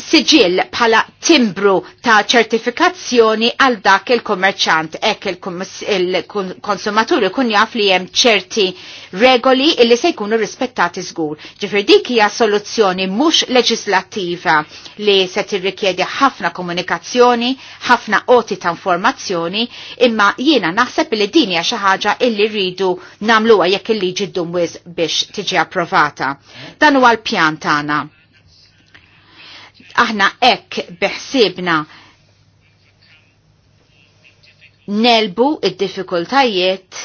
siġil bħala timbru ta' ċertifikazzjoni għal dak il-kommerċant ek il-konsumaturi kun jaf li hemm ċerti regoli illi se jkunu rispettati żgur. Ġifir dik hija soluzzjoni mhux leġislattiva li se tirrikjedi ħafna komunikazzjoni, ħafna oti ta' informazzjoni, imma jiena naħseb li din hija xi ħaġa illi rridu nagħmluha jekk il-liġi ddum biex tiġi approvata. Dan huwa l-pjan tagħna Aħna hekk beħsibna nelbu id-diffikultajiet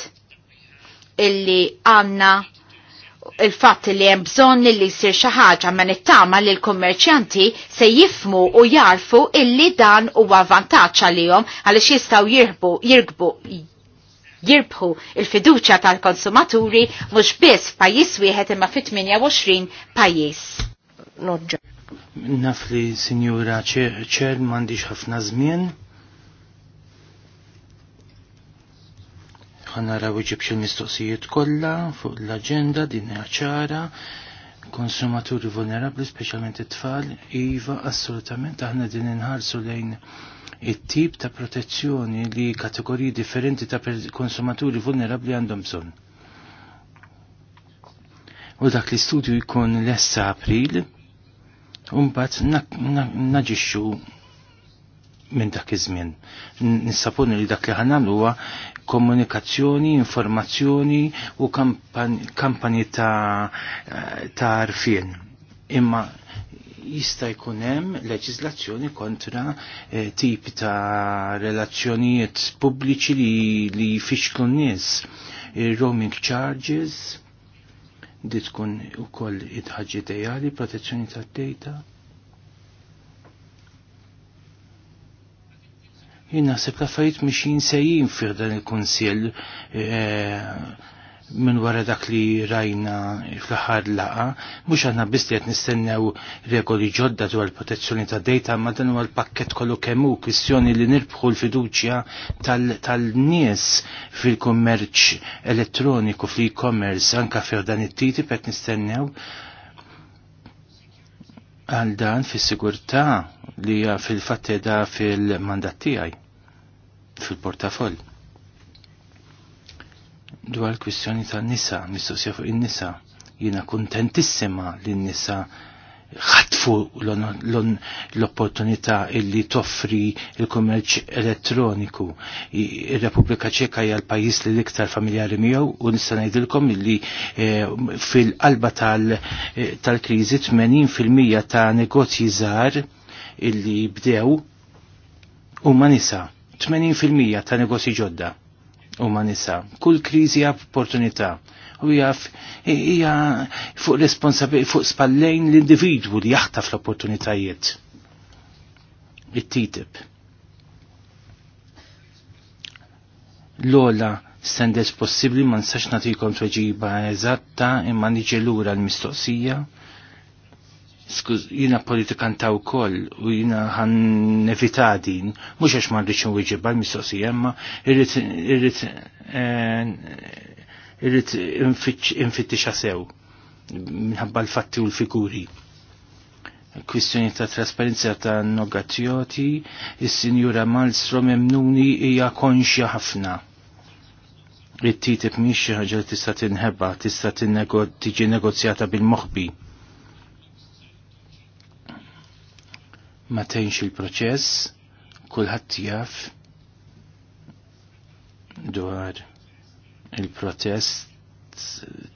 illi għanna il fat li hemm bżonn li jsir xi ħaġa ma nittama li l-kummerċjanti se jifmu u jarfu illi dan huwa vantaġġ għalihom għaliex jistgħu jirbu jirkbu jirbħu il-fiduċja tal-konsumaturi mhux biss pajjiż wieħed imma fit-28 pajjiż. Noġġa naf li sinjura ċer mandiġ ħafna żmien. raw iġib xil-mistoqsijiet kollha fuq l agenda din hija ċara konsumaturi vulnerabli, speċjalment it-tfal, iva assolutament aħna din inħarsu lejn it-tip ta' protezzjoni li kategoriji differenti ta' konsumaturi vulnerabli għandhom bżonn. U dak l-istudju jkun l-essa april, Umbat naġixxu minn dak iż-żmien. Nissapun li dak li ħan huwa komunikazzjoni, informazzjoni u kampanji ta' rfien Imma jista' jkun hemm leġiżlazzjoni kontra eh, tip ta' relazzjonijiet pubbliċi li, jfixklu n-nies. Eh, roaming charges, di tkun ukoll id idħagġi dejali protezzjoni tad-dejta. Jina sepp la fajt mixin sejjim fir dan il-Kunsill eh, minn wara dak li rajna fl-ħar laqa, mux għanna bisti għet nistennew regoli ġodda dwar protezzjoni ta' dejta, ma dan huwa l-pakket kollu kemmu, kwistjoni li nirbħu l-fiduċja tal-nies fil-kommerċ elettroniku, fil-e-commerce, anka fi dan it-titi pet nistennew għal dan fis sigurtà li fil-fatteda fil-mandat tiegħi fil-portafoll dwar l-kwistjoni tan-nisa, mistoqsija fuq in-nisa. Jiena kuntentissima li n-nisa ħatfu l-opportunità illi toffri il-kummerċ elettroniku. Ir-Repubblika Ċeka hija l-pajjiż li l-iktar familjari miegħu u nista' ngħidilkom illi eh, fil-qalba eh, tal-kriżi 80% ta' negozji żgħar illi bdew huma nisa. 80% ta' negozji ġodda u ma nisa. Kull krizi hija opportunità u jaf hija fuq responsabil fuq spallejn l-individwu li jaħtaf l-opportunitajiet. It-titib. L-ola standards possibli ma nistax nagħtikom tweġiba eżatta imma niġi l-mistoqsija skuż, politikan politikanta u koll u jina għan nevita din, mux għax marriċ nwiġibba l-mistoqsija, jemma, irrit irrit eh, irrit sew minħabba l-fatti u l-figuri. Kwistjoni ta' trasparenza ta' nogatjoti, il-Sinjura Malstrom emnuni hija konxja ħafna it-titib xi ħaġa tista' tinħebba, tista' tiġi negozjata bil-moħbi ma tgħinx il-proċess, kulħadd jaf dwar il-protest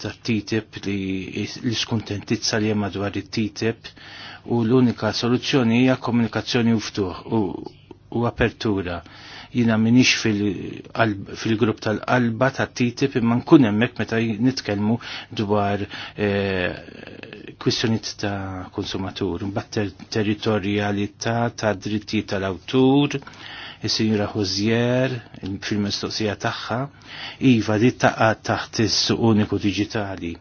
ta' TTIP li l iskuntentizza li jemma dwar it ttip u l-unika soluzzjoni hija komunikazzjoni u ftuħ u, apertura jina minix fil-grupp fil tal-qalba tat-TTIP imma nkun hemmhekk meta nitkellmu dwar eh, kwistjonijiet ta' konsumatur, mbagħad territorjalità ta' drittijiet tal-awtur, is-sinjura Hozier fil-mistoqsija tagħha, iva di taqa' taħt is-suq uniku diġitali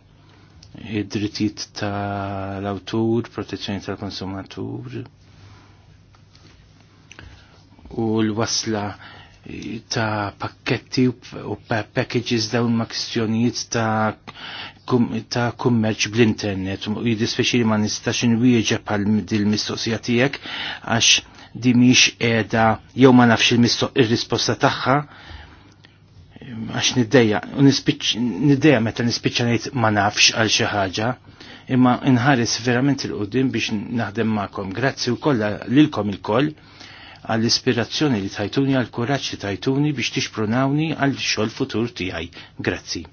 id-drittijiet tal-awtur, protezzjoni tal-konsumatur u l-wasla ta' pakketti u packages dawn ma' kistjonijiet ta' ta' kummerċ bl-internet u jidisfeċi li ma' nistax nwieġa pal dil-mistoqsija tijek għax di miex edha jew ma' nafx il-risposta tagħha għax niddeja u niddeja meta nispiċċa ngħid ma nafx għal xi ħaġa imma inħares verament il-qudiem biex naħdem magħkom. Grazzi wkoll lilkom il-koll. il koll għall-ispirazzjoni li tajtuni għall-kuraġġ li tajtuni biex tixpronawni għall xogħol futur tiegħi. Grazzi.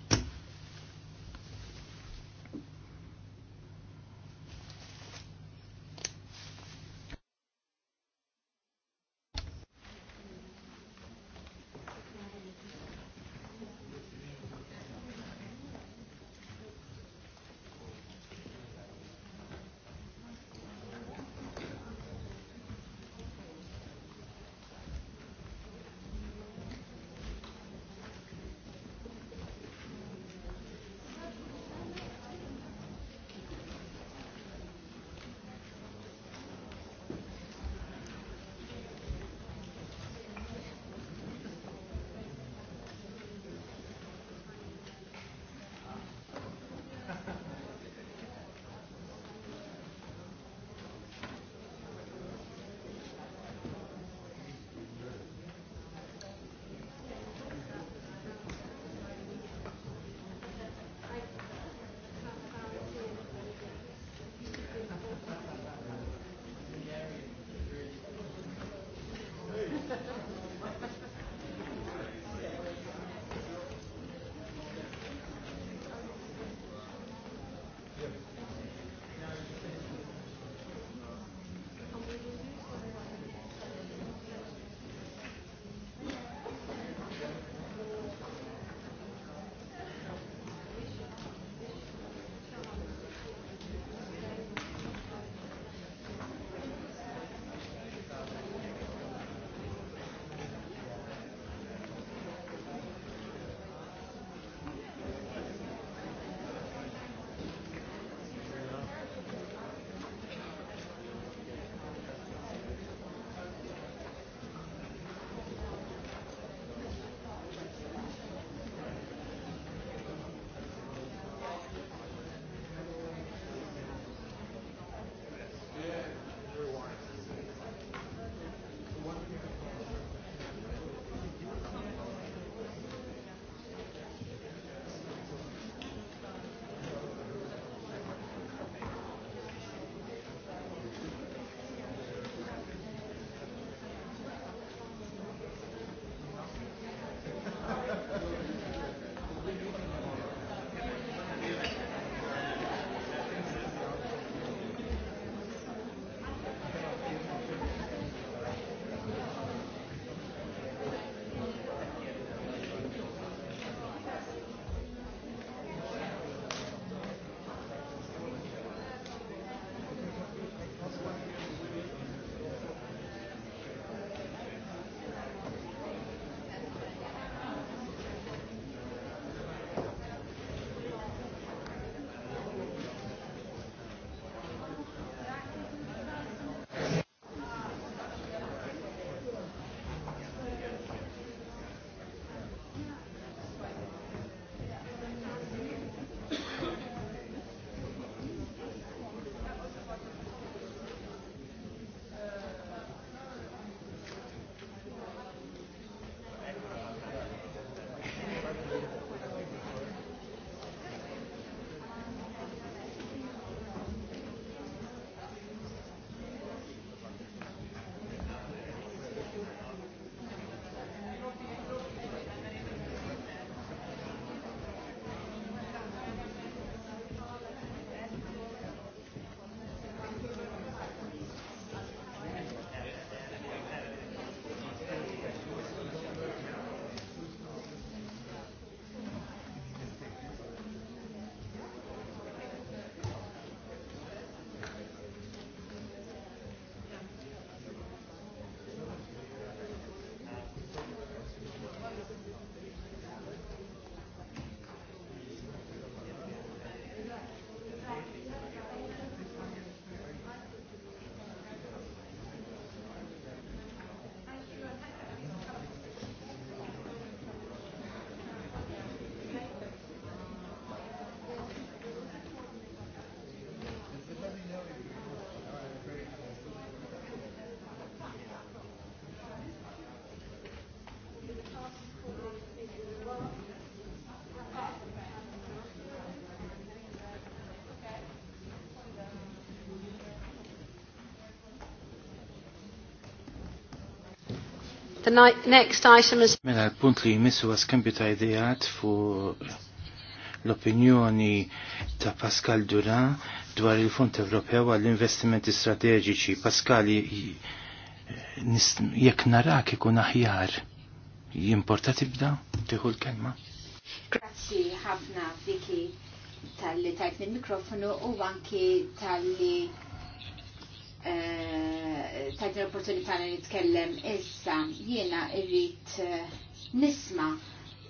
The next item is... Mela, l-punt li jmissu għaskambju ta' idejat fu l-opinjoni ta' Pascal Dura dwar il-Fond Ewropew għall-investimenti Strategiċi. Pascal, jekk narak ikun aħjar, jimporta tibda? Tiħu l-kelma? Grazzi ħafna, Viki, tal-li tajt mikrofonu u anki tal-li uh, tajt l-opportunità li nitkellem issa jiena irrit eh, nisma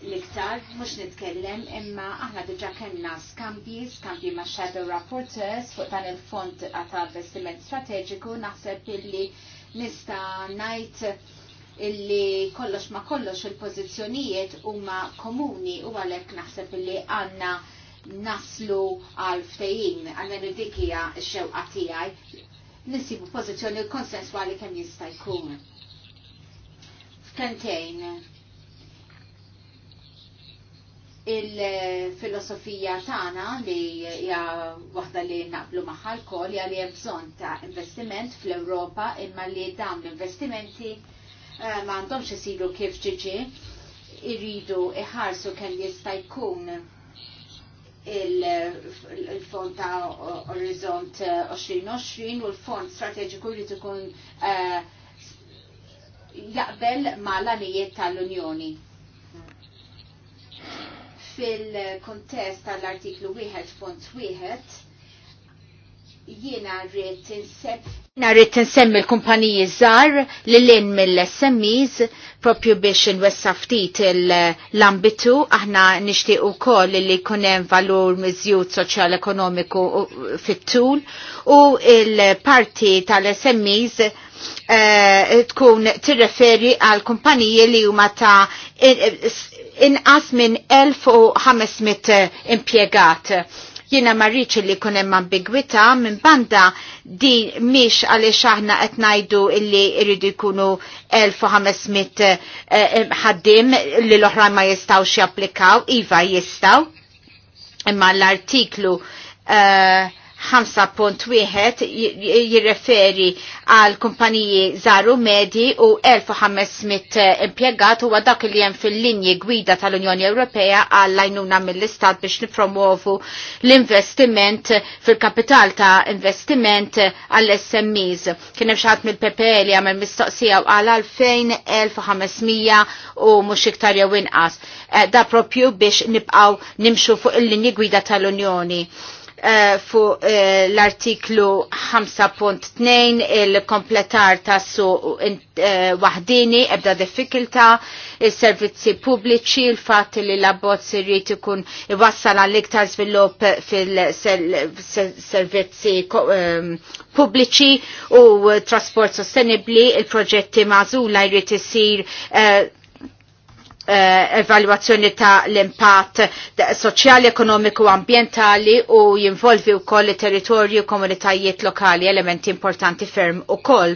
l-iktar, mux nitkellem, imma aħna diġa kemna skambji, skambji ma' shadow rapporteurs fuq dan il-fond għata investiment strategiku, naħseb illi nista najt illi kollox ma' kollox il-pozizjonijiet huma komuni u għalek naħseb illi għanna naslu għal ftejin, għanna l-dikija xewqa tijaj, nisibu pozizjoni konsensuali kemm jista' jkun. F'kantejn il-filosofija tagħna li hija waħda li naqblu magħha l-koll hija li hemm bżonn ta' investiment fl-Ewropa imma li dawn l-investimenti uh, eh, ma għandhomx isiru kif ġiġi irridu iħarsu kemm jista' jkun il-fond ta' Orizzont 2020 u l-fond strategiku li tkun eh, jaqbel ma' l-anijiet tal-Unjoni. Fil-kontest tal-artiklu 1.1 jiena rrit inseb Narrit nsemmi l-kumpaniji żgħar li lin mill-SMEs propju biex nwessa ftit l-ambitu aħna u ukoll li jkun hemm valur miżjud soċjal ekonomiku fit-tul u il-parti tal-SMEs eh, tkun tirreferi għal kumpaniji li huma ta' inqas minn 1500 impjegat Jiena marriċ li jkun hemm ambigwità minn banda din miex għaliex aħna qed ngħidu illi jridu jkunu 1500 eh, eh, ħaddim li l-oħrajn ma jistgħux japplikaw, iva jistgħu. Imma l-artiklu uh, 5.1 jirreferi għal kumpaniji zaru Medi u 1500 impiegat u dak li jem fil-linji gwida tal-Unjoni Ewropea għal lajnuna mill-istat biex nipromovu l-investiment eh, fil-kapital ta' investiment eh, għall-SMEs. Kien hemm xaħat mill ppl e li għamel mistoqsija u għal 2500 u mux iktar jew inqas. Eh, da propju biex nibqaw nimxu fuq il-linji gwida tal-Unjoni. Eh, fu eh, l-artiklu 5.2 il-kompletar ta' su eh, wahdini ebda diffikulta il-servizzi pubbliċi il-fat li l-abbozz irrid ikun iwassal għall iktar svilupp fil-servizzi ehm, pubbliċi u trasport sostenibli il-proġetti mażula jrid isir Eh, evalwazzjoni ta' l-impatt soċjali, ekonomiku, ambientali u jinvolvi u koll territorju komunitajiet lokali, elementi importanti ferm u koll.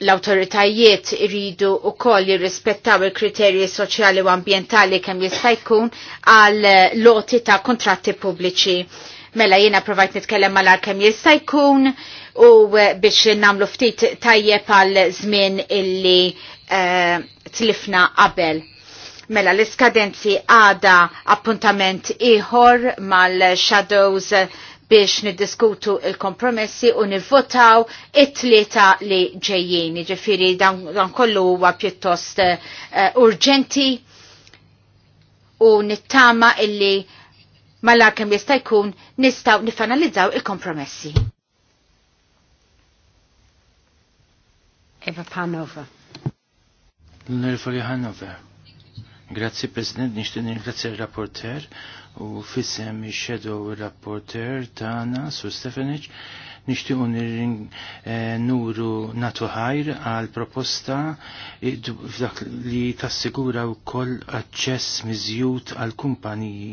L-autoritajiet iridu u koll jirrispettaw il-kriterji soċjali u ambientali kemm jista' jkun għal loti ta' kontratti pubbliċi. Mela jiena provajt nitkellem mal-ar kemm jista' jkun, u eh, biex namlu ftit tajjeb għal żmien illi uh, tlifna qabel. Mela l-iskadenzi għada appuntament iħor mal-shadows biex niddiskutu il-kompromessi u nivvotaw it-tlieta li ġejjini, Ġifiri dan, dan kollu huwa pjuttost uh, urġenti u nittama illi mal-arkem jista' jkun nistgħu nifanalizzaw il-kompromessi. Eva Panova. L-Nerfoli Grazzi President, nishtin ringrazzi il-rapporter u fissem il-shadow il-rapporter tana su Stefanic nishtiq eh, nuru natu ħajr għal proposta f'dak li tassigura wkoll aċċess miżjud għal kumpaniji.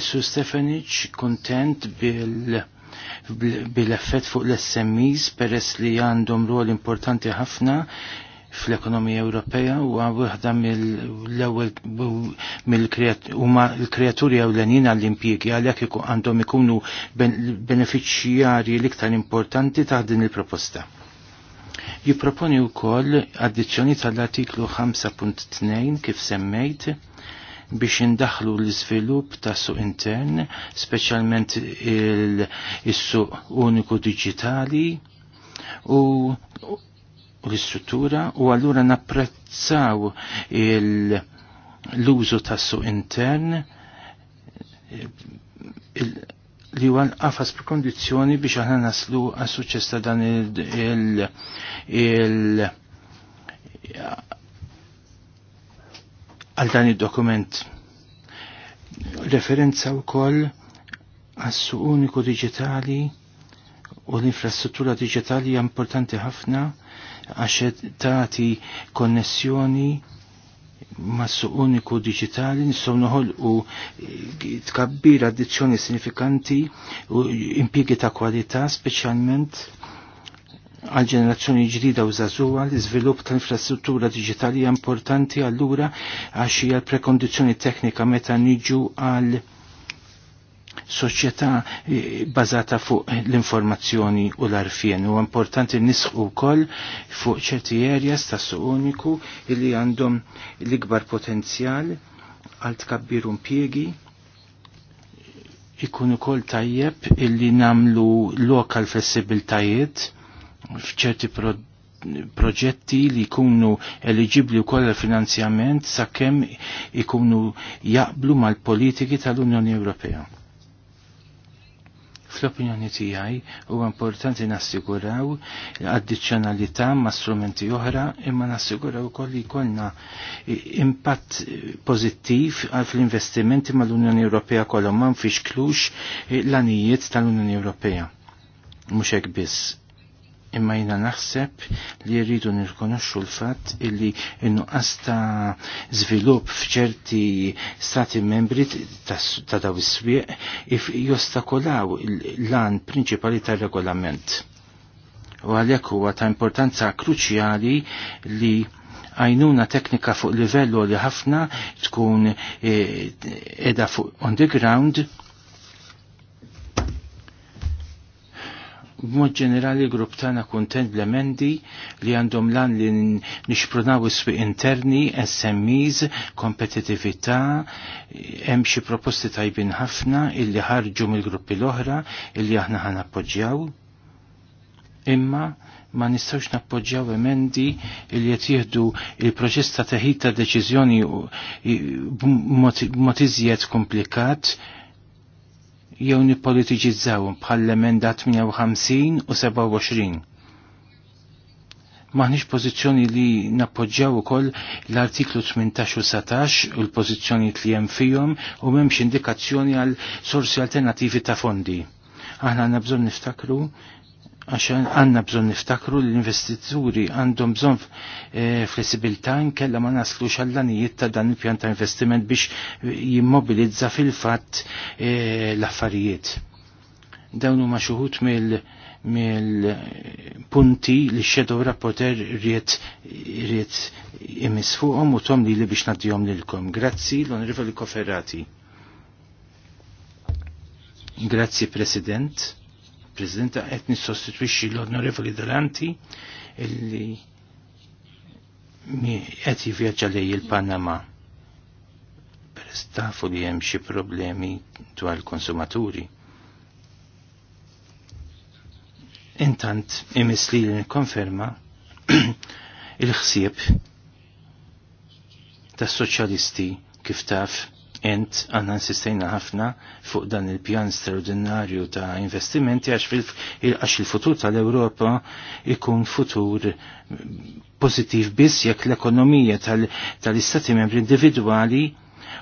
Issu Stefanic kontent bil- bil-effett fuq l-SMEs peress li għandhom ruol importanti ħafna fl-ekonomija Ewropea u waħda mill-ewwel huma l-kreaturi ewlenin għall-impjiegi għalhekk għandhom ikunu benefiċjarji l-iktar importanti ta' din il-proposta. Jipproponi wkoll addizzjoni tal-artiklu 5.2 kif semmejt biex indaħlu l-iżvilupp ta' suq intern, speċjalment il-suq uniku digitali u l-istruttura u allura napprezzaw l-użu ta' suq intern li huwa l-qafas b'kondizzjoni biex aħna naslu għas-suċċess ta' dan il-, il, il għal dan id-dokument. Referenza wkoll għas-suq uniku diġitali u l-infrastruttura digitali hija importanti ħafna għax tati konnessjoni mas su uniku diġitali nistgħu noħolqu tkabbir addizzjoni sinifikanti u impiegi ta' kwalità speċjalment għal ġenerazzjoni ġdida u zazuwa l iżvilupp ta' infrastruttura digitali importanti allura għax hija prekondizzjoni teknika meta niġu għal soċjetà e, bazata fuq l-informazzjoni u l-arfien u importanti nisħu wkoll fuq ċerti areas ta' uniku li għandhom l-ikbar potenzjal għal tkabbir impjiegi ikun ukoll tajjeb illi namlu lokal flessibiltajiet fċerti proġetti li jkunu eligibli wkoll finanzjament sakemm ikunu jaqblu mal-politiki tal-Unjoni Ewropea. Fl-opinjoni tiegħi huwa importanti nassiguraw addizzjonalità ma' strumenti oħra imma nassiguraw ukoll li jkollna impatt pożittiv fl-investimenti mal-Unjoni Ewropea kollha ma nfixklux l-anijiet tal-Unjoni Ewropea. Mhux hekk biss imma jina naħseb li rridu nirkonoxxu l-fatt illi innuqqas ta' żvilupp f'ċerti stati membri ta' daw is-swieq jostakolaw l-an prinċipali tar-regolament. U għalhekk huwa ta' importanza kruċjali li għajnuna teknika fuq livellu li ħafna tkun eh, edha fuq on the ground B'mod ġenerali grupp tagħna kuntent l-emendi li għandhom lan li nixprunaw is-swieq interni, SMEs, kompetitività, hemm xi proposti tajbin ħafna illi ħarġu mill-gruppi l-oħra illi aħna ħan appoġġjaw. Imma ma nistawx nappoġġjaw emendi illi qed jieħdu il-proċess ta' teħid ta' deċiżjoni b'mod iżjed komplikat jew nippolitiġizzawhom l emenda 58 u 27 maħniġ pozizjoni li nappoġġaw ukoll l-artiklu 18 u 17 u l-pozizjoni li hemm fihom u m'hemmx indikazzjoni għal sorsi alternativi ta' fondi. Aħna għandna bżonn niftakru għaxan għanna bżon niftakru l-investituri għandhom bżon eh, flessibilta nkella ma naslu xallanijiet ta' dan il-pjan ta' investiment biex jimmobilizza fil-fat eh, l-affarijiet. Dawn huma xuħut mill-punti li x-shadow rapporter riet riet imis fuqhom u tom li li biex nadjom lilkom. Grazzi l-Onorevoli Koferrati. Grazzi President il-Presidenta qed nissostitwixxi l-Onorevoli Dalanti illi qed jivvjaġġa lej il-Panama per tafu li hemm xi problemi dwar il-konsumaturi. Intant imisli li nikkonferma il-ħsieb tas-soċjalisti kif taf ent għanna nsistajna ħafna fuq dan il-pjan straordinarju ta' investimenti għax il-futur il tal-Europa ikun futur pozitiv biss jekk l-ekonomija tal-istati tal membri individuali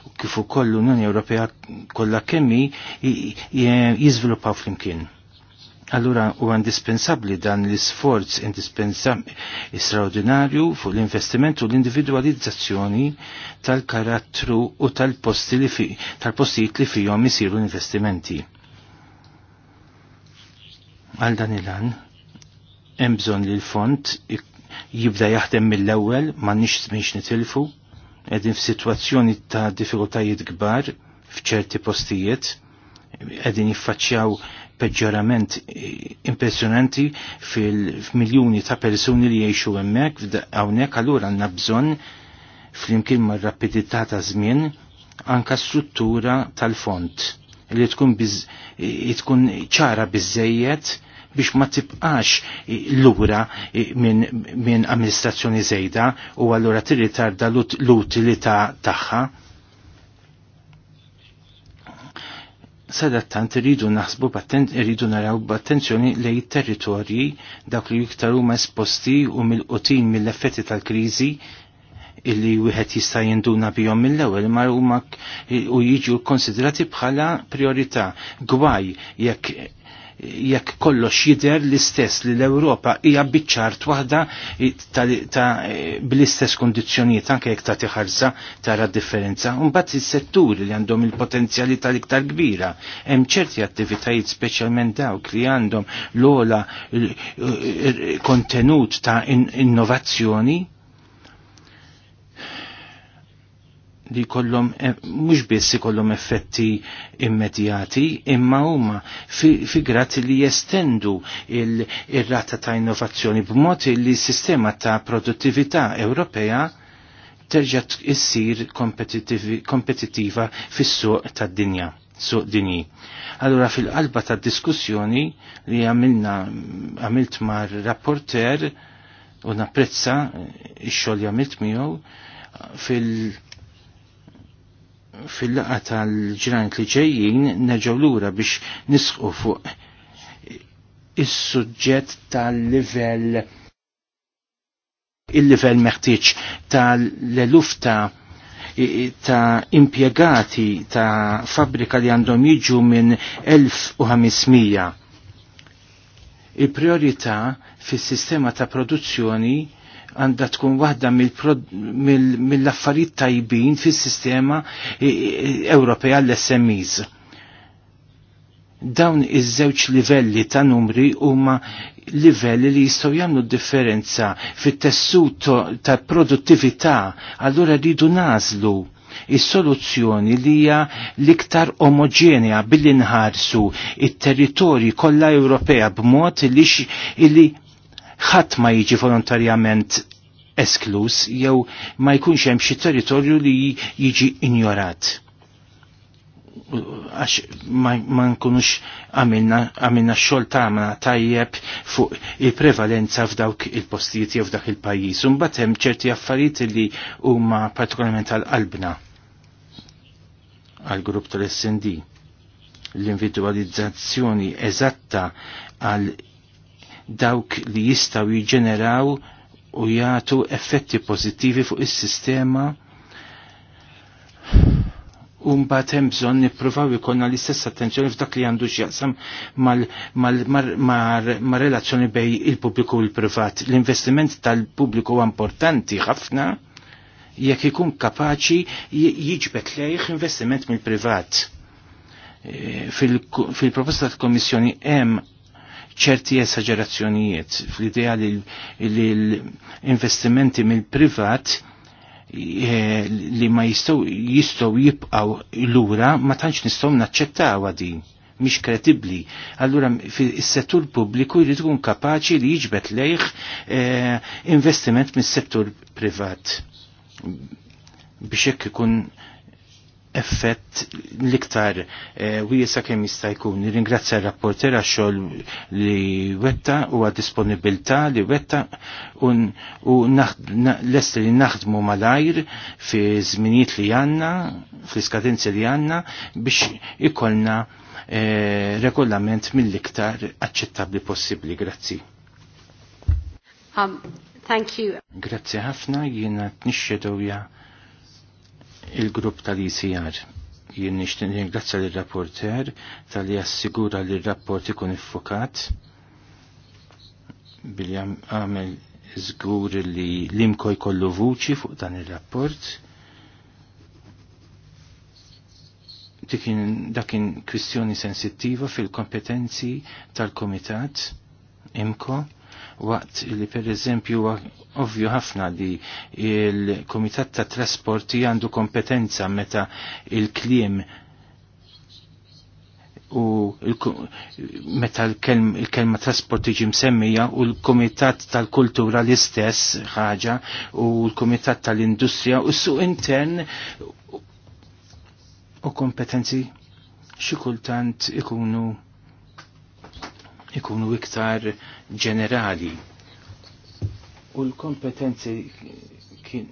u kif ukoll l-Unjoni Ewropea kollha kemmi jiżviluppaw flimkien. Allura u indispensabli dan l-isforz indispensabli straordinarju fuq l-investiment u l-individualizzazzjoni tal-karattru u tal tal-postijiet li fihom isiru investimenti. Għal dan il-għan, hemm bżonn li l-fond jibda jaħdem mill-ewwel m'għandniex miex nitilfu, qegħdin f'sitwazzjoni ta' diffikultajiet kbar f'ċerti postijiet, qegħdin jiffaċċjaw peġġorament impressionanti fil-miljoni ta' persuni li jiexu emmek, għawnek għallura għanna bżon fl-imkien ma' rapidità ta' żmien anka struttura tal-font li tkun tkun ċara bizzejiet biex ma tibqax lura minn min amministrazzjoni zejda u allura tarda l-utilità tagħha. Ta sadattant rridu naħsbu battent rridu naraw b'attenzjoni li territorji dak li iktar huma esposti u mill-qutin mill-effetti tal-kriżi illi wieħed jista' jinduna bihom mill-ewwel ma huma u jiġu konsidrati bħala priorità gwaj jekk jekk kollox jider l-istess li l-Ewropa hija biċċart waħda ta' bl-istess kondizzjonijiet anke jekk ta' tiħarsa tara differenza. Mbagħad is-setturi li għandhom il-potenzjali tal-iktar kbira hemm ċerti attivitajiet speċjalment dawk li għandhom l-ola kontenut ta' innovazzjoni li kollom eh, mhux biss ikollhom effetti immedjati imma huma fi grat li jestendu il-rata ta' innovazzjoni b'mod li s-sistema ta' produttività Ewropea terġa' issir kompetittiva fis-suq tad-dinja suq dinji. Allura fil-qalba ta' diskussjoni li għamilna għamilt mar rapporter u napprezza eh, ix-xogħol li għamilt miegħu fil- fil-laqa tal ġranet li ġejjin neġaw lura biex nisqu fuq is-suġġett tal-livell il-livell meħtieġ tal-eluf ta' ta' impjegati ta' fabbrika li għandhom jiġu minn 1500. Il-priorità fis-sistema ta' produzzjoni għandha tkun waħda mill-affarijiet tajbin fis-sistema Ewropea l-SMEs. Dawn iż-żewġ livelli ta' numri huma livelli li jistgħu jagħmlu differenza fit-tessut ta' produttività, allura rridu nażlu is-soluzzjoni li hija l-iktar omogenea billi nħarsu it-territorji kollha Ewropea b'mod li ħadd ma jiġi volontarjament esklus jew ma jkunx hemm xi territorju li jiġi injorat. Għax ma nkunux għamilna xol tagħna tajjeb fuq il-prevalenza f'dawk il-postijiet jew f'dak il-pajjiż. Imbagħad hemm ċerti affarijiet li huma partikolarment għal-qalbna għal-grupp tal-SND l-individualizzazzjoni eżatta għal dawk li jistaw jiġeneraw u jagħtu effetti pozittivi fuq is-sistema u mbagħad hemm bżonn nippruvaw ikollna l-istess attenzjoni f'dak li għandu x'jaqsam ma' relazzjoni bej il-pubbliku u l-privat. L-investiment tal-pubbliku huwa importanti ħafna jekk ikun kapaċi jiġbed lejh investiment mill-privat. E, fil-proposta tal-Komissjoni hemm ċerti esagerazzjonijiet fl-idea li l-investimenti mill-privat eh, li ma jistow jistow jibqaw lura ma tantx nistgħu naċċettaw din mhix kredibbli. Allura fis-settur pubbliku jrid ikun kapaċi li jiġbet lejh eh, investiment mis-settur privat biex jekk ikun effett liktar u eh, wiesa kemm jista' jkun. Nirringrazzja r-rapporter xogħol li wetta u għad-disponibilità li wetta un, u l lest li naħdmu malajr fi żminijiet li għandna, fi skadenzi li għandna biex ikollna eh, regolament mill-iktar aċċettabbli possibbli. Grazzi. Um, thank you. Grazzi ħafna jiena t-nixxedowja il-grupp tal-ICR. Jien nixtieq ringrazzja lir-rapporter tal-li assigura li r-rapport ikun iffokat billi għamel żgur li l-imko jkollu vuċi fuq dan ir-rapport. Dakin kwistjoni sensittiva fil-kompetenzi tal-komitat imko waqt li per eżempju ovvju ħafna li il-Komitat ta' Trasporti għandu kompetenza meta il-kliem u meta il-kelma trasport tiġi msemmija u l-Kumitat tal-Kultura l-istess ħaġa u l-Kumitat tal-Industrija u s-suq intern u kompetenzi xikultant ikunu ikunu iktar ġenerali. U l-kompetenzi kien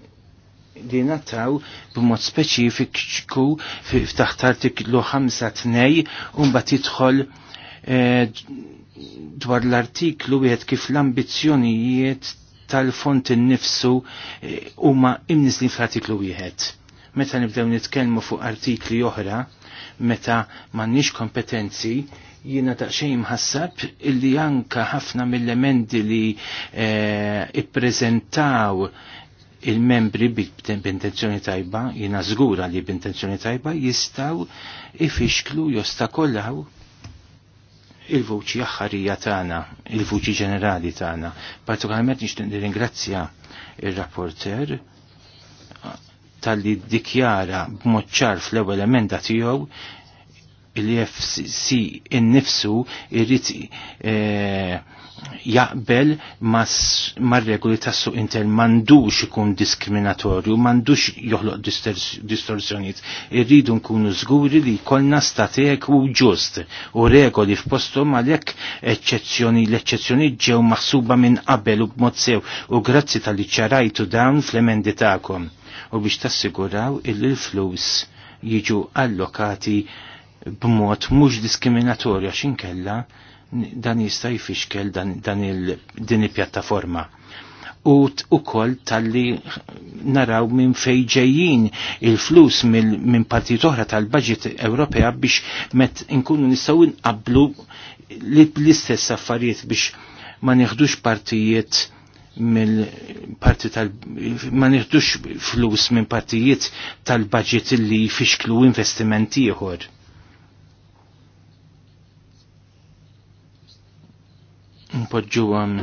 li nataw b'mod speċifiku f'taħt artiklu 5-2 un bat jidħol eh, dwar l-artiklu wieħed kif l-ambizzjonijiet tal-font innifsu eh, huma imnisli fl-artiklu wieħed. Meta nibdew nitkellmu fuq artikli oħra, meta m'għandniex kompetenzi jiena taqxejn ħassab illi anka ħafna mill-emendi li eh, ippreżentaw il-membri b'intenzjoni tajba, jiena żgura li b'intenzjoni tajba jistaw ifixklu jostakollaw il-vuċi aħħarija tagħna, il-vuċi ġenerali tagħna. Partikolarment nixtieq nirringrazzja il rapporter tal-li dikjara b'mod fl-ewwel emenda tiegħu il-FCC innifsu irrit eh, jaqbel mar-regoli tas suq intel mandux ikun diskriminatorju, mandux joħloq distorsjoniet. Irridu nkunu żguri li jkollna statek u ġust u regoli f'postom għalhekk eċċezzjoni l-eċċezzjoni ġew maħsuba minn qabel u b'mod sew u grazzi tal-li ċarajtu dawn fl-emendi tagħkom u biex tassiguraw il l-flus jiġu allokati b'mod mhux diskriminatorja x'inkella dan jista' jfixkel dan, dan il, din il-pjattaforma. U ukoll tal-li naraw minn fejġejjin il-flus minn partit oħra tal-budget Ewropea biex met inkunu nistgħu nqablu l-istess affarijiet biex ma nieħdux partijiet mill-parti tal- ma nirdux flus minn partijiet tal-budget li fixklu investimenti ieħor. Npoġġu għam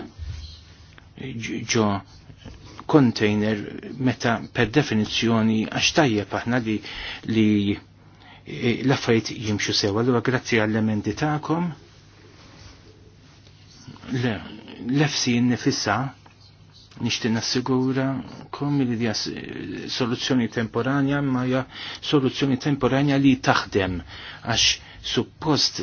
ġo container meta per definizjoni għax tajjeb aħna li li e, l-affarijiet jimxu sew. Allura grazzi għall-emendi tagħkom. Le, l-efsi nifissa Nixtieq nassigura kom li hija soluzzjoni temporanja ma ja soluzzjoni temporanja li taħdem għax suppost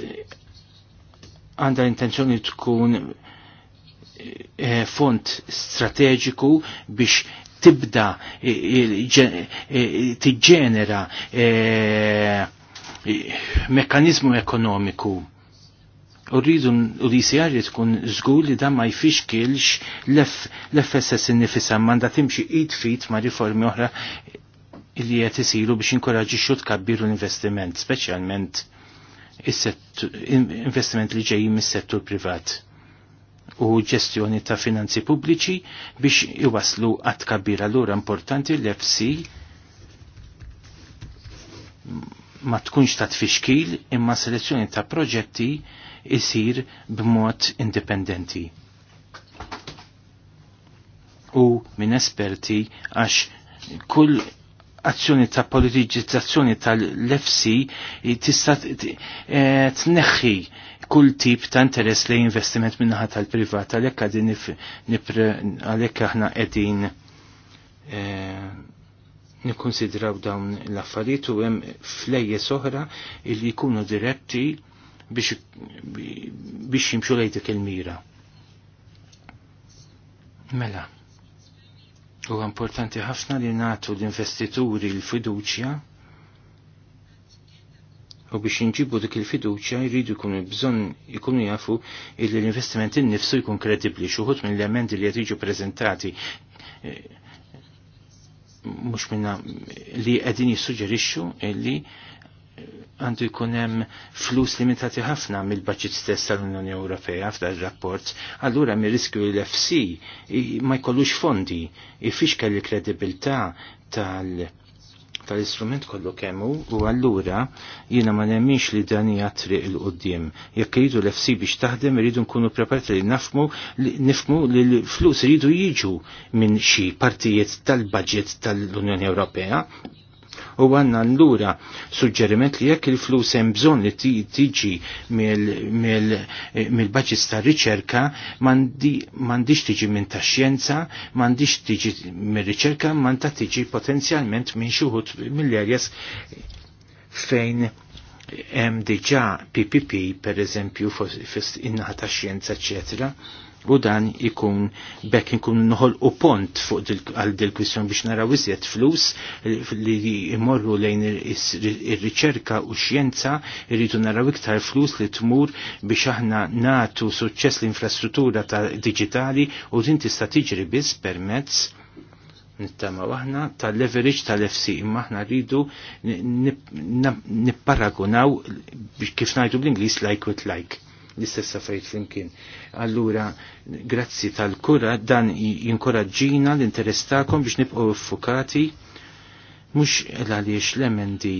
għandha intenzjoni tkun eh, font strateġiku biex tibda eh, eh, tiġġenera mekkanizmu ekonomiku Urridu l-ICR li tkun żgur li dan ma kilx l-FSS innifisha manda timxi id fit ma' riformi oħra li qed isiru biex xut kabbiru l-investiment, speċjalment investiment li ġejjin mis-settur privat u ġestjoni ta' finanzi pubbliċi biex iwaslu għat kabbira l-ura importanti l-FC ma tkunx ta' tfixkil imma selezzjoni ta' proġetti isir b'mod indipendenti. U minn esperti għax kull azzjoni ta' politiċizzazzjoni tal-lefsi tista' e, tneħħi kull tip ta' interess li investiment minnaħa tal-privat għalhekk għadin għalhekk aħna qegħdin e, nikkonsidraw dawn l-affarijiet u hemm flejjes oħra li jkunu diretti biex jimxu lejtik il-mira. Mela, u importanti ħafna li natu l-investituri l-fiduċja u biex jinġibu dik il-fiduċja jridu jkunu bżonn ikunu jafu il l-investiment innifsu jkun kredibli xuħut minn elementi li jtiġu prezentati eh, mux minna li qegħdin jissuġġerixxu illi għandu jkun hemm flus limitati ħafna mill-budget stess tal-Unjoni Ewropea f'dan ir-rapport, allura mir riskju l-FC ma jkollux fondi, ifixka l-kredibilità tal- tal-istrument kollu kemmu u allura jiena ma nemminx li dan hija triq il qudiem Jekk iridu l-FC biex taħdem iridu nkunu preparati li nafmu li nifmu li l-flus iridu jiġu minn xi partijiet tal-budget tal-Unjoni Ewropea u għanna l-lura suġġeriment li jekk il-flus hemm bżonn li tiġi mill-budgets ta' riċerka m'għandix tiġi minn tax-xjenza, m'għandix tiġi mir-riċerka, m'għandha tiġi potenzjalment minn xi mill-areas fejn hemm diġà PPP per eżempju fis-innaħa tax-xjenza, eċċetera u dan ikun bekk nkun noħol u pont fuq għal dil kwistjon biex naraw iżjed flus li imorru lejn ir-riċerka u xjenza irridu naraw iktar flus li tmur biex aħna natu suċċess l-infrastruttura ta' digitali u din tista' tiġri biss permezz nittama waħna tal-leverage tal-FC imma aħna rridu nipparagunaw kif ngħidu bl-Ingliż like with like l istessa fejt flimkien. Allura, grazzi tal-kura, dan jinkoraġġina l-interess tagħkom biex nibqgħu ffukati mhux għaliex l-emendi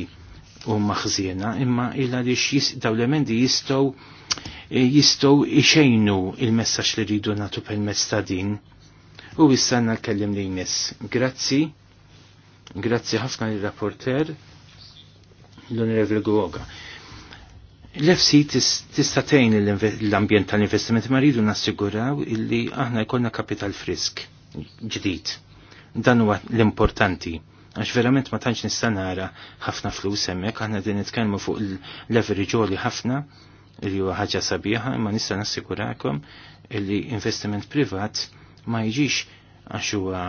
u maħżiena, imma għaliex daw l-emendi jistgħu eh, jistow ixejnu il-messaġġ li rridu nagħtu permezz ta' din. U issa kellim li jmiss. Grazzi, grazzi ħafna l-rapporter l-Onorevoli Guoga. L-FC tista' tgħin l-ambjent tal-investiment ma rridu nassiguraw illi aħna jkollna kapital frisk ġdid. Dan huwa l-importanti għax verament ma tantx nista' nara ħafna flus hemmhekk aħna din nitkellmu fuq l-leverage ħafna li huwa ħaġa sabiħa imma nista' nassigurakom illi investiment privat ma jiġix għax huwa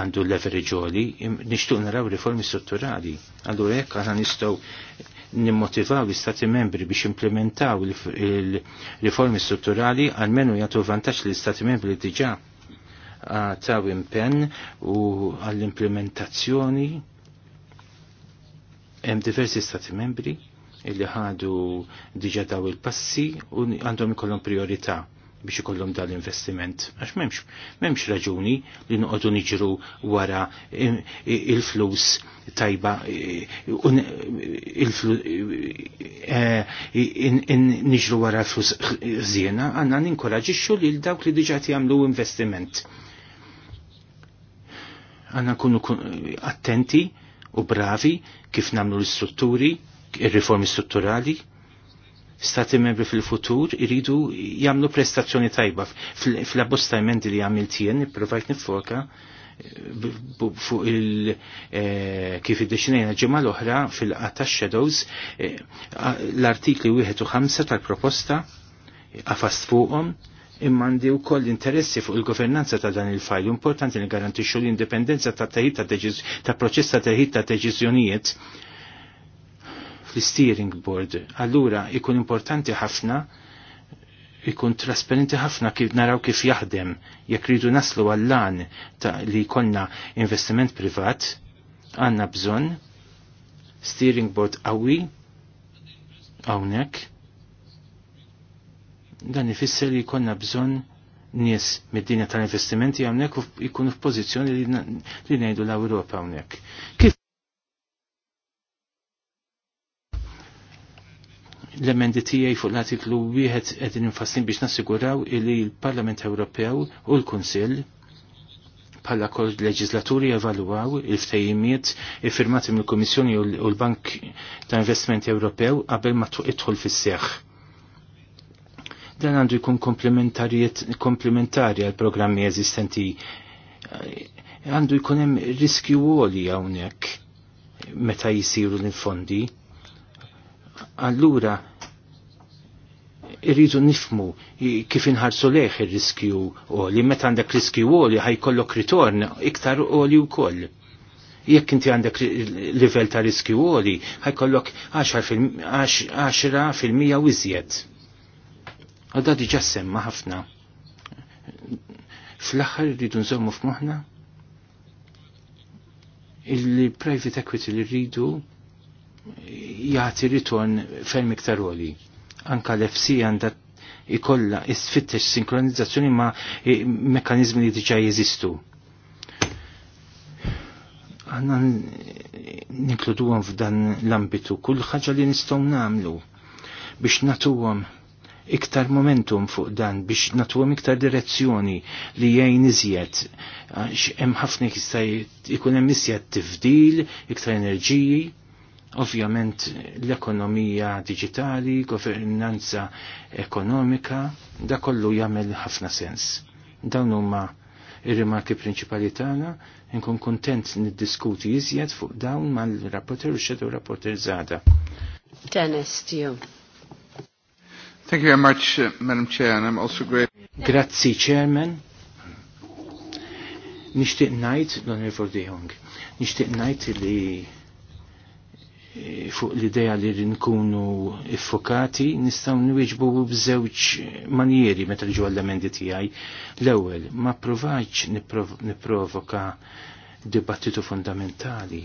għandu leverage oli, nixtuq naraw riformi strutturali. Allura jekk aħna nistgħu nimmotivaw l-Istati membri biex implementaw il-riformi strutturali għalmenu jagħtu vantax l istati membri diġa' taw impenn u għall-implementazzjoni hemm diversi stati membri illi ħadu diġa daw il-passi u għandhom ikollhom priorità biex ikollhom dan l-investiment. Għax memx, memx raġuni li noqogħdu niġru wara il-flus tajba niġru wara l-flus żiena, għandna ninkoraġixxu lil dawk li diġà jagħmlu investiment. Għandna nkunu attenti u bravi kif namlu l-istrutturi, ir-riformi strutturali, stati membri fil-futur iridu jagħmlu prestazzjoni tajba fl-abbosta emendi li għamilt jien nipprovajt nifoka fuq il eh, kif id-deċinajna ġimgħa l-oħra fil-qata shadows eh, l-artikli 15 u tal-proposta għafast fuqhom imma għandi wkoll interessi fuq il-governanza ta' dan il-fajl importanti li garantixxu l-indipendenza ta' teħid ta' proċess ta' teħid ta' deċiżjonijiet fl-steering board. Allura ikun importanti ħafna ikun trasparenti ħafna kif naraw kif jaħdem jekk ridu naslu għallan lan li jkollna investiment privat għandna bżonn steering board qawwi hawnhekk dan ifisser li konna bżonn nies mid-dinja tal-investimenti hawnhekk f f'pożizzjoni li ngħidu l-Ewropa hawnhekk. Kif l-emendi tijaj fuq l-artiklu wieħed qegħdin infassin biex nassiguraw li l-Parlament Ewropew u l-Kunsill bħala kol leġislaturi evalwaw il-ftejimiet iffirmati mill kummissjoni u l-Bank ta' Investimenti Ewropew qabel ma idħol fis-seħħ. Dan għandu jkun komplementari għal programmi eżistenti. Għandu jkun hemm riskju għoli hawnhekk meta jisiru l-fondi allura irridu nifmu kif inħarsu leħ ir-riskju u li meta għandek riskju u li ħajkollok ritorn iktar u li u koll. Jekk inti għandek livell ta' riskju u li ħajkollok 10% u iżjed. Għadda diġa semma ħafna. Fl-axħar irridu nżommu f'moħna il-private equity li rridu jgħati ritorn fejn miktar oli. Anka l-FC għandha ikolla isfittex sinkronizzazzjoni ma' mekanizmi li diġà jeżistu. Għanna ninkludu f'dan l-ambitu kull ħaġa li nistgħu nagħmlu biex natuhom iktar momentum fuq dan biex natuhom iktar direzzjoni li jgħin iżjed għax hemm ħafna jista' jkun hemm tifdil, iktar enerġiji Ovvjament l-ekonomija digitali, governanza ekonomika, da kollu jagħmel ħafna sens. Dawn huma ir-rimarki prinċipali tagħna, inkun kuntent niddiskuti iżjed fuq dawn mal-rapporter u xedu rapporter żgħada. Dennis, you. Thank you very much, uh, Madam Chair, and I'm also great. Grazzi, Chairman. Nishtiq najt, l-Onorevol De Hong, nishtiq najt li fuq l-ideja li rinkunu iffokati nistaw nwieġbu b'żewġ manjeri meta ġu għall-emendi tiegħi. L-ewwel ma provajċ nipprovoka dibattitu fundamentali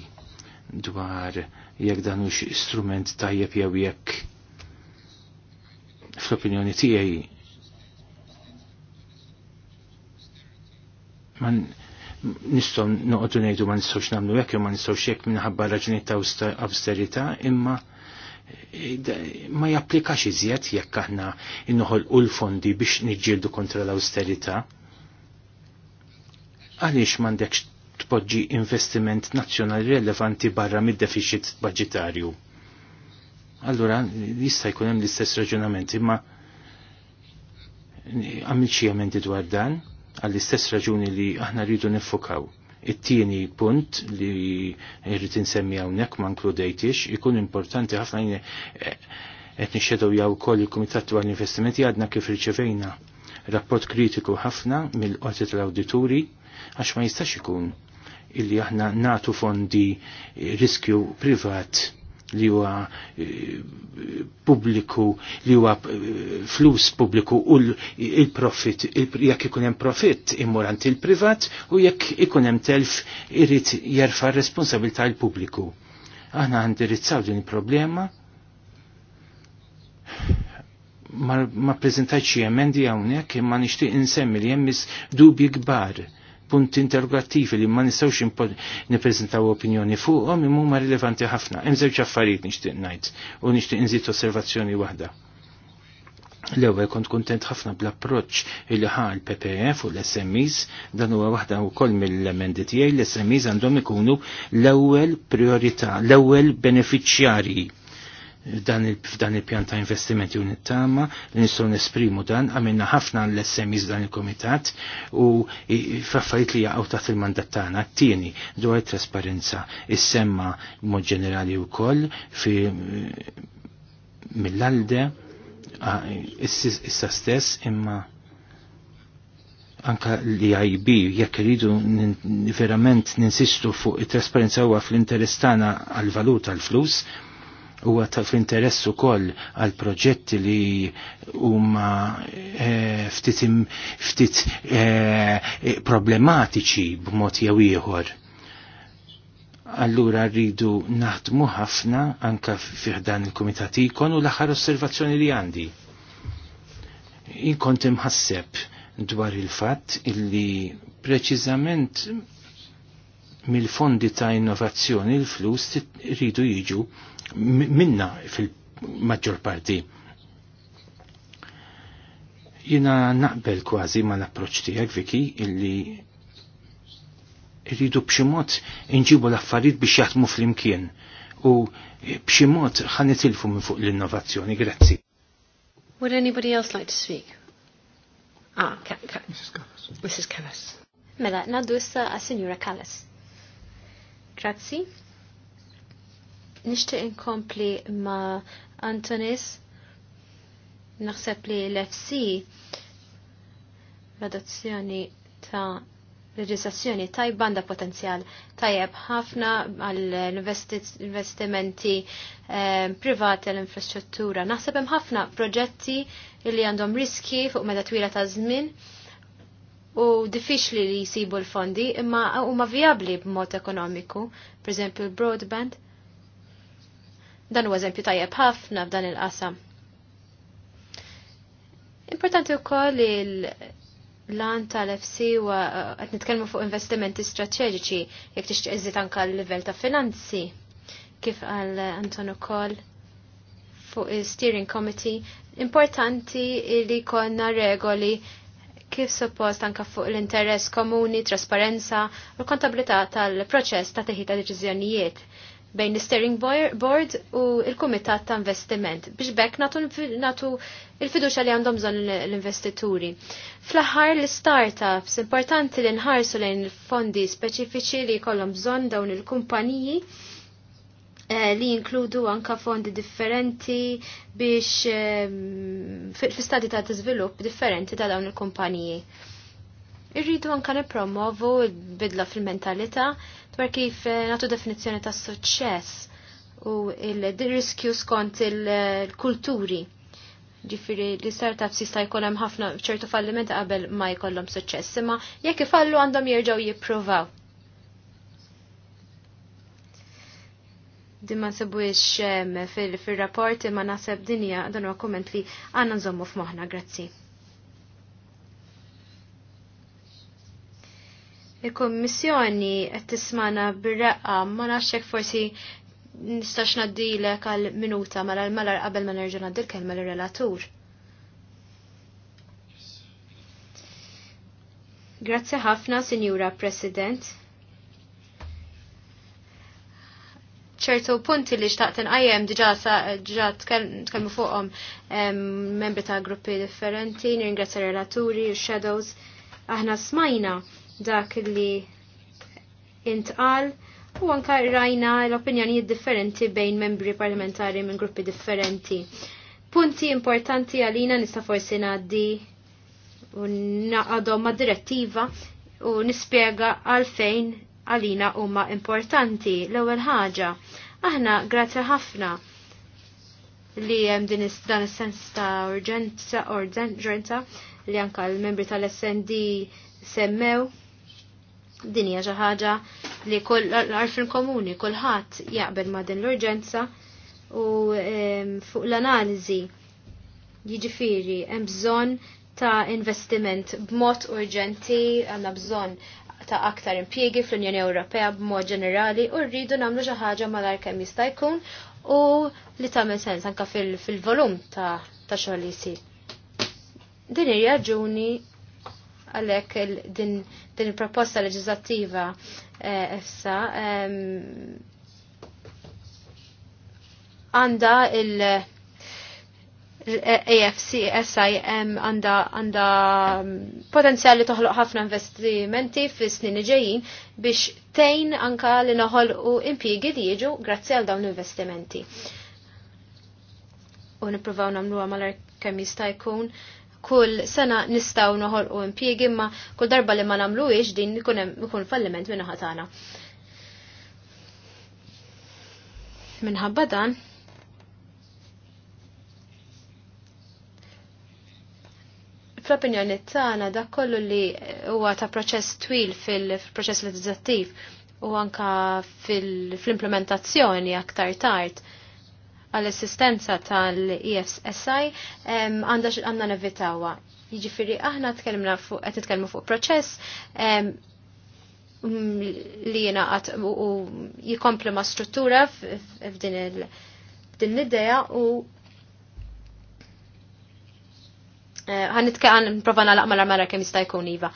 dwar jekk dan hux istrument tajjeb jew jekk fl-opinjoni tiegħi man nistgħu noqogħdu ngħidu ma nistgħux nagħmlu hekk jew ma nistgħux hekk minħabba raġunijiet ta' austerità imma eh, ma japplikax iżjed jekk aħna innoħolqu l-fondi biex niġġieldu kontra l awsterità Għaliex m'għandekx tpoġġi investiment nazzjonali relevanti barra mid-deficit budgetarju. Allura jista' jkun hemm l-istess raġunamenti, imma għamil xi emendi dwar dan għall-istess raġuni li aħna rridu nifokaw. It-tieni punt li rrid insemmi hawnhekk ma nkludejtix ikun importanti ħafna eh, qed nixxedew jew ukoll il-Kumitat dwar l-Investimenti għadna kif irċevejna rapport kritiku ħafna mill-qorti tal-awdituri għax ma jistax ikun illi aħna natu fondi riskju privat li huwa eh, pubbliku li huwa eh, flus pubbliku u il-profit jekk ikun hemm profit immorant il-privat u jekk ikun hemm telf irid jerfa' responsabilità l pubbliku Aħna ndirizzaw din il-problema ma, ma prezentajċi emendi hawnhekk imma nixtieq insemmi li hemm dubji kbar punti interrogattivi li ma nistawx nipprezentaw opinjoni fuqhom imma huma rilevanti ħafna. Hemm żewġ affarijiet nixtieq ngħid u nixtieq inżid osservazzjoni waħda. L-ewwel kont kuntent ħafna bl-approċċ li ħa l-PPF u l-SMEs dan huwa waħda wkoll mill-emendi tiegħi l-SMEs għandhom ikunu l-ewwel priorità, l-ewwel beneficjarji f'dan il-pjan ta' investimenti unittama li nistgħu nesprimu dan għamilna ħafna l-SMIs dan il-komitat u faffajt li jaqgħu taħt il-mandat tagħna t-tieni dwar trasparenza is-semma mod ġenerali wkoll fi eh, mill-alde issa stess imma anka li IB jekk iridu verament ninsistu fuq it-trasparenza huwa fl-interess tagħna għal-valuta għal-flus, għall valuta għal għal valuta għal flus huwa ta' fl-interess ukoll għal proġetti li huma eh, ftit ftit eh, problematiċi b'mod jew ieħor. Allura rridu naħdmu ħafna anka fiħdan il-Kumitat ikon u l-aħħar osservazzjoni li għandi. Inkont imħasseb dwar il-fatt illi preċiżament mill-fondi ta' innovazzjoni l-flus rridu jiġu minna fil-maġġor parti. Jina naqbel kważi ma l-approċ tijak, Viki, illi rridu bximot inġibu l-affarijiet biex jaħdmu fl-imkien u bximot ħanitilfu minn fuq l-innovazzjoni. Grazzi. Would anybody else like to speak? Ah, ca ca Mrs. Callas. Mrs. Callas. Mela, naddu issa għas signora Callas. Grazzi. Nishtiq inkompli ma' Antonis naħseb li l-FC l-adozzjoni ta' leġislazzjoni tajb għandha potenzjal tajjeb ħafna għall-investimenti eh, privati għall-infrastruttura. Naħseb hemm ħafna proġetti li għandhom riski fuq meta twila ta' żmien u diffiċli li jisibu l-fondi imma huma vijabbli b'mod ekonomiku, pereżempju l-broadband Dan u eżempju tajjeb ħafna f'dan il-qasam. Importanti wkoll il-lan tal-FC u eh, qed nitkellmu fuq investimenti strateġiċi jekk tixtieq iżid anke l-livell ta' finanzi kif għal Anton ukoll fuq il-steering committee. Importanti li konna regoli kif suppost anka fuq l-interess komuni, trasparenza u l-kontabilità tal-proċess ta' teħita deċiżjonijiet bejn l-Steering Board u il-Kumitat ta' Investiment biex bekk natu, il-fiduċa li għandhom bżon l-investituri. Fl-aħħar l-startups, importanti li nħarsu lejn il-fondi speċifiċi li kollom bżon dawn il-kumpaniji eh, li jinkludu anka fondi differenti biex eh, fil stadi ta' t differenti ta' dawn il-kumpaniji. Irridu anka nippromovu bidla fil-mentalità dwar kif eh, nagħtu definizzjoni ta' suċċess u il-riskju skont il-kulturi. Ġifiri li startups jista' jkun hemm ħafna ċertu fallimenti qabel ma jkollhom suċċess, imma jekk ifallu għandhom jerġgħu jippruvaw. din ma nsibwix eh, fil-rapport imma naħseb dinja dan huwa komment li għandna nżommu f'moħħna grazzi. il-Kommissjoni qed tismana bir-raqqa ma nafx hekk forsi nistax ngħaddilek għal minuta mala l-malar qabel ma nerġa' ngħaddi l-kelma lir-relatur. Grazzi ħafna, Sinjura President. ċertu punti li xtaqt nqajjem diġa' tkellmu fuqhom membri ta' gruppi differenti, nirringrazzja relaturi, u shadows, aħna smajna dak li intqal u anka rajna l-opinjonijiet differenti bejn membri parlamentari minn gruppi differenti. Punti importanti għalina nista' forsi ngħaddi u naqadhom ma' direttiva u nispjega għalfejn għalina huma importanti. L-ewwel ħaġa, aħna grazzi ħafna li hemm din dan is-sens ta' urġenza urġenza li anka l-membri tal-SND semmew Din hija xi ħaġa li kull għarfin komuni kulħadd jaqbel ma' din l-urġenza u fuq l-analiżi jiġifieri hemm bżonn ta' investiment b'mod urġenti għandna bżonn ta' aktar impjiegi fl-Unjoni Ewropea b'mod ġenerali u rridu nagħmlu xi ħaġa malar kemm jista' jkun u li tagħmel sens anke fil-volum ta' ta' xogħol li jsir. Din ir-raġuni għalek din, din proposta leġislattiva EFSA eh, għanda il eh, AFC, SIM għanda għanda potenzjali toħloq ħafna investimenti fis snin ġejjin biex tejn anka li noħolqu impjiegi li jiġu grazzi għal dawn l-investimenti. U nippruvaw nagħmluha mal-kemm jista' jkun kull sena nistaw noħolqu impjiegi imma kull darba li ma iġ din ikun falliment minna ħatana. Minħabba dan, fl-opinjoni tagħna dak kollu li huwa ta' proċess twil fil-proċess leġislattiv u anka fil-implementazzjoni aktar tard għall-assistenza tal essi għandha għandna nevitawa. Jiġifieri aħna tkellimna fuq qed fuq proċess li jiena qatt u jikomplu ma' struttura f'din l-idea u eh, ħan nitkeqan nprova nagħlaq mal-mara kemm jista' jkun iva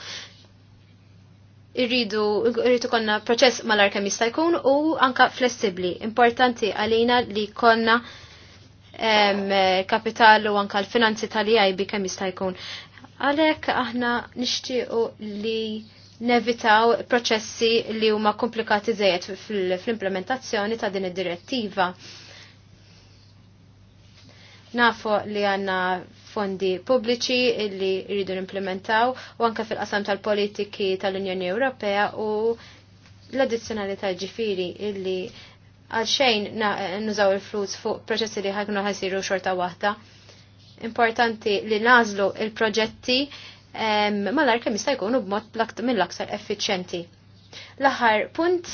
irridu irridu konna proċess mal-ar kemm jista' jkun u anka flessibbli. Importanti għalina li konna kapitalu anka l-finanzi tal jaj kemm jista' jkun. Għalhekk aħna nixtiequ li nevitaw proċessi li huma komplikati żejjed fl-implementazzjoni ta' din id-direttiva. Nafu li għanna fondi pubbliċi illi jridu implementaw u anka fil-qasam tal-politiki tal-Unjoni Ewropea u l-addizzjonalità ġifiri illi għalxejn nużaw il-flus fuq proċessi li ħagnu ħasiru xorta waħda. Importanti li nażlu il-proġetti malar kemm jista' jkunu b'mod mill-aktar effiċjenti. L-aħħar punt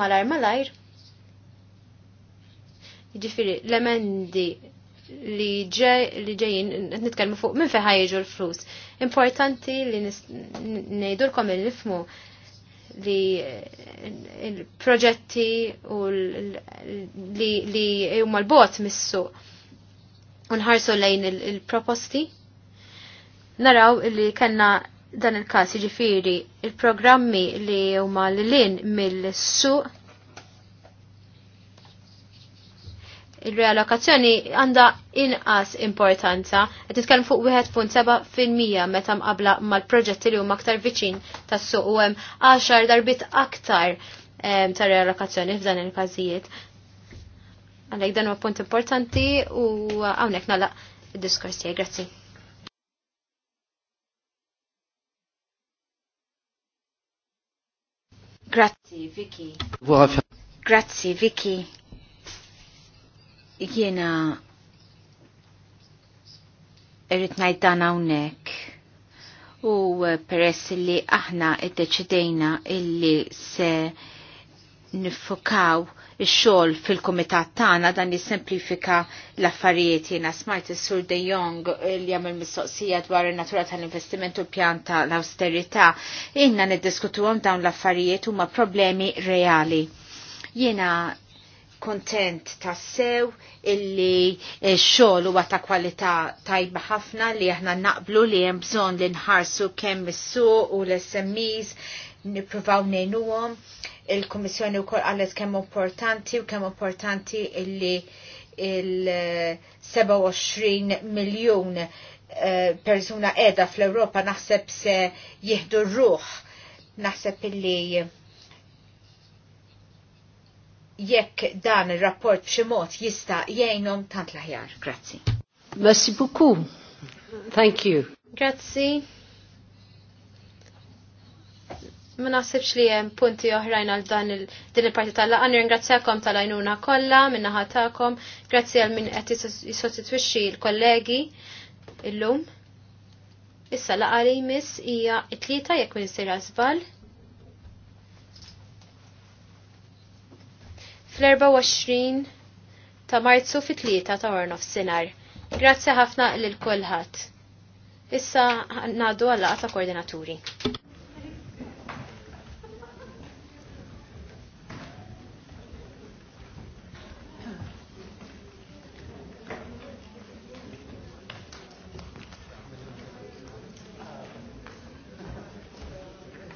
malar malajr. Jiġifieri l-emendi li ġejjin qed nitkellmu fuq minn fejn ħajġu l-flus. Importanti li ngħidulkom il-nifmu li eh, il-proġetti u li huma l-bot mis-suq u nħarsu lejn il-proposti. Naraw li kellna dan il-każ jiġifieri il-programmi li huma l-lin mill-suq il-realokazzjoni għandha inqas importanza qed titkellem fuq 1.7% meta mqabla mal-proġetti li huma aktar viċin tas-suq u hemm 10 darbit aktar ta' realokazzjoni f'dan il-każijiet. Għalhekk dan huwa punt importanti u hawnhekk nagħlaq id-diskors tiegħi. Grazzi. Grazzi, Vicky. Grazzi, Vicky. Jiena irrit ngħid dan hawnhekk. U peress li aħna iddeċidejna illi se nifukaw il-xol fil-komitat tagħna dan jissemplifika l-affarijiet jiena smajt is-Sur De Jong li jagħmel mistoqsija dwar in-natura tal-investiment u pjan tal-austerità. Inna niddiskutuhom dawn l-affarijiet huma problemi reali. Jiena kontent tassew illi eh, xogħol huwa ta' kwalità tajba ħafna li aħna naqblu li hemm bżonn li nħarsu kemm is-suq u l-SMEs nippruvaw ngħinuhom. Il-Kummissjoni wkoll qalet kemm importanti u kemm importanti illi il-27 miljon eh, persuna edha fl-Europa naħseb se jihdu r-ruħ naħseb illi jekk dan il-rapport b'xi mod jista' jgħinhom tant l-aħjar. Grazzi. Merci beaucoup. Thank you. Grazzi. Ma naħsibx li hemm punti oħrajn għal dan din il-parti tal-laqgħa. Nirringrazzjakom tal-għajnuna kollha min-naħa tagħkom. Grazzi għal min qed jissostitwixxi l-kollegi illum. Issa laqali miss hija t-tlieta jekk minn sejra żball. fl-24 ta' marzu fit-tlieta ta' orna f'sinar. Grazzi ħafna lil kulħadd. Issa ngħadu għal ta' koordinaturi.